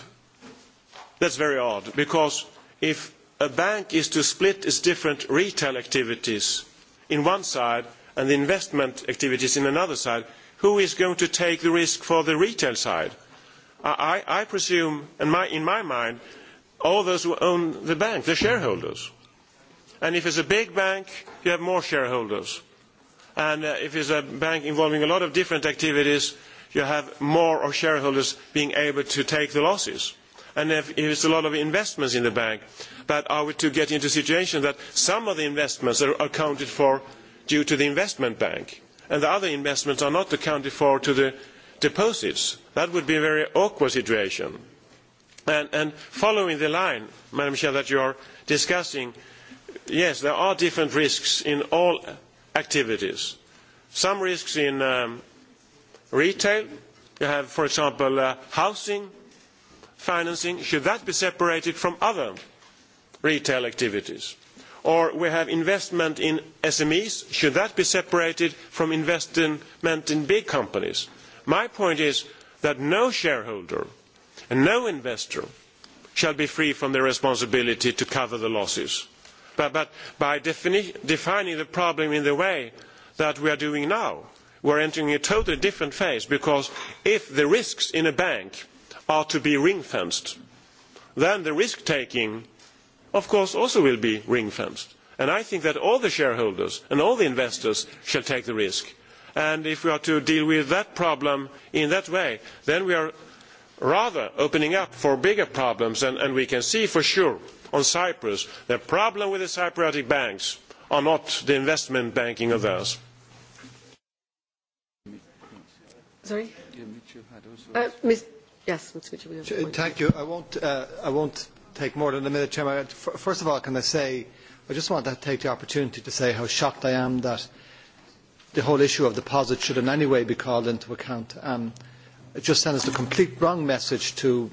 that's very odd, because if a bank is to split its different retail activities in one side and the investment activities in another side, who is going to take the risk for the retail side? I, I presume, in my, in my mind, all those who own the bank, the shareholders. And if it's a big bank, you have more shareholders. And uh, if it's a bank involving a lot of different activities, you have more of shareholders being able to take the losses. And if, if it's a lot of investments in the bank, but are we to get into a situation that some of the investments are accounted for due to the investment bank, and the other investments are not accounted for to the deposits? That would be a very awkward situation. And, and following the line, Madam Chair, that you are discussing, yes, there are different risks in all activities. Some risks in um, retail, you have, for example, uh, housing, financing, should that be separated from other retail activities? Or we have investment in SMEs, should that be separated from investment in big companies? My point is that no shareholder And no investor shall be free from the responsibility to cover the losses. But, but by defini defining the problem in the way that we are doing now, we are entering a totally different phase because if the risks in a bank are to be ring fenced, then the risk taking, of course, also will be ring fenced. And I think that all the shareholders and all the investors shall take the risk. And if we are to deal with that problem in that way, then we are rather opening up for bigger problems and, and we can see for sure on Cyprus the problem with the Cypriotic banks are not the investment banking of theirs. Sorry? Uh, Ms. Yes, Ms. Mitchell, uh, Thank you. I won't, uh, I won't take more than a minute, Chairman. First of all, can I say, I just want to take the opportunity to say how shocked I am that the whole issue of deposits should in any way be called into account. Um, it just sends the complete wrong message to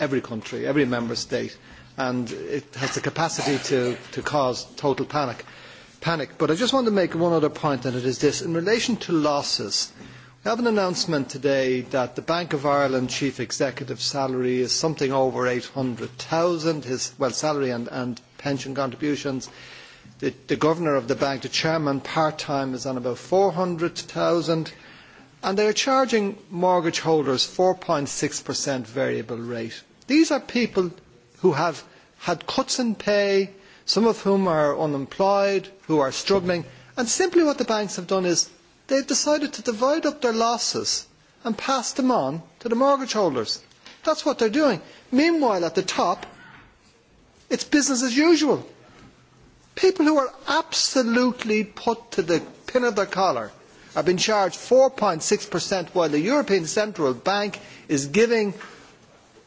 every country, every member state, and it has the capacity to, to cause total panic. panic. But I just want to make one other point, and it is this. In relation to losses, we have an announcement today that the Bank of Ireland chief executive salary is something over 800,000, his well, salary and, and pension contributions. The, the governor of the bank, the chairman, part-time is on about 400,000 and they are charging mortgage holders 4.6% variable rate. These are people who have had cuts in pay, some of whom are unemployed, who are struggling, and simply what the banks have done is they have decided to divide up their losses and pass them on to the mortgage holders. That is what they are doing. Meanwhile, at the top, it is business as usual. People who are absolutely put to the pin of their collar – are being charged four 4.6% while the European Central Bank is giving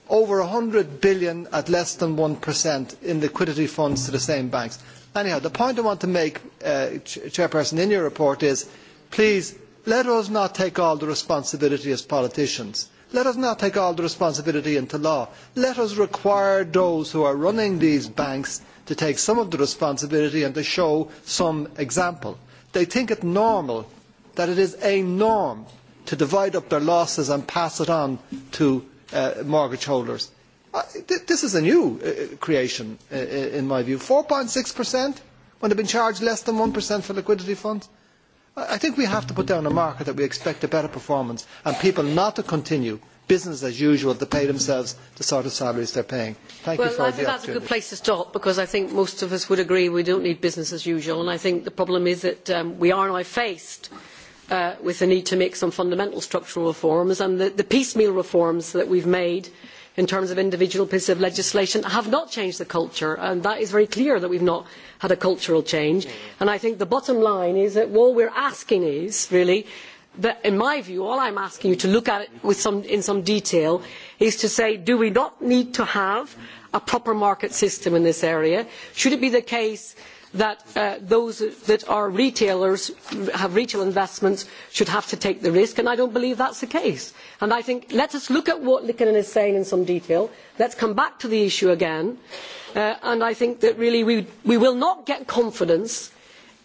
over one hundred billion at less than 1% in liquidity funds to the same banks. Anyhow, the point I want to make, uh, Chairperson, in your report is, please, let us not take all the responsibility as politicians. Let us not take all the responsibility into law. Let us require those who are running these banks to take some of the responsibility and to show some example. They think it normal that it is a norm to divide up their losses and pass it on to uh, mortgage holders. Uh, th this is a new uh, creation, uh, uh, in my view. four 4.6% when they've been charged less than 1% for liquidity funds. I think we have to put down a marker that we expect a better performance and people not to continue business as usual to pay themselves the sort of salaries they are paying. Thank well, you for I think that is a good place to stop because I think most of us would agree we do not need business as usual and I think the problem is that um, we are now faced with uh, with the need to make some fundamental structural reforms and the, the piecemeal reforms that we have made in terms of individual pieces of legislation have not changed the culture and that is very clear that we have not had a cultural change and I think the bottom line is that all we are asking is really that in my view all I am asking you to look at it some, in some detail is to say do we not need to have a proper market system in this area should it be the case that that uh, those that are retailers have retail investments should have to take the risk and I don't believe that is the case. And I think let us look at what Likkonen is saying in some detail. Let us come back to the issue again. Uh, and I think that really we, we will not get confidence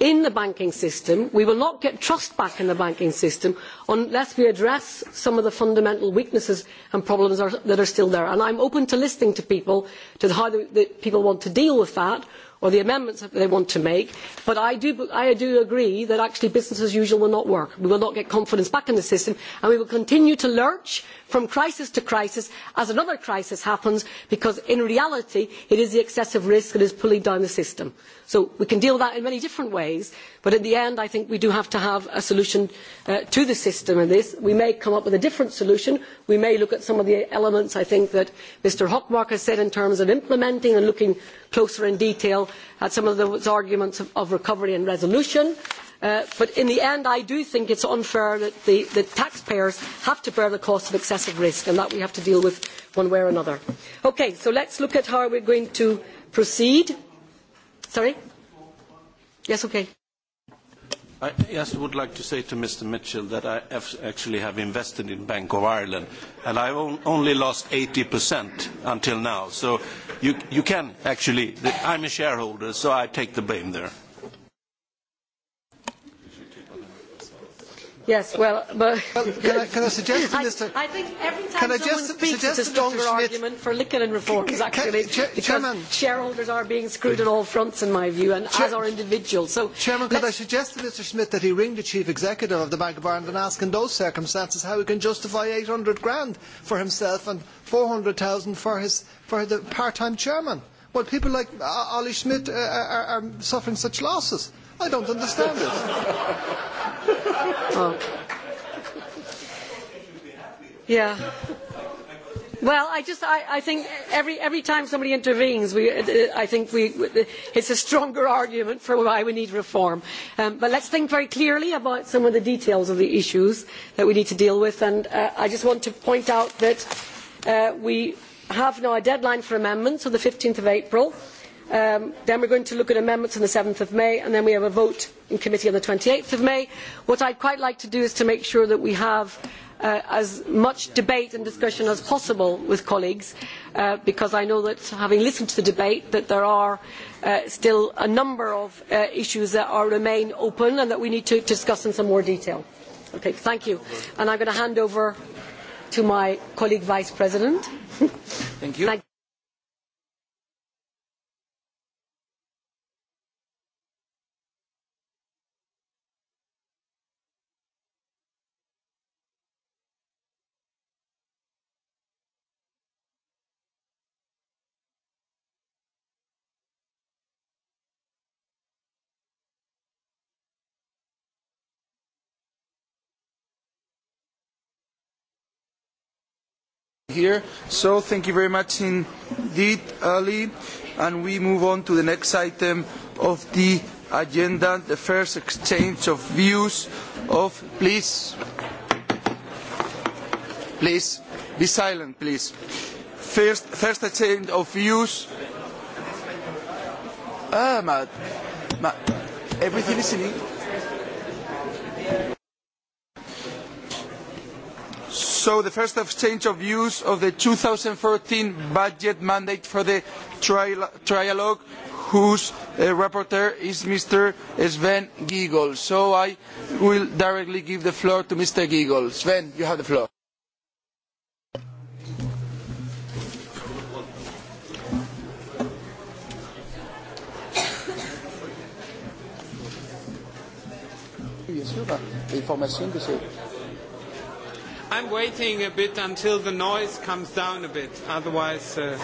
in the banking system. We will not get trust back in the banking system unless we address some of the fundamental weaknesses and problems are, that are still there. And am open to listening to people, to how the, the people want to deal with that, or the amendments that they want to make. But I do, I do agree that actually business as usual will not work. We will not get confidence back in the system and we will continue to lurch from crisis to crisis as another crisis happens because in reality it is the excessive risk that is pulling down the system. So we can deal with that in many different ways but in the end I think we do have to have a solution uh, to the system in this. We may come up with a different solution. We may look at some of the elements I think that Mr Hockmark has said in terms of implementing and looking closer in detail at some of those arguments of, of recovery and resolution. Uh, but in the end, I do think it is unfair that the, the, taxpayers have to bear the cost of excessive risk and that we have to deal with one way or another. Okay, so let us look at how we are going to proceed. Sorry? Yes, okay. I just would like to say to Mr. Mitchell that I actually have invested in Bank of Ireland and I only lost 80% until now. So you, you can actually, I'm a shareholder, so I take the blame there. Yes, well, but can, I, can I suggest, to Mr. I, I think every time can I someone just speaks, it's a stronger argument for Lincoln reforms, actually, can, can, because Chairman, shareholders are being screwed on all fronts, in my view, and Chair, as are individuals. So, Chairman, could I suggest to Mr. Schmidt that he ring the chief executive of the Bank of Ireland and ask, in those circumstances, how he can justify 800 grand for himself and 400,000 for his for the part-time chairman? Well, people like Ollie Schmidt uh, are, are suffering such losses. I don't understand it. oh. Yeah. Well, I just I, I think every every time somebody intervenes, we uh, uh, I think we uh, it's a stronger argument for why we need reform. Um, but let's think very clearly about some of the details of the issues that we need to deal with. And uh, I just want to point out that uh, we have now a deadline for amendments on the 15th of April. Um, then we are going to look at amendments on the 7th of May, and then we have a vote in committee on the 28th of May. What I would quite like to do is to make sure that we have uh, as much debate and discussion as possible with colleagues, uh, because I know that having listened to the debate, that there are uh, still a number of uh, issues that are, remain open and that we need to discuss in some more detail. Okay, thank you. And I'm going to hand over to my colleague Vice President. thank you. Thank here. So thank you very much indeed, Ali. And we move on to the next item of the agenda, the first exchange of views of, please, please, be silent, please. First, first exchange of views. Ah, ma, ma, everything is in English. So the first exchange of views of the 2014 budget mandate for the trialogue, whose uh, rapporteur is Mr. Sven Giegel. So I will directly give the floor to Mr. Giegel. Sven, you have the floor. Information to say. I'm waiting a bit until the noise comes down a bit, otherwise. Uh...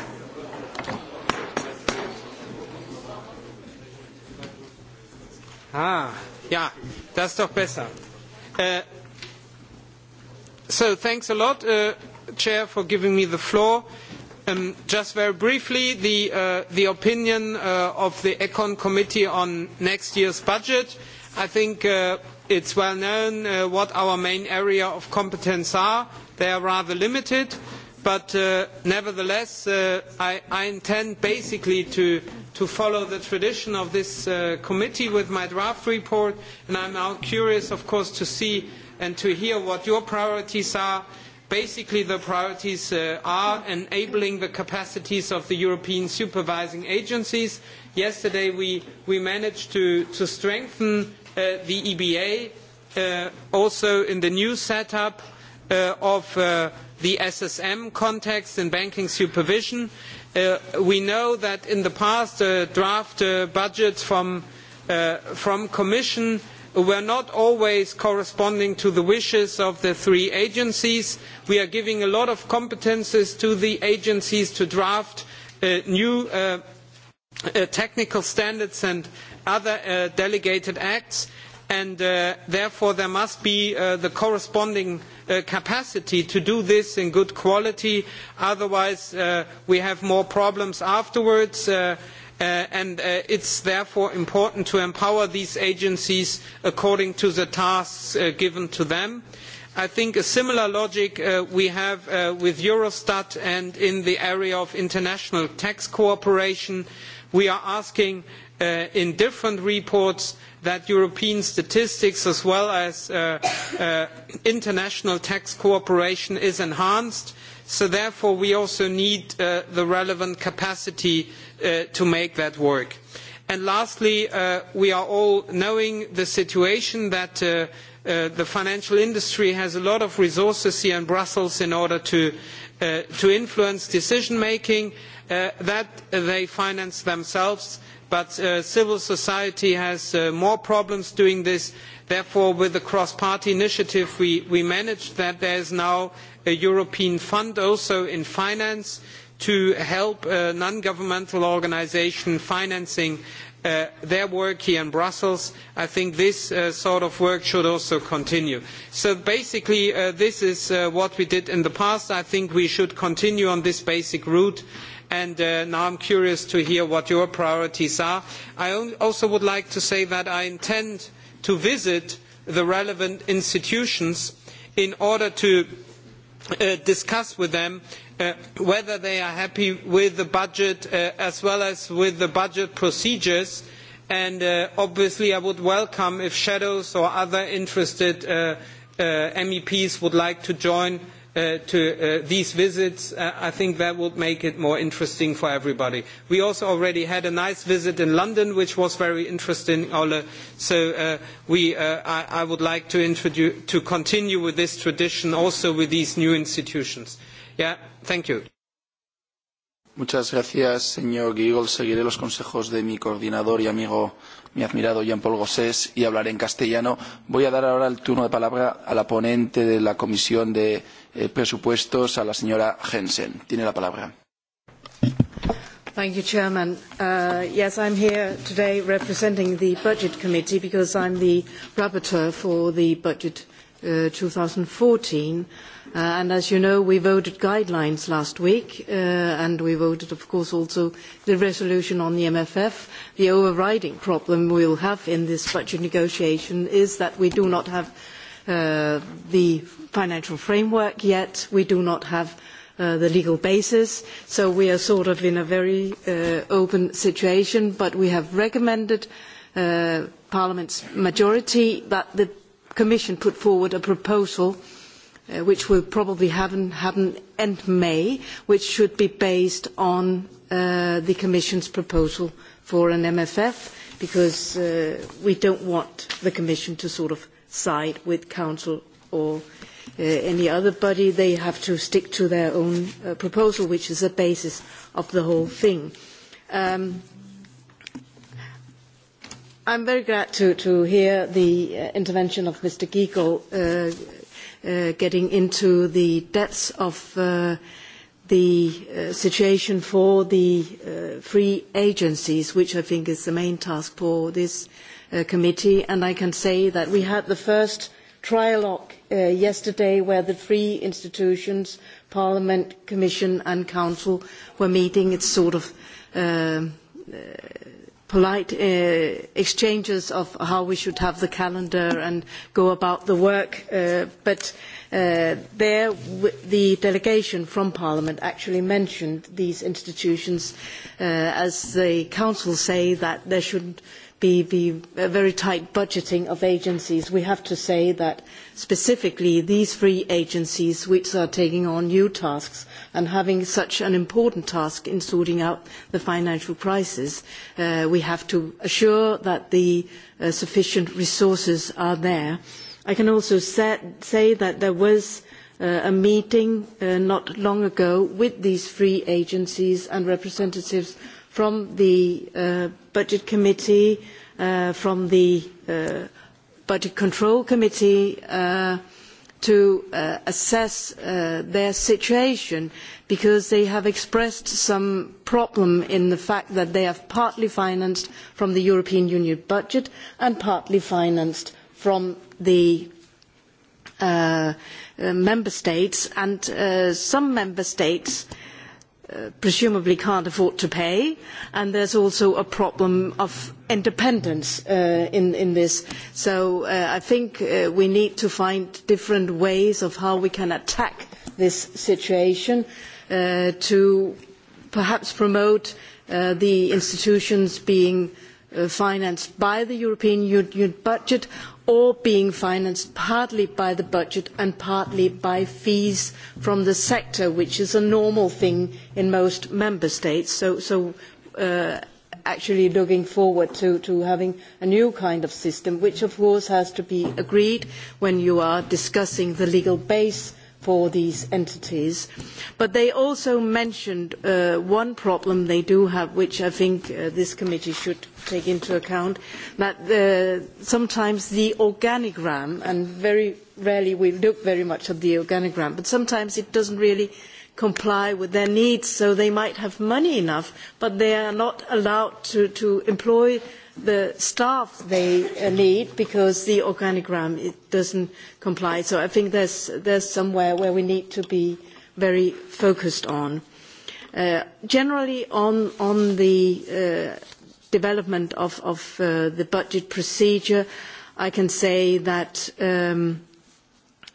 Ah, ja, das ist doch besser. Uh, so, thanks a lot, uh, Chair, for giving me the floor. Um, just very briefly, the, uh, the opinion uh, of the Econ Committee on next year's budget. I think. Uh, It is well known uh, what our main area of competence are. They are rather limited, but uh, nevertheless, uh, I, I, intend basically to, to, follow the tradition of this uh, committee with my draft report, and I am now curious, of course, to see and to hear what your priorities are. Basically, the priorities uh, are enabling the capacities of the European supervising agencies. Yesterday, we, we managed to, to strengthen Uh, the EBA, uh, also in the new setup uh, of the SSM context in banking supervision. we know that in the past draft budgets from the Commission were not always corresponding to the wishes of the three agencies. We are giving a lot of competences to the agencies to draft uh, new uh, uh, technical standards and other uh, delegated acts and uh, therefore there must be uh, the corresponding uh, capacity to do this in good quality otherwise uh, we have more problems afterwards uh, uh, and it is therefore important to empower these agencies according to the tasks given to them. I think a similar logic we have with Eurostat and in the area of international tax cooperation. We are asking Uh, in different reports that European statistics as well as uh, uh, international tax cooperation is enhanced. So therefore we also need uh, the relevant capacity uh, to make that work. And lastly, uh, we are all knowing the situation that the financial industry has a lot of resources here in Brussels in order to, to influence decision making that they finance themselves but uh, civil society has uh, more problems doing this. Therefore, with the cross-party initiative, we, we managed that there is now a European fund also in finance to help uh, non-governmental organisations financing uh, their work here in Brussels. I think this uh, sort of work should also continue. So basically, uh, this is uh, what we did in the past. I think we should continue on this basic route and uh, now I'm curious to hear what your priorities are. I also would like to say that I intend to visit the relevant institutions in order to uh, discuss with them uh, whether they are happy with the budget uh, as well as with the budget procedures and uh, obviously I would welcome if shadows or other interested uh, uh, MEPs would like to join Uh, to uh, these visits, uh, I think that would make it more interesting for everybody. We also already had a nice visit in London, which was very interesting, Ole. So uh, we, uh, I, I, would like to, introduce, to, continue with this tradition also with these new institutions. Yeah, thank you. Muchas gracias, señor Giegold. Seguiré los consejos de mi coordinador y amigo mi admirado Jean-Paul Gossés, y hablaré en castellano. Voy a dar ahora el turno de palabra a la ponente de la Comisión de eh, Presupuestos, a la señora Jensen. Tiene la palabra. Thank you, Chairman. Uh, yes, I'm here today representing the Budget Committee because I'm the rapporteur for the Budget uh, 2014. Uh, and as you know, we voted guidelines last week, uh, and we voted, of course, also the resolution on the MFF. The overriding problem we will have in this budget negotiation is that we do not have uh, the financial framework yet. We do not have uh, the legal basis, so we are sort of in a very uh, open situation, but we have recommended uh, Parliament's majority that the Commission put forward a proposal uh, Uh, which will probably happen, happen end May, which should be based on uh, the Commission's proposal for an MFF, because uh, we don't want the Commission to sort of side with Council or uh, any other body. They have to stick to their own uh, proposal, which is the basis of the whole thing. Um, I'm very glad to, to hear the uh, intervention of Mr. Giegel uh, Uh, getting into the depths of uh, the uh, situation for the uh, free agencies, which I think is the main task for this uh, committee. And I can say that we had the first trialogue uh, yesterday where the three institutions, Parliament, Commission and Council, were meeting. It's sort of... Um, uh, uh, polite uh, exchanges of how we should have the calendar and go about the work. Uh, but uh, there, w the delegation from Parliament actually mentioned these institutions uh, as the Council say that there should be the very tight budgeting of agencies, we have to say that specifically these three agencies which are taking on new tasks and having such an important task in sorting out the financial crisis, uh, we have to assure that the uh, sufficient resources are there. I can also say, say that there was uh, a meeting uh, not long ago with these three agencies and representatives from the uh, Budget Committee, uh, from the uh, Budget Control Committee uh, to uh, assess uh, their situation because they have expressed some problem in the fact that they have partly financed from the European Union budget and partly financed from the uh, uh member states and uh, some member states uh, Uh, presumably can't afford to pay, and there's also a problem of independence uh, in, in, this. So uh, I think uh, we need to find different ways of how we can attack this situation uh, to perhaps promote the institutions being financed by the European Union budget or being financed partly by the budget and partly by fees from the sector, which is a normal thing in most member states. So, so uh, actually looking forward to, to having a new kind of system, which of course has to be agreed when you are discussing the legal base for these entities. But they also mentioned uh, one problem they do have, which I think uh, this committee should take into account, that uh, sometimes the organigram, and very rarely we look very much at the organigram, but sometimes it doesn't really comply with their needs, so they might have money enough, but they are not allowed to, to employ the staff they lead uh, because the organigram it doesn't comply. So I think there's, there's somewhere where we need to be very focused on. Uh, generally on, on the uh, development of, of uh, the budget procedure, I can say that um,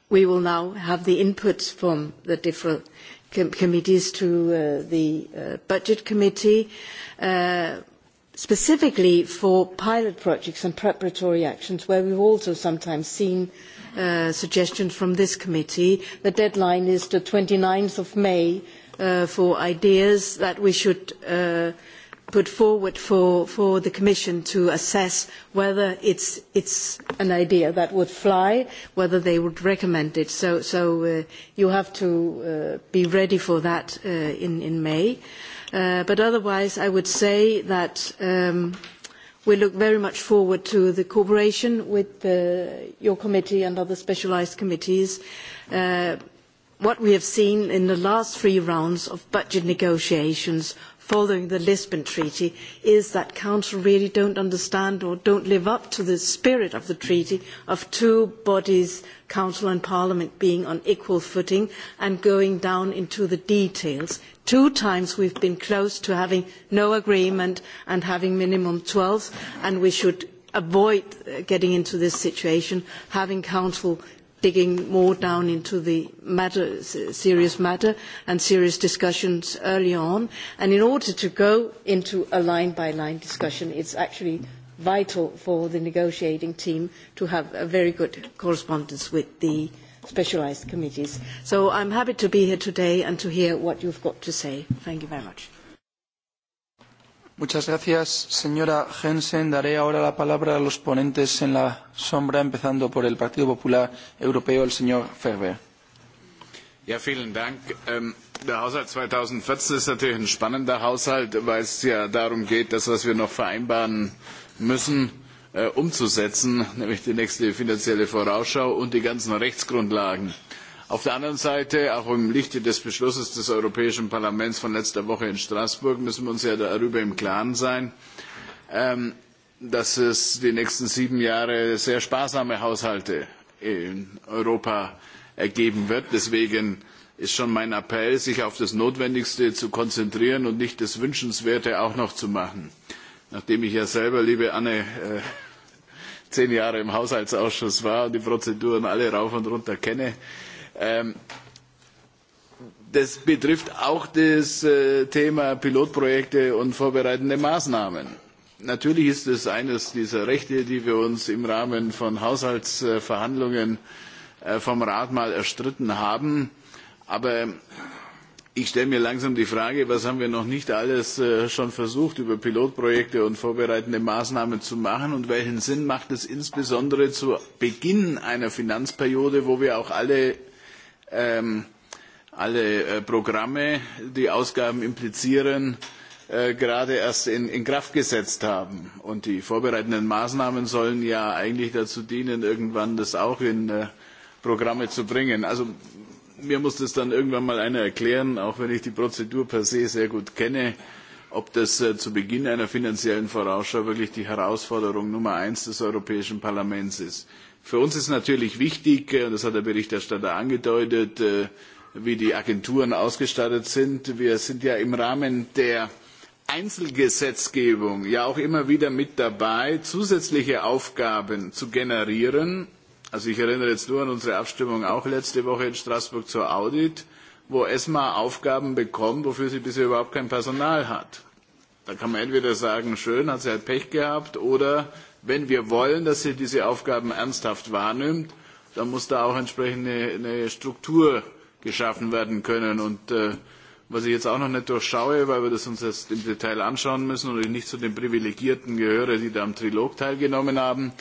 we will now have the inputs from the different com committees to uh, the uh, budget committee specifically for pilot projects and preparatory actions where we've also sometimes seen uh, suggestions from this committee. The deadline is the 29th of May uh, for ideas that we should uh, put forward for, for the Commission to assess whether it's, it's an idea that would fly, whether they would recommend it. So, so uh, you have to uh, be ready for that uh, in, in May. Uh, Uh, but otherwise, I would say that um, we look very much forward to the cooperation with uh, your committee and other specialised committees. Uh, what we have seen in the last three rounds of budget negotiations following the Lisbon Treaty is that Council really does not understand or do not live up to the spirit of the treaty of two bodies, Council and Parliament, being on equal footing and going down into the details. Two times we have been close to having no agreement and having minimum twelve, and we should avoid uh, getting into this situation, having Council digging more down into the matter, serious matter and serious discussions early on. And in order to go into a line-by-line -line discussion, it's actually vital for the negotiating team to have a very good correspondence with the specialised committees. So I'm happy to be here today and to hear what you've got to say. Thank you very much. Muchas gracias, señora Jensen. Daré ahora la palabra a los ponentes en la sombra, empezando por el Partido Popular Europeo, el señor Ferber. Ja, vielen Dank. Ähm, der Haushalt 2014 ist natürlich ein spannender Haushalt, weil es ja darum geht, das, was wir noch vereinbaren müssen, äh, umzusetzen, nämlich die nächste finanzielle Vorausschau und die ganzen Rechtsgrundlagen. Auf der anderen Seite, auch im Lichte des Beschlusses des Europäischen Parlaments von letzter Woche in Straßburg, müssen wir uns ja darüber im Klaren sein, ähm, dass es die nächsten sieben Jahre sehr sparsame Haushalte in Europa ergeben wird. Deswegen ist schon mein Appell, sich auf das Notwendigste zu konzentrieren und nicht das Wünschenswerte auch noch zu machen. Nachdem ich ja selber, liebe Anne, äh, zehn Jahre im Haushaltsausschuss war und die Prozeduren alle rauf und runter kenne, Ähm, das betrifft auch das äh, Thema Pilotprojekte und vorbereitende Maßnahmen. Natürlich ist es eines dieser Rechte, die wir uns im Rahmen von Haushaltsverhandlungen äh, vom Rat mal erstritten haben. Aber ich stelle mir langsam die Frage, was haben wir noch nicht alles äh, schon versucht, über Pilotprojekte und vorbereitende Maßnahmen zu machen und welchen Sinn macht es insbesondere zu Beginn einer Finanzperiode, wo wir auch alle ähm, alle äh, Programme, die Ausgaben implizieren, äh, gerade erst in, in Kraft gesetzt haben. Und die vorbereitenden Maßnahmen sollen ja eigentlich dazu dienen, irgendwann das auch in äh, Programme zu bringen. Also mir muss das dann irgendwann mal einer erklären, auch wenn ich die Prozedur per se sehr gut kenne, ob das äh, zu Beginn einer finanziellen Vorausschau wirklich die Herausforderung Nummer eins des Europäischen Parlaments ist. Für uns ist natürlich wichtig, und äh, das hat der Berichterstatter angedeutet, äh, wie die Agenturen ausgestattet sind. Wir sind ja im Rahmen der Einzelgesetzgebung ja auch immer wieder mit dabei, zusätzliche Aufgaben zu generieren. Also ich erinnere jetzt nur an unsere Abstimmung auch letzte Woche in Straßburg zur Audit, wo ESMA Aufgaben bekommt, wofür sie bisher überhaupt kein Personal hat. Da kann man entweder sagen, schön, hat sie halt Pech gehabt, oder Wenn wir wollen, dass sie diese Aufgaben ernsthaft wahrnimmt, dann muss da auch entsprechend eine, eine Struktur geschaffen werden können. Und äh, was ich jetzt auch noch nicht durchschaue, weil wir das uns jetzt im Detail anschauen müssen und ich nicht zu den Privilegierten gehöre, die da am Trilog teilgenommen haben,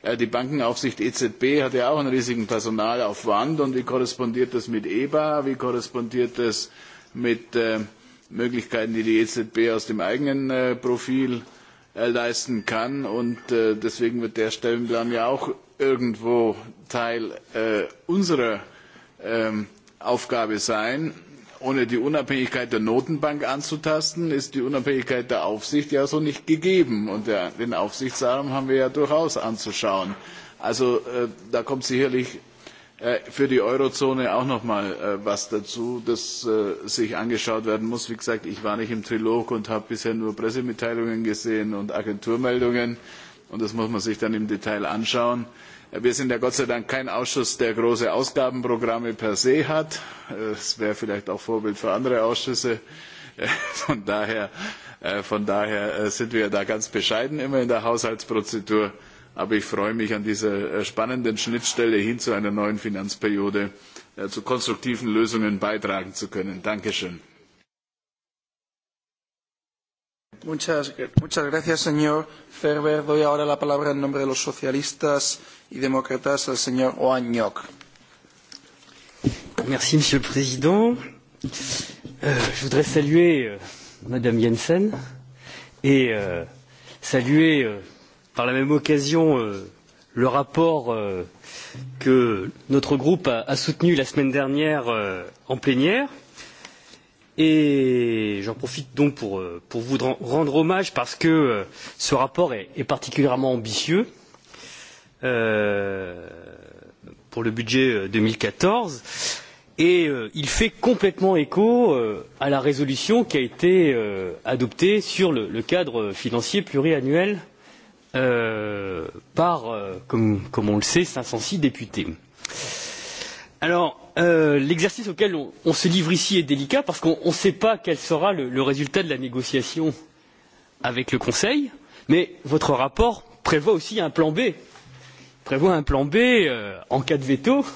äh, die Bankenaufsicht EZB hat ja auch einen riesigen Personalaufwand. Und wie korrespondiert das mit EBA? Wie korrespondiert das mit äh, Möglichkeiten, die die EZB aus dem eigenen äh, Profil Äh, leisten kann. Und äh, deswegen wird der Stellenplan ja auch irgendwo Teil äh, unserer ähm, Aufgabe sein. Ohne die Unabhängigkeit der Notenbank anzutasten, ist die Unabhängigkeit der Aufsicht ja so nicht gegeben. Und den Aufsichtsrahmen haben wir ja durchaus anzuschauen. Also da kommt sicherlich Äh, für die Eurozone auch noch mal äh, was dazu, das äh, sich angeschaut werden muss. Wie gesagt, ich war nicht im Trilog und habe bisher nur Pressemitteilungen gesehen und Agenturmeldungen. Und das muss man sich dann im Detail anschauen. Wir sind ja Gott sei Dank kein Ausschuss, der große Ausgabenprogramme per se hat. Das wäre vielleicht auch Vorbild für andere Ausschüsse. Von daher, von daher sind wir da ganz bescheiden immer in der Haushaltsprozedur. Aber ich freue mich an dieser äh, spannenden Schnittstelle hin zu einer neuen Finanzperiode äh, zu konstruktiven Lösungen beitragen zu können. Dankeschön. Muchas, muchas gracias, señor Ferber. Doy ahora la palabra en nombre de los socialistas y demócratas al señor Merci, Monsieur le Président. Euh, je voudrais saluer euh, Madame Jensen et euh, saluer euh, par la même occasion euh, le rapport euh, que notre groupe a, a soutenu la semaine dernière euh, en plénière. Et j'en profite donc pour, euh, pour vous rendre hommage parce que euh, ce rapport est, est particulièrement ambitieux euh, pour le budget 2014 euh, et euh, il fait complètement écho euh, à la résolution qui a été euh, adoptée sur le, le cadre financier pluriannuel euh, Euh, par, euh, comme, comme on le sait, 506 députés. Alors, euh, l'exercice auquel on, on se livre ici est délicat parce qu'on ne sait pas quel sera le, le résultat de la négociation avec le Conseil, mais votre rapport prévoit aussi un plan B. prévoit un plan B euh, en cas de veto,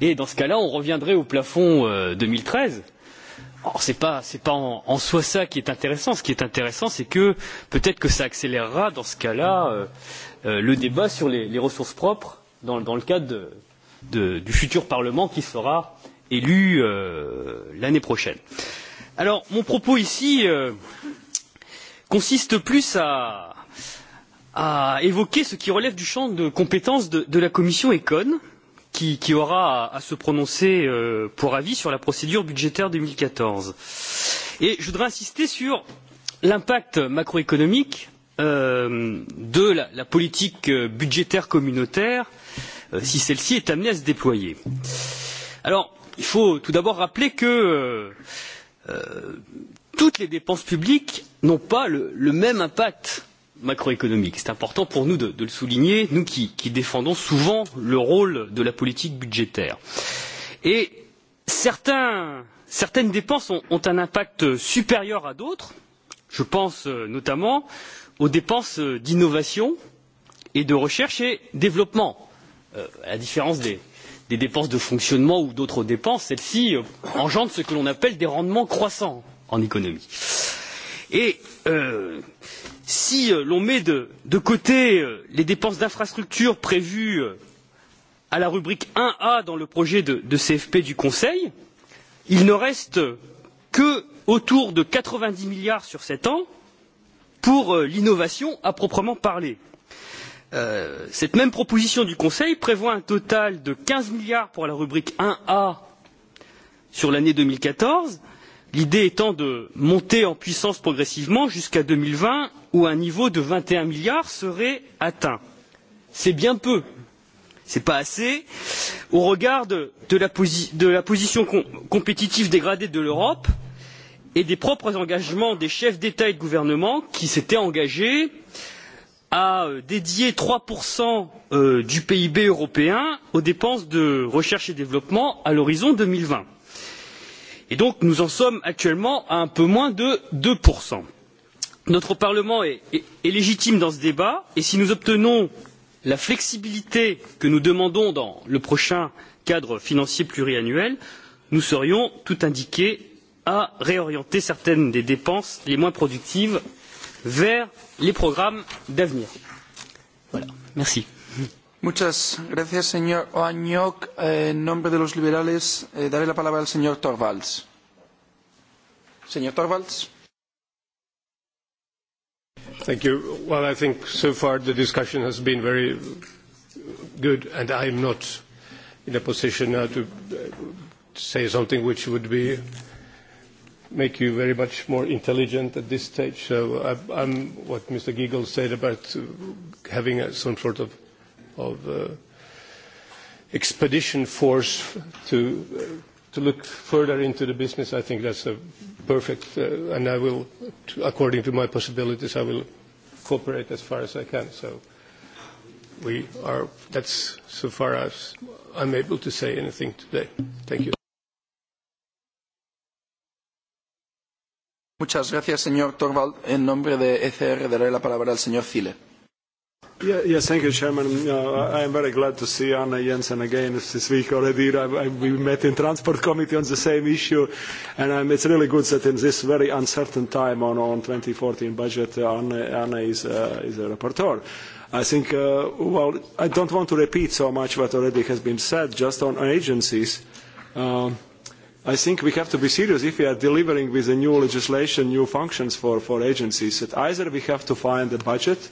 et dans ce cas-là, on reviendrait au plafond euh, 2013 Ce c'est pas c'est pas en, en soi ça qui est intéressant. Ce qui est intéressant, c'est que peut-être que ça accélérera dans ce cas-là euh, euh, le débat sur les, les ressources propres dans, dans le cadre de, de, du futur Parlement qui sera élu euh, l'année prochaine. Alors mon propos ici euh, consiste plus à, à évoquer ce qui relève du champ de compétences de, de la commission ECON. Euh, qui, qui aura à, se prononcer euh, pour avis sur la procédure budgétaire 2014. Et je voudrais insister sur l'impact macroéconomique euh, de la, la politique euh, budgétaire communautaire si celle-ci est amenée à se déployer. Alors, il faut tout d'abord rappeler que euh, toutes les dépenses publiques n'ont pas le, le même impact macroéconomique. C'est important pour nous de, de le souligner, nous qui, qui défendons souvent le rôle de la politique budgétaire. Et certains, certaines dépenses ont, ont un impact supérieur à d'autres. Je pense euh, notamment aux dépenses euh, d'innovation et de recherche et développement. Euh, à la différence des, des dépenses de fonctionnement ou d'autres dépenses, celles-ci euh, engendrent ce que l'on appelle des rendements croissants en économie. Et euh, si euh, l'on met de, de, côté euh, les dépenses d'infrastructures prévues euh, à la rubrique un a dans le projet de, de CFP du Conseil, il ne reste que autour de quatre vingt dix milliards sur sept ans pour l'innovation à proprement parler. Euh, cette même proposition du Conseil prévoit un total de quinze milliards pour la rubrique un a sur l'année deux mille quatorze L'idée étant de monter en puissance progressivement jusqu'à deux mille vingt, où un niveau de vingt et un milliards serait atteint. C'est bien peu. Ce n'est pas assez au regard de, de, la, posi de la, position com compétitive dégradée de l'Europe et des propres engagements des chefs d'État et de gouvernement qui s'étaient engagés à euh, dédier 3% euh, du PIB européen aux dépenses de recherche et développement à l'horizon deux mille vingt. Et donc nous en sommes actuellement à un peu moins de deux Notre Parlement est, est, est légitime dans ce débat et si nous obtenons la flexibilité que nous demandons dans le prochain cadre financier pluriannuel, nous serions tout indiqués à réorienter certaines des dépenses les moins productives vers les programmes d'avenir. Voilà, merci. Muchas gracias, señor Oañoc. Eh, en nombre de los liberales, eh, daré la palabra al señor Torvalds. Señor Torvalds. Thank you. Well, I think so far the discussion has been very good, and I not in a position now to uh, say something which would be make you very much more intelligent at this stage. So I, uh, I'm what Mr. Giegel said about uh, having a, some sort of of uh, expedition force to, uh, to look further into the business. I think that's a perfect, uh, and I will, according to my possibilities, I will cooperate as far as I can. So we are, that's so far as I'm able to say anything today. Thank you. Muchas gracias, señor Torvald. En nombre de ECR, daré la palabra al señor Zile. Yeah, yes, thank you, Chairman. Uh, I am very glad to see Anna Jensen again this week already. I, I, we met in Transport Committee on the same issue, and um, it's really good that in this very uncertain time on, on 2014 budget, uh, Anna, Anna is, uh, is a rapporteur. I think, uh, well, I don't want to repeat so much what already has been said, just on agencies. Um, I think we have to be serious if we are delivering with the new legislation, new functions for, for agencies, that either we have to find a budget,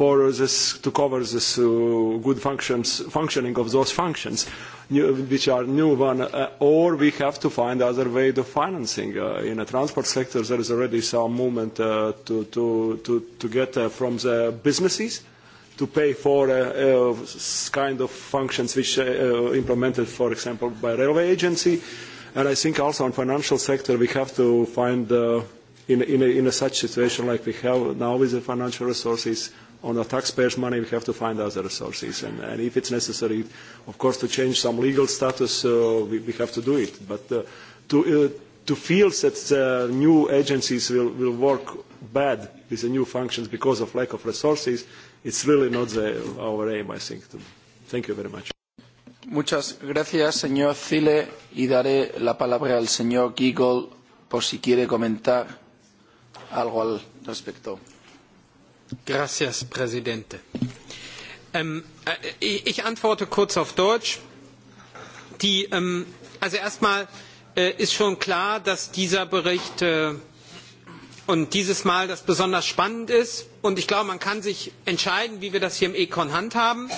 for this, to cover this uh, good functions, functioning of those functions, new, which are new one, uh, or we have to find other way of financing. Uh, in the transport sector, there is already some movement uh, to, to, to, to get uh, from the businesses to pay for uh, uh, kind of functions which uh, uh, implemented, for example, by railway agency. And I think also on financial sector, we have to find uh, in, in, a, in a such situation like we have now with the financial resources, on the taxpayers' money, we have to find other resources. And, and if it's necessary, of course, to change some legal status, uh, we, we have to do it. But uh, to, uh, to feel that the new agencies will, will work bad with the new functions because of lack of resources, it's really not the, our aim, I think. To, Thank you very much. Muchas gracias, señor Zile, y daré la palabra al señor Giegold por si quiere comentar algo al respecto. Gracias, Presidente. Ähm, äh, ich antworte kurz auf Deutsch. Die, ähm, also erstmal äh, ist schon klar, dass dieser Bericht äh, und dieses Mal das besonders spannend ist. Und ich glaube, man kann sich entscheiden, wie wir das hier im Econ handhaben.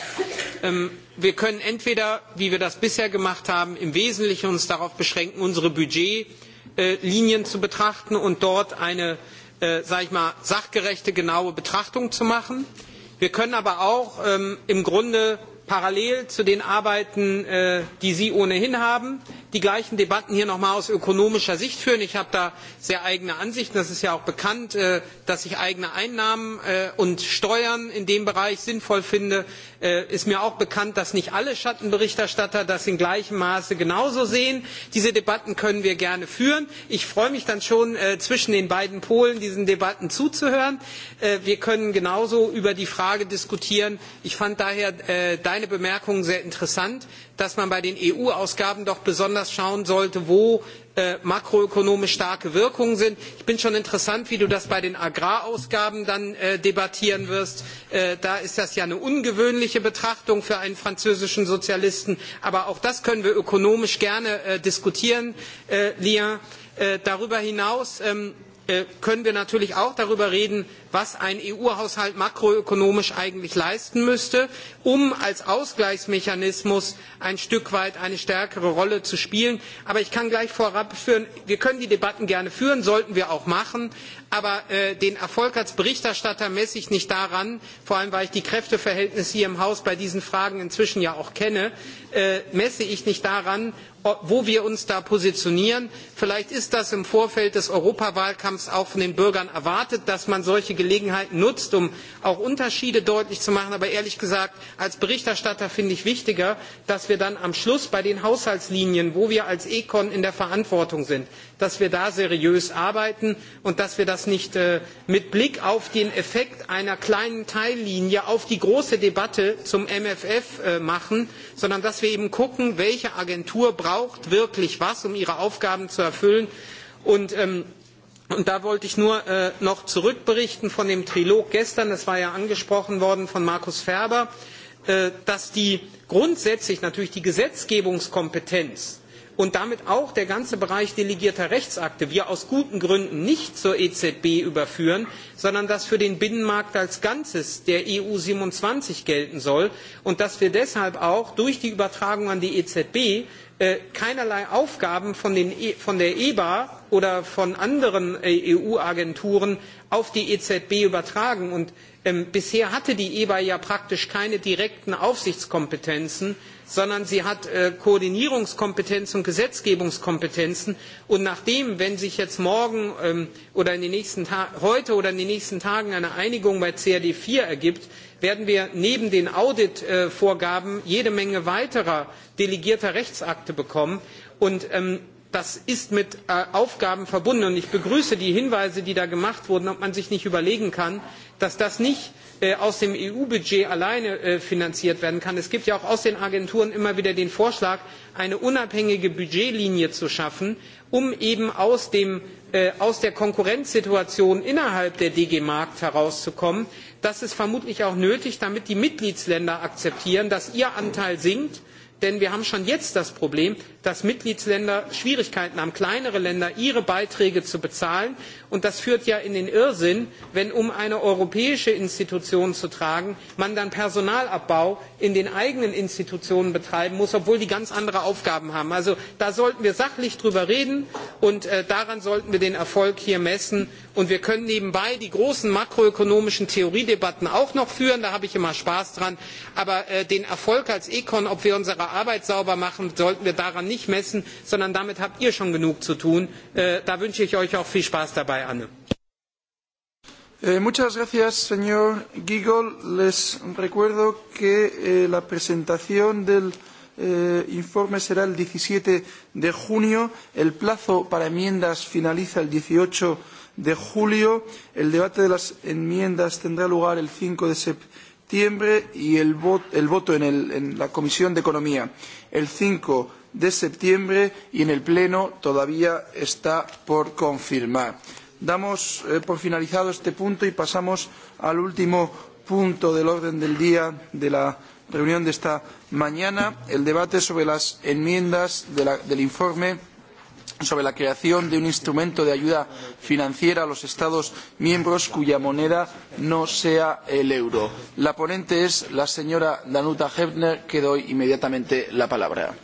Ähm, wir können entweder, wie wir das bisher gemacht haben, im Wesentlichen uns darauf beschränken, unsere Budgetlinien äh, zu betrachten und dort eine äh, ich mal, sachgerechte, genaue Betrachtung zu machen. Wir können aber auch ähm, im Grunde parallel zu den Arbeiten, äh, die Sie ohnehin haben, die gleichen Debatten hier nochmal aus ökonomischer Sicht führen. Ich habe da sehr eigene Ansichten. Das ist ja auch bekannt, äh, dass ich eigene Einnahmen äh, und Steuern in dem Bereich sinnvoll finde. Äh, ist mir auch bekannt, dass nicht alle Schattenberichterstatter das in gleichem Maße genauso sehen. Diese Debatten können wir gerne führen. Ich freue mich dann schon, äh, zwischen den beiden Polen diesen Debatten zuzuhören. Äh, wir können genauso über die Frage diskutieren. Ich fand daher deine Bemerkungen sehr interessant, dass man bei den EU-Ausgaben doch besonders schauen sollte, wo Äh, makroökonomisch starke Wirkungen sind. Ich bin schon interessant, wie du das bei den Agrarausgaben dann äh, debattieren wirst. Äh, da ist das ja eine ungewöhnliche Betrachtung für einen französischen Sozialisten. Aber auch das können wir ökonomisch gerne äh, diskutieren, äh, äh, Darüber hinaus ähm, können wir natürlich auch darüber reden, was ein EU-Haushalt makroökonomisch eigentlich leisten müsste, um als Ausgleichsmechanismus ein Stück weit eine stärkere Rolle zu spielen. Aber ich kann gleich vorab führen, wir können die Debatten gerne führen, sollten wir auch machen, aber äh, den Erfolg als Berichterstatter messe ich nicht daran, vor allem weil ich die Kräfteverhältnisse hier im Haus bei diesen Fragen inzwischen ja auch kenne, äh, messe ich nicht daran, wo wir uns da positionieren. Vielleicht ist das im Vorfeld des Europawahlkampfs auch von den Bürgern erwartet, dass man solche Gelegenheit nutzt, um auch Unterschiede deutlich zu machen. Aber ehrlich gesagt, als Berichterstatter finde ich wichtiger, dass wir dann am Schluss bei den Haushaltslinien, wo wir als Econ in der Verantwortung sind, dass wir da seriös arbeiten und dass wir das nicht äh, mit Blick auf den Effekt einer kleinen Teillinie auf die große Debatte zum MFF äh, machen, sondern dass wir eben gucken, welche Agentur braucht wirklich was, um ihre Aufgaben zu erfüllen. Und ähm, Und da wollte ich nur äh, noch zurückberichten von dem Trilog gestern, das war ja angesprochen worden von Markus Ferber, äh, dass die grundsätzlich natürlich die Gesetzgebungskompetenz und damit auch der ganze Bereich delegierter Rechtsakte wir aus guten Gründen nicht zur EZB überführen, sondern dass für den Binnenmarkt als Ganzes der EU 27 gelten soll und dass wir deshalb auch durch die Übertragung an die EZB äh, keinerlei Aufgaben von, den, e, von der EBA oder von anderen äh, EU-Agenturen auf die EZB übertragen. Und ähm, bisher hatte die EBA ja praktisch keine direkten Aufsichtskompetenzen, sondern sie hat äh, Koordinierungskompetenzen und Gesetzgebungskompetenzen. Und nachdem, wenn sich jetzt morgen ähm, oder in den nächsten heute oder in den nächsten Tagen eine Einigung bei CRD IV ergibt, werden wir neben den Auditvorgaben äh, jede Menge weiterer delegierter Rechtsakte bekommen. Und ähm, das ist mit äh, Aufgaben verbunden. Und ich begrüße die Hinweise, die da gemacht wurden, ob man sich nicht überlegen kann, dass das nicht äh, aus dem EU-Budget alleine äh, finanziert werden kann. Es gibt ja auch aus den Agenturen immer wieder den Vorschlag, eine unabhängige Budgetlinie zu schaffen, um eben aus, dem, äh, aus der Konkurrenzsituation innerhalb der DG Markt herauszukommen. Das ist vermutlich auch nötig, damit die Mitgliedsländer akzeptieren, dass ihr Anteil sinkt. Denn wir haben schon jetzt das Problem, dass Mitgliedsländer Schwierigkeiten haben, kleinere Länder ihre Beiträge zu bezahlen. Und das führt ja in den Irrsinn, wenn um eine europäische Institution zu tragen, man dann Personalabbau in den eigenen Institutionen betreiben muss, obwohl die ganz andere Aufgaben haben. Also da sollten wir sachlich drüber reden und äh, daran sollten wir den Erfolg hier messen. Und wir können nebenbei die großen makroökonomischen Theoriedebatten auch noch führen, da habe ich immer Spaß dran. Aber äh, den Erfolg als Econ, ob wir unsere Arbeit sauber machen, sollten wir daran nicht messen, sondern damit habt ihr schon genug zu tun. Äh, da wünsche ich euch auch viel Spaß dabei, Anne. Eh, muchas gracias, señor Giegold. Les recuerdo que eh, la presentación del eh, informe será el 17 de junio. El plazo para enmiendas finaliza el 18 de julio. El debate de las enmiendas tendrá lugar el 5 de septiembre y el, vot el voto en, el, en la Comisión de Economía el 5 de septiembre y en el Pleno todavía está por confirmar. Damos eh, por finalizado este punto y pasamos al último punto del orden del día de la reunión de esta mañana, el debate sobre las enmiendas de la, del informe sobre la creación de un instrumento de ayuda financiera a los Estados miembros cuya moneda no sea el euro. La ponente es la señora Danuta Hebner, que doy inmediatamente la palabra.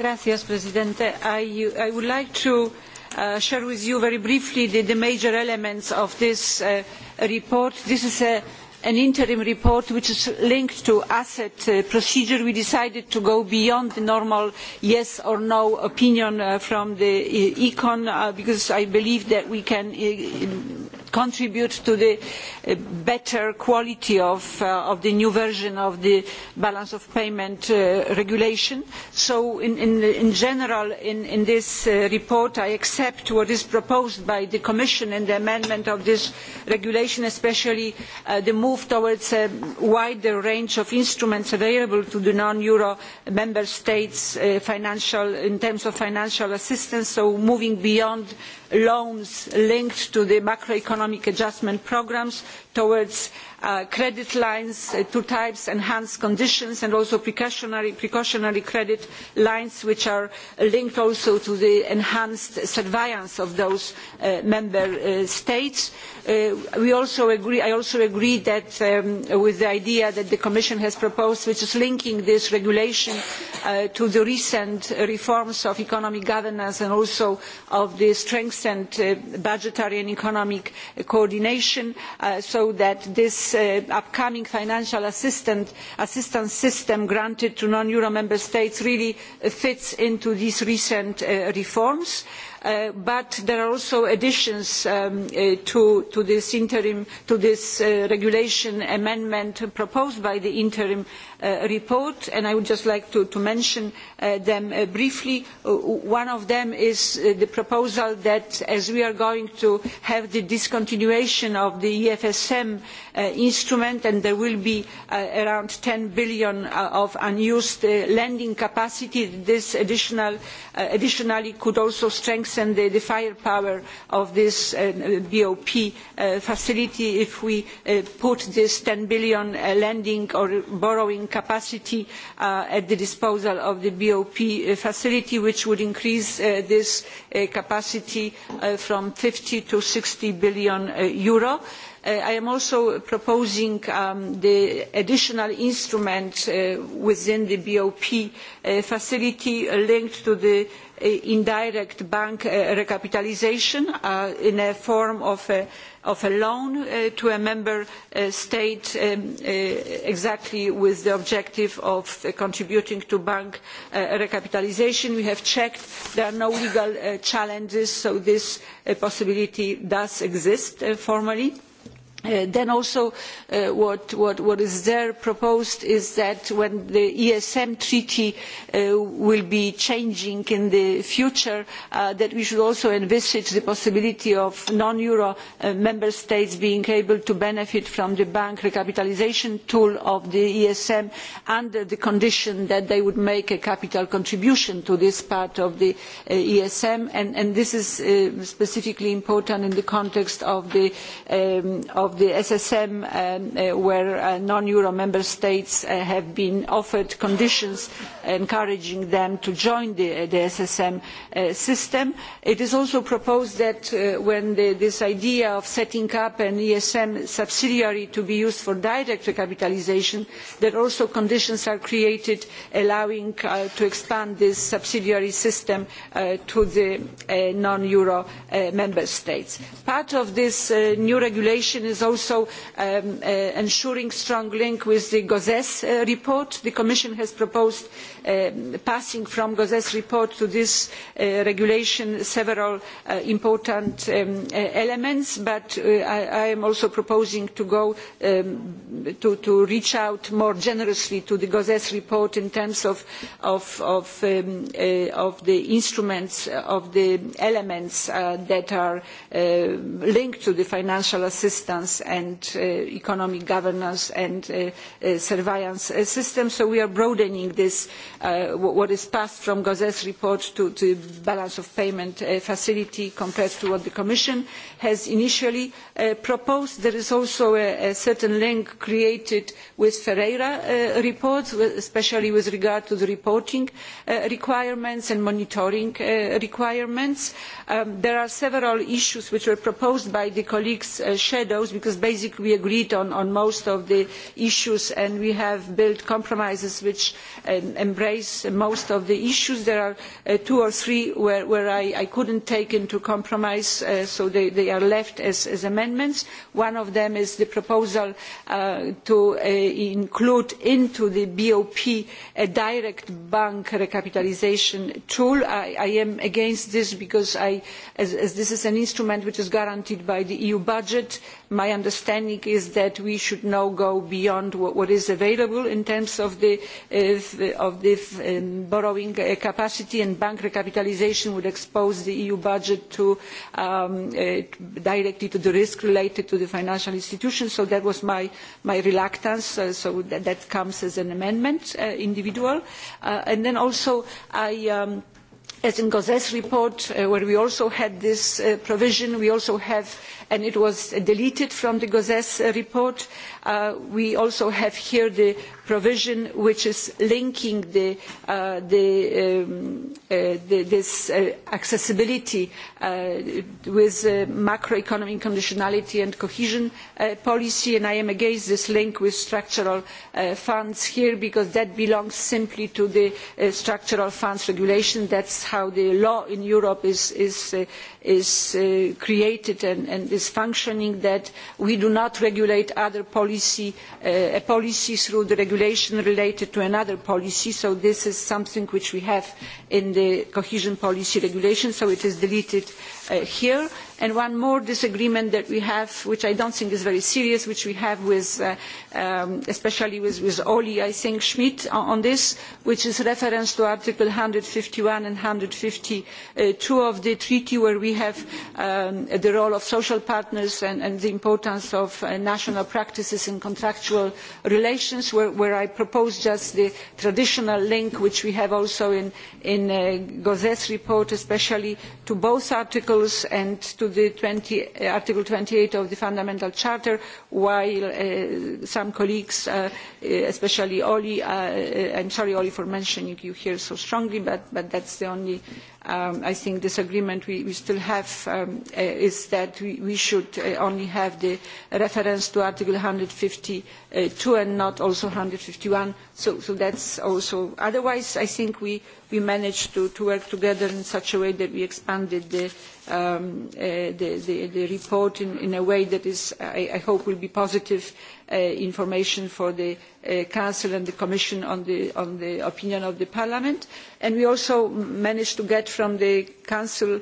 Gracias, President. I, I would like to uh, share with you very briefly the, the major elements of this uh, report. This is a an interim report which is linked to asset uh, procedure, we decided to go beyond the normal yes or no opinion uh, from the uh, econ uh, because I believe that we can uh, contribute to the uh, better quality of, of, the new version of the balance of payment regulation. So in, in, in general, in, in this report, I accept what is proposed by the Commission and the amendment of this regulation, especially the move towards a wider range of instruments available to the non-euro member states uh, in terms of financial assistance, so moving beyond loans linked to the macroeconomic adjustment programmes towards Uh, credit lines, uh, two types, enhanced conditions, and also precautionary, precautionary credit lines, which are linked also to the enhanced surveillance of those uh, member uh, states. Uh, we also agree, I also agree that, um, with the idea that the Commission has proposed, which is linking this regulation to the recent reforms of economic governance and also of the strengthened budgetary and economic coordination, so that this this uh, upcoming financial assistance system granted to non-euro member states really fits into these recent uh, reforms. Uh, but there are also additions um, uh, to, to, this interim to this uh, regulation amendment proposed by the interim Uh, report, and I would just like to, to mention uh, them uh, briefly. one of them is the proposal that as we are going to have the discontinuation of the EFSM instrument, and there will be around EUR ten billion of unused lending capacity, this additional, additionally could also strengthen the, the firepower of this BOP facility if we put this EUR ten billion lending or borrowing capacity uh, at the disposal of the BOP uh, facility, which would increase uh, this uh, capacity from fifty to sixty billion euro. Uh, I am also proposing um, the additional instrument uh, within the BOP uh, facility linked to the indirect bank recapitalisation in the form of a of a loan uh, to a member uh, state um, uh, exactly with the objective of uh, contributing to bank uh, recapitalisation. We have checked there are no legal uh, challenges, so this possibility does exist formally. Uh, then also uh, what, what, what, is there proposed is that when the ESM treaty uh, will be changing in the future, uh, that we should also envisage the possibility of non-euro uh, member states being able to benefit from the bank recapitalisation tool of the ESM under the condition that they would make a capital contribution to this part of the ESM. And, and this is specifically important in the context of the, um, of of the SSM um, uh, where uh, non-Euro member states uh, have been offered conditions encouraging them to join the, the SSM system. It is also proposed that when the, this idea of setting up an ESM subsidiary to be used for direct recapitalisation, that also conditions are created allowing to expand this subsidiary system to the non-Euro member states. Part of this new regulation is is also um, uh, ensuring strong link with the Gozes uh, report. The Commission has proposed um, passing from Gozes report to this uh, regulation several important um, elements, but I, I, am also proposing to go um, to, to, reach out more generously to the Gozes report in terms of, of, of, um, uh, of the instruments, of the elements uh, that are uh, linked to the financial assistance finance and uh, economic governance and uh, uh, surveillance system. So we are broadening this, what is passed from Gazette's report to, the balance of payment facility compared to what the Commission has initially proposed. There is also a, a certain link created with Ferreira reports, especially with regard to the reporting requirements and monitoring requirements. Um, there are several issues which were proposed by the colleagues' shadows because basically we agreed on, on most of the issues and we have built compromises which um, embrace most of the issues. There are uh, two or three where, where I, I couldn't take into compromise, uh, so they, they are left as, as amendments. One of them is the proposal uh, to uh, include into the BOP a direct bank recapitalization tool. I, I am against this because I, as, as this is an instrument which is guaranteed by the EU budget, my understanding is that we should now go beyond what, what is available in terms of the, uh, of the um, borrowing uh, capacity and bank recapitalisation would expose the EU budget to, um, uh, directly to the risk related to the financial institutions. So that was my, my reluctance. Uh, so that, that comes as an amendment, uh, individual. Uh, and then also I... Um, as in Gazette's report, uh, where we also had this uh, provision, we also have and it was deleted from the Gozes uh, report. Uh, we also have here the provision which is linking the, uh, the, um, uh, the, this uh, accessibility with macroeconomic conditionality and cohesion policy, and I am against this link with structural funds here because that belongs simply to the structural funds regulation. That is how the law in Europe is, is, is created and, and is is functioning that we do not regulate other policy, uh, through the regulation related to another policy. So this is something which we have in the cohesion policy regulation, so it is deleted uh, here. And one more disagreement that we have, which I do not think is very serious, which we have with, uh, um, especially with, with Oli, I think, Schmidt on, on this, which is reference to Article one hundred and fifty one and one hundred and fifty two of the treaty where we have um, the role of social partners and, and the importance of uh, national practices in contractual relations, where, where, I propose just the traditional link, which we have also in, in uh, report, especially to both articles and to the 20, uh, Article 28 of the Fundamental Charter, while uh, some colleagues, uh, uh especially Oli, uh, uh, I'm sorry, Oli, for mentioning you here so strongly, but, but that's the only, um, I think, disagreement we, we still have, um, uh, is that we, we should uh, only have the reference to Article 152 and not also 151. So, so that's also, otherwise, I think we, we managed to, to work together in such a way that we expanded the um, uh, the, the, the report in, in a way that is, I, I hope, will be positive uh, information for the uh, Council and the Commission on the, on the opinion of the Parliament. And we also managed to get from the Council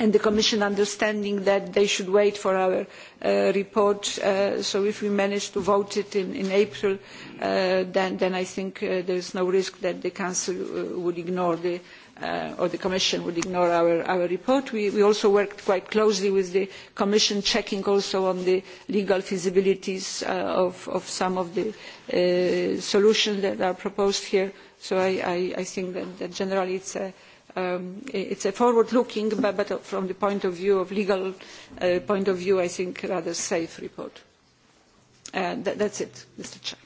and the Commission understanding that they should wait for our uh, report. Uh, so if we manage to vote it in, in April, uh, then, then I think uh, there is no risk that the Council uh, would ignore the, uh, or the Commission would ignore our, our report. We, we also worked quite closely with the Commission, checking also on the legal feasibilities uh, of, of some of the uh, solutions that are proposed here. So I, I, I think that, that generally it's a, um, a forward-looking, but, but from the point of view of legal uh, point of view, I think rather safe report. Uh, that, that's it, Mr. Chair.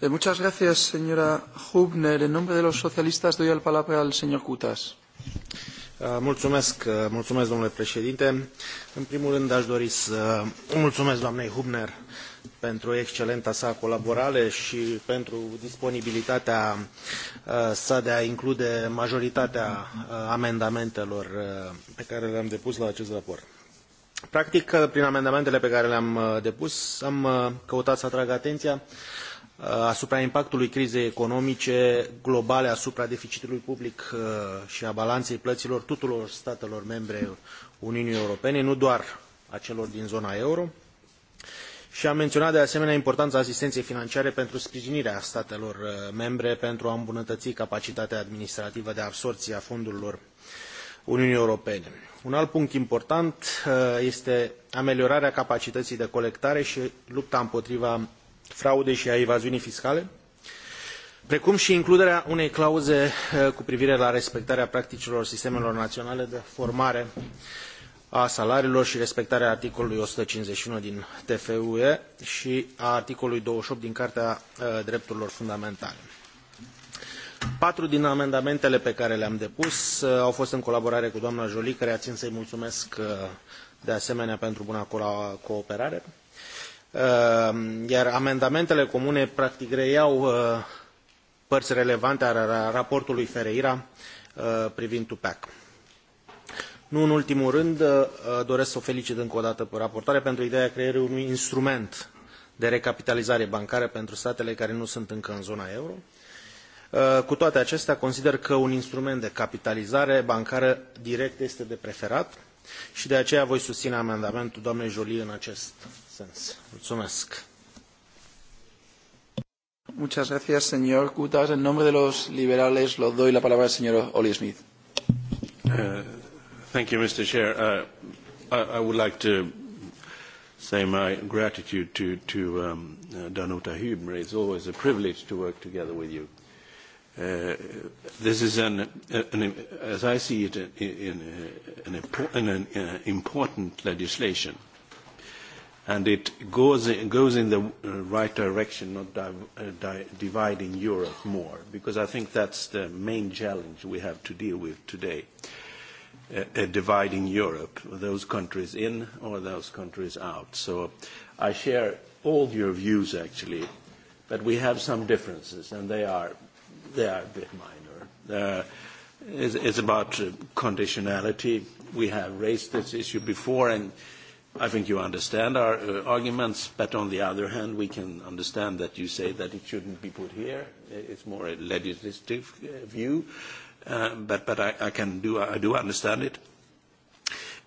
Eh, muchas gracias, señora Hubner. En nombre de los socialistas doy la palabra al señor Cutas. Eh, mulțumesc, eh, mulțumesc, domnule președinte. În primul rând aș dori să mulțumesc doamnei Hubner pentru excelenta sa colaborare și pentru disponibilitatea sa de a include majoritatea amendamentelor pe care le-am depus la acest raport. Practic, prin amendamentele pe care le-am depus, am căutat să atrag atenția Uh, asupra impactului crizei economice globale asupra deficitului public uh, și a balanței plăților tuturor statelor membre Uniunii Europene, nu doar a celor din zona euro. Și am menționat de asemenea importanța asistenței financiare pentru sprijinirea statelor uh, membre pentru a îmbunătăți capacitatea administrativă de absorție a fondurilor Uniunii Europene. Un alt punct important este ameliorarea capacității de colectare și lupta împotriva fraude și a evaziunii fiscale, precum și includerea unei clauze eh, cu privire la respectarea practicilor sistemelor naționale de formare a salariilor și respectarea articolului 151 din TFUE și a articolului 28 din Cartea eh, Drepturilor Fundamentale. Patru din amendamentele pe care le-am depus eh, au fost în colaborare cu doamna Jolie, care țin să-i mulțumesc de asemenea pentru buna cooperare. Ehm, iar amendamentele comune practic reiau uh, părți relevante ale raportului Ferreira uh, privind TUPAC. Nu în ultimul rând, uh, doresc să o felicit încă o dată pe raportare pentru ideea creierii unui instrument de recapitalizare bancară pentru statele care nu sunt încă în zona euro. Cu toate acestea, consider că un instrument de capitalizare bancară direct este de preferat și de aceea voi susține amendamentul doamnei Jolie în acest sens. Muchas gracias, señor Kutas. En nombre de los liberales, lo doy la palabra al señor Oli Smith. Uh, thank you, Mr. Chair. Uh, I, I would like to say my gratitude to, to um, uh, Danuta Hübner. It's always a privilege to work together with you. Uh, this is an, uh, an, as I see it, uh, an, an, an uh, important legislation and it goes, in goes in the uh, right direction, not di uh, di dividing Europe more, because I think that's the main challenge we have to deal with today, uh, uh, dividing Europe, those countries in or those countries out. So I share all your views, actually, but we have some differences, and they are, they are a bit minor. Uh, it's, it's about uh, conditionality. We have raised this issue before, and I think you understand our uh, arguments, but on the other hand, we can understand that you say that it shouldn't be put here. It's more a legislative uh, view, uh, but, but I, I, can do, I do understand it.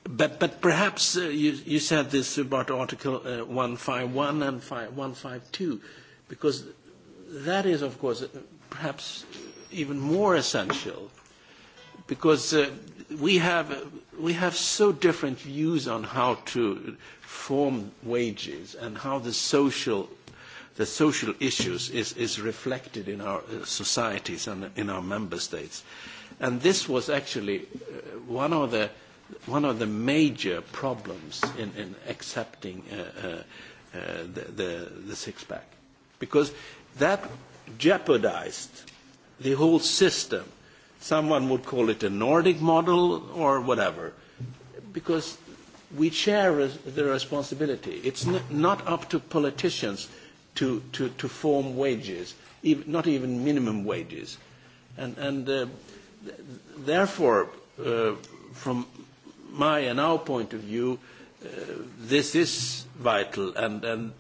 But, but perhaps uh, you, you said this about Article uh, 151 and 152, because that is, of course, uh, perhaps even more essential, because uh, we have uh we have so different views on how to form wages and how the social, the social issues is, is reflected in our uh, societies and in our member states. And this was actually uh, one of the, one of the major problems in, in accepting uh, uh, uh the, the, the six-pack, because that jeopardized the whole system – Someone would call it a Nordic model or whatever, because we share the responsibility. It's not up to politicians to, to, to form wages, even, not even minimum wages. And, and uh, therefore, uh, from my and our point of view, uh, this is vital, and, and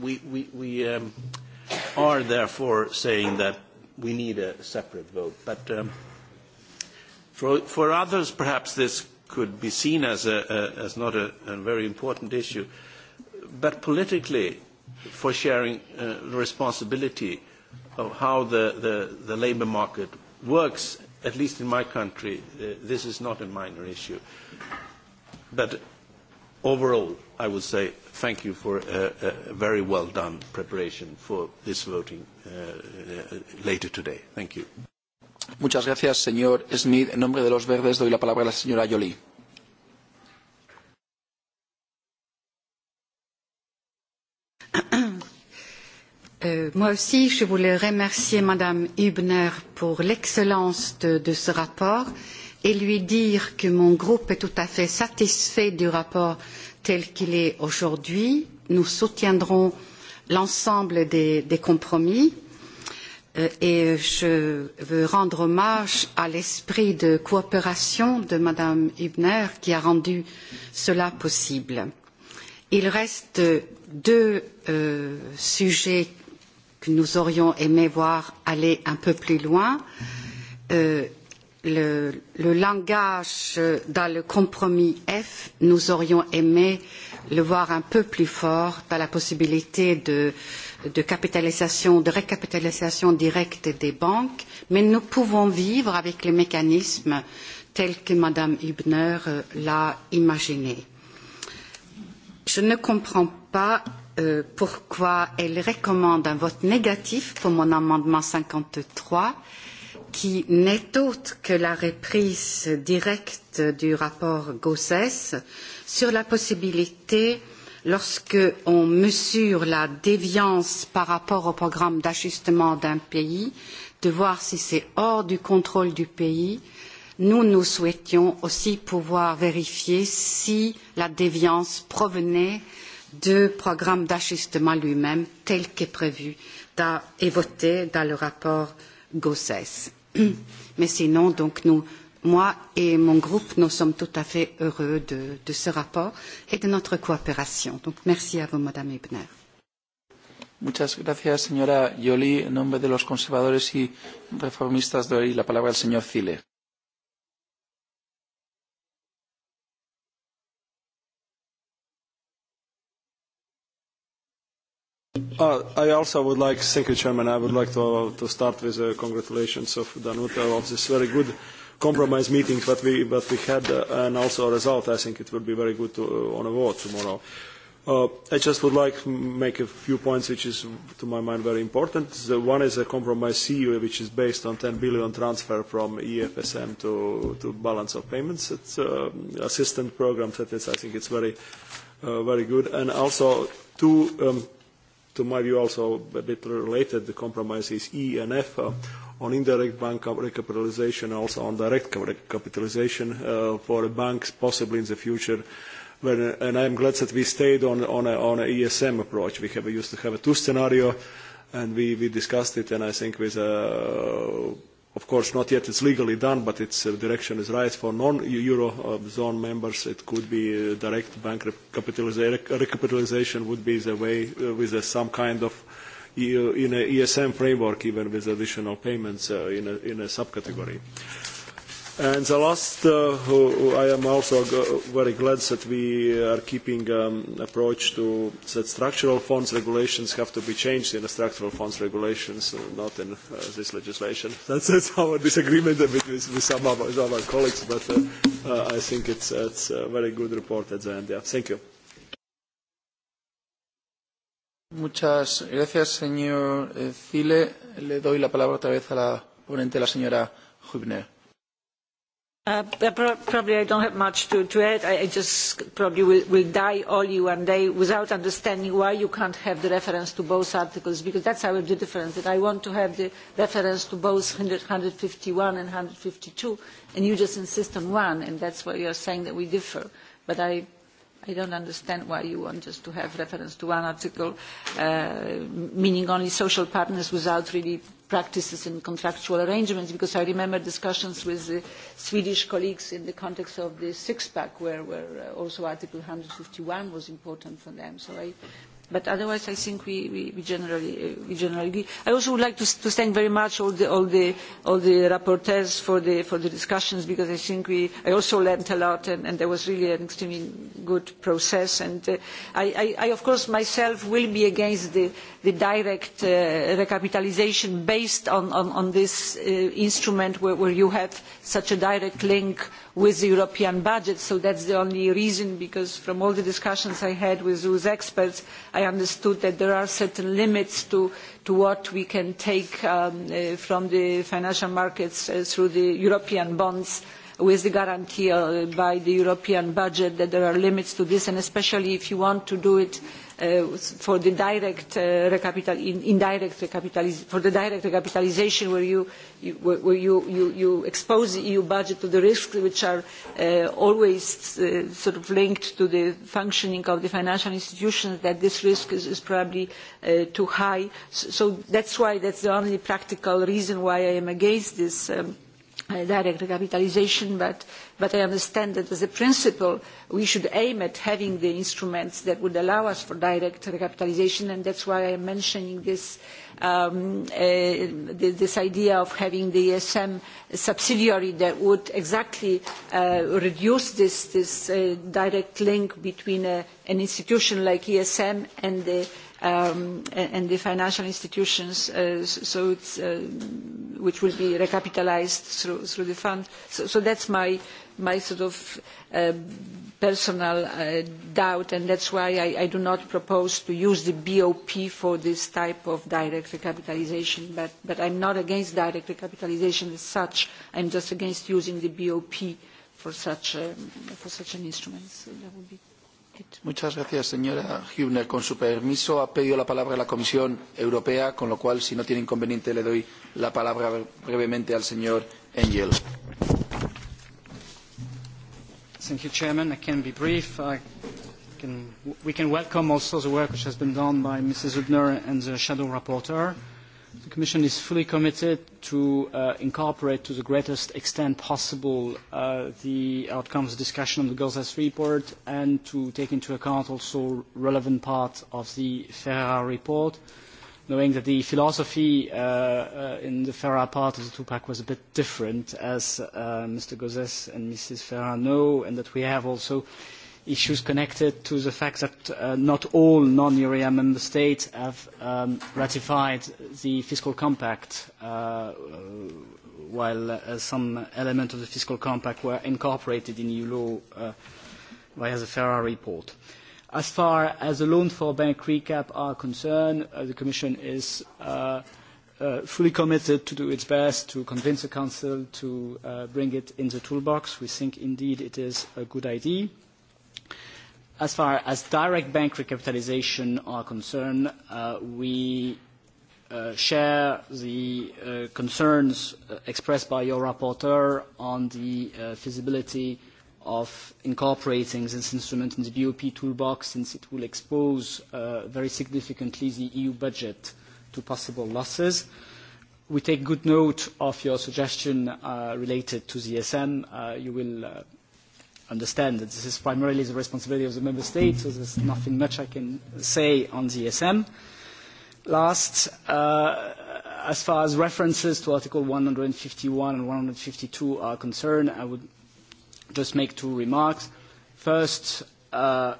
we, we, we um, are therefore saying that we need a separate vote. But um, For, for others, perhaps this could be seen as, a, a, as not a, a very important issue. But politically, for sharing uh, the responsibility of how the, the, the labour market works, at least in my country, uh, this is not a minor issue. But overall, I would say thank you for a, a very well done preparation for this voting uh, uh, later today. Thank you. Muchas gracias, señor Smith. En nombre de los verdes doy la palabra a la señora Jolie. Euh, moi aussi, je voulais remercier Madame Hübner pour l'excellence de, de ce rapport et lui dire que mon groupe est tout à fait satisfait du rapport tel qu'il est aujourd'hui. Nous soutiendrons l'ensemble des, des compromis. Euh, et je veux rendre hommage à l'esprit de coopération de Madame Hübner qui a rendu cela possible. Il reste deux euh, sujets que nous aurions aimé voir aller un peu plus loin. Euh, le, le, langage dans le compromis F, nous aurions aimé le voir un peu plus fort dans la possibilité de de capitalisation, de recapitalisation directe des banques, mais nous pouvons vivre avec les mécanismes tels que Madame Hübner euh, l'a imaginé. Je ne comprends pas euh, pourquoi elle recommande un vote négatif pour mon amendement 53 qui n'est autre que la reprise directe du rapport Gossès sur la possibilité lorsque l'on mesure la déviance par rapport au programme d'ajustement d'un pays, de voir si c'est hors du contrôle du pays. Nous, nous souhaitions aussi pouvoir vérifier si la déviance provenait du programme d'ajustement lui-même tel qu'est prévu et voté dans le rapport Gossès. Mais sinon, donc, nous Moi et mon groupe, nous sommes tout à fait heureux de, de ce rapport et de notre coopération. Donc merci à vous, Madame Ebner. Muchas gracias, señora Joly. En nombre de los conservadores y reformistas doy la palabra al señor Zile. Uh, I also would like, thank you, Chairman, I would like to, to start with uh, congratulations of Danuta of this very good compromise meetings that we, that we had uh, and also a result, I think it would be very good to, uh, on a vote tomorrow. Uh, I just would like to make a few points which is, to my mind, very important. The one is a compromise CU, which is based on 10 billion transfer from EFSM to, to balance of payments. It's uh, assistant program that is, I think it's very, uh, very good. And also two um, to my view also a bit related, the compromises E and F uh, on indirect bank recapitalization, also on direct capitalization uh, for banks possibly in the future. When, uh, and I'm glad that we stayed on, on, a, on an ESM approach. We, have, we used to have a two scenario and we, we discussed it and I think with uh, of course not yet it's legally done but its uh, direction is right for non euro uh, zone members it could be uh, direct bank recapitalization, recapitalization would be the way uh, with uh, some kind of EU, in a ESM framework even with additional payments uh, in, a, in a subcategory. Mm -hmm. And the last, uh, I am also uh, very glad that we are keeping um, approach to that structural funds regulations have to be changed in the structural funds regulations, uh, not in uh, this legislation. That's, that's our disagreement with, with some of our colleagues, but uh, uh, I think it's, it's a very good report at the end. Yeah. Thank you. Muchas gracias, señor Zile. Eh, Le doy la palabra otra vez a la ponente, la señora Hübner. Uh, probably I don't have much to, to add. I, I just probably will, will die all you one day without understanding why you can't have the reference to both articles, because that's how the difference, that I want to have the reference to both 100, 151 and 152, and you just insist on one, and that's why you're saying that we differ. But I I don't understand why you want just to have reference to one article, uh, meaning only social partners without really practices and contractual arrangements, because I remember discussions with the uh, Swedish colleagues in the context of the six-pack, where, where uh, also Article 151 was important for them. So I But otherwise, I think we, we, we, generally, uh, we generally agree. I also would like to, to thank very much all the, all the, all the rapporteurs for the, for the discussions because I think we, I also learned a lot and, and there was really an extremely good process. And uh, I, I, I, of course, myself will be against the, the direct uh, recapitalization based on, on, on this uh, instrument where, where you have such a direct link with the European budget. So that is the only reason because from all the discussions I had with those experts, I understood that there are certain limits to, to what we can take um, uh, from the financial markets uh, through the European bonds with the guarantee uh, by the European budget that there are limits to this and especially if you want to do it uh, for the direct uh, recapital in, indirect recapitalization for the direct recapitalization where you, you where you, you, you expose the EU budget to the risks which are uh, always uh, sort of linked to the functioning of the financial institutions that this risk is, is probably uh, too high so, so that's why that's the only practical reason why I am against this um, uh, direct recapitalization but but I understand that as a principle we should aim at having the instruments that would allow us for direct recapitalisation, and that is why I am mentioning this, um, uh, this idea of having the ESM subsidiary that would exactly uh, reduce this, this uh, direct link between a, uh, an institution like ESM and the um, and the financial institutions, uh, so it's, uh, which will be recapitalized through, through the fund. So, so that's my, my sort of uh, personal uh, doubt, and that's why I, I do not propose to use the BOP for this type of direct recapitalization, but, but I'm not against direct recapitalization as such. I'm just against using the BOP for such, um, for such an instrument. So that would be it. Muchas gracias, señora Hübner. Con su permiso, ha pedido la palabra a la Comisión Europea, con lo cual, si no tiene inconveniente, le doy la palabra brevemente al señor Engel. Thank you, Chairman. I can be brief. I can, we can welcome also the work which has been done by Mrs. Hübner and the Shadow Rapporteur. The Commission is fully committed to uh, incorporate to the greatest extent possible uh, the outcomes discussion on the Gozas report and to take into account also relevant parts of the Ferrara report knowing that the philosophy uh, uh, in the Ferrer part of the two-pack was a bit different, as uh, Mr. Gauzès and Mrs. Ferrer know, and that we have also issues connected to the fact that uh, not all non-area member states have um, ratified the fiscal compact, uh, uh, while uh, some elements of the fiscal compact were incorporated in EU law uh, via the Ferrer report. Uh, As far as the loan for bank recap are concerned, uh, the Commission is uh, uh, fully committed to do its best to convince the Council to uh, bring it in the toolbox. We think indeed it is a good idea. As far as direct bank recapitalization are concerned, uh, we uh, share the uh, concerns uh, expressed by your rapporteur on the uh, feasibility uh, of incorporating this instrument in the BOP toolbox since it will expose uh, very significantly the EU budget to possible losses. We take good note of your suggestion uh, related to the SM. Uh, you will uh, understand that this is primarily the responsibility of the Member States, so there's nothing much I can say on the SM. Last, uh, as far as references to Article 151 and 152 are concerned, I would just make two remarks. First, uh,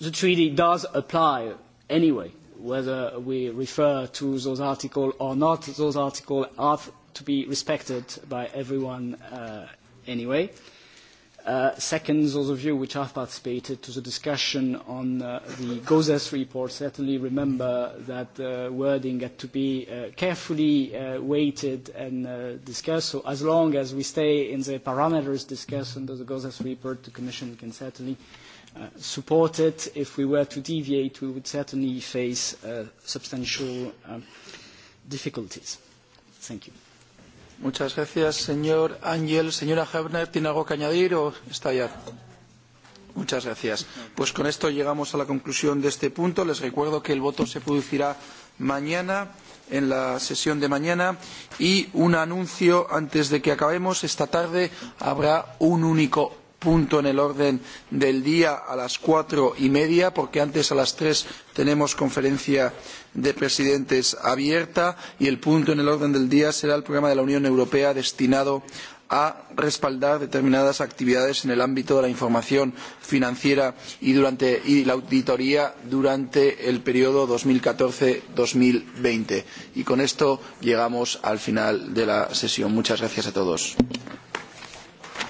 the treaty does apply anyway, whether we refer to those articles or not. Those articles are to be respected by everyone uh, anyway. Uh, Uh, second, those of you which have participated to the discussion on uh, the GOZES report certainly remember that the uh, wording had to be uh, carefully uh, weighted and uh, discussed. So as long as we stay in the parameters discussed under the GOZES report, the Commission can certainly uh, support it. If we were to deviate, we would certainly face uh, substantial um, difficulties. Thank you. Muchas gracias, señor Ángel. Señora Hebner, ¿tiene algo que añadir o está ya? Muchas gracias. Pues con esto llegamos a la conclusión de este punto. Les recuerdo que el voto se producirá mañana en la sesión de mañana y un anuncio antes de que acabemos. Esta tarde habrá un único punto en el orden del día a las cuatro y media, porque antes a las tres tenemos conferencia de presidentes abierta y el punto en el orden del día será el programa de la Unión Europea destinado a respaldar determinadas actividades en el ámbito de la información financiera y, durante, y la auditoría durante el periodo dos mil 2014-2020. Y con esto llegamos al final de la sesión. Muchas gracias a todos.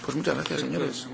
Pues muchas gracias, señores.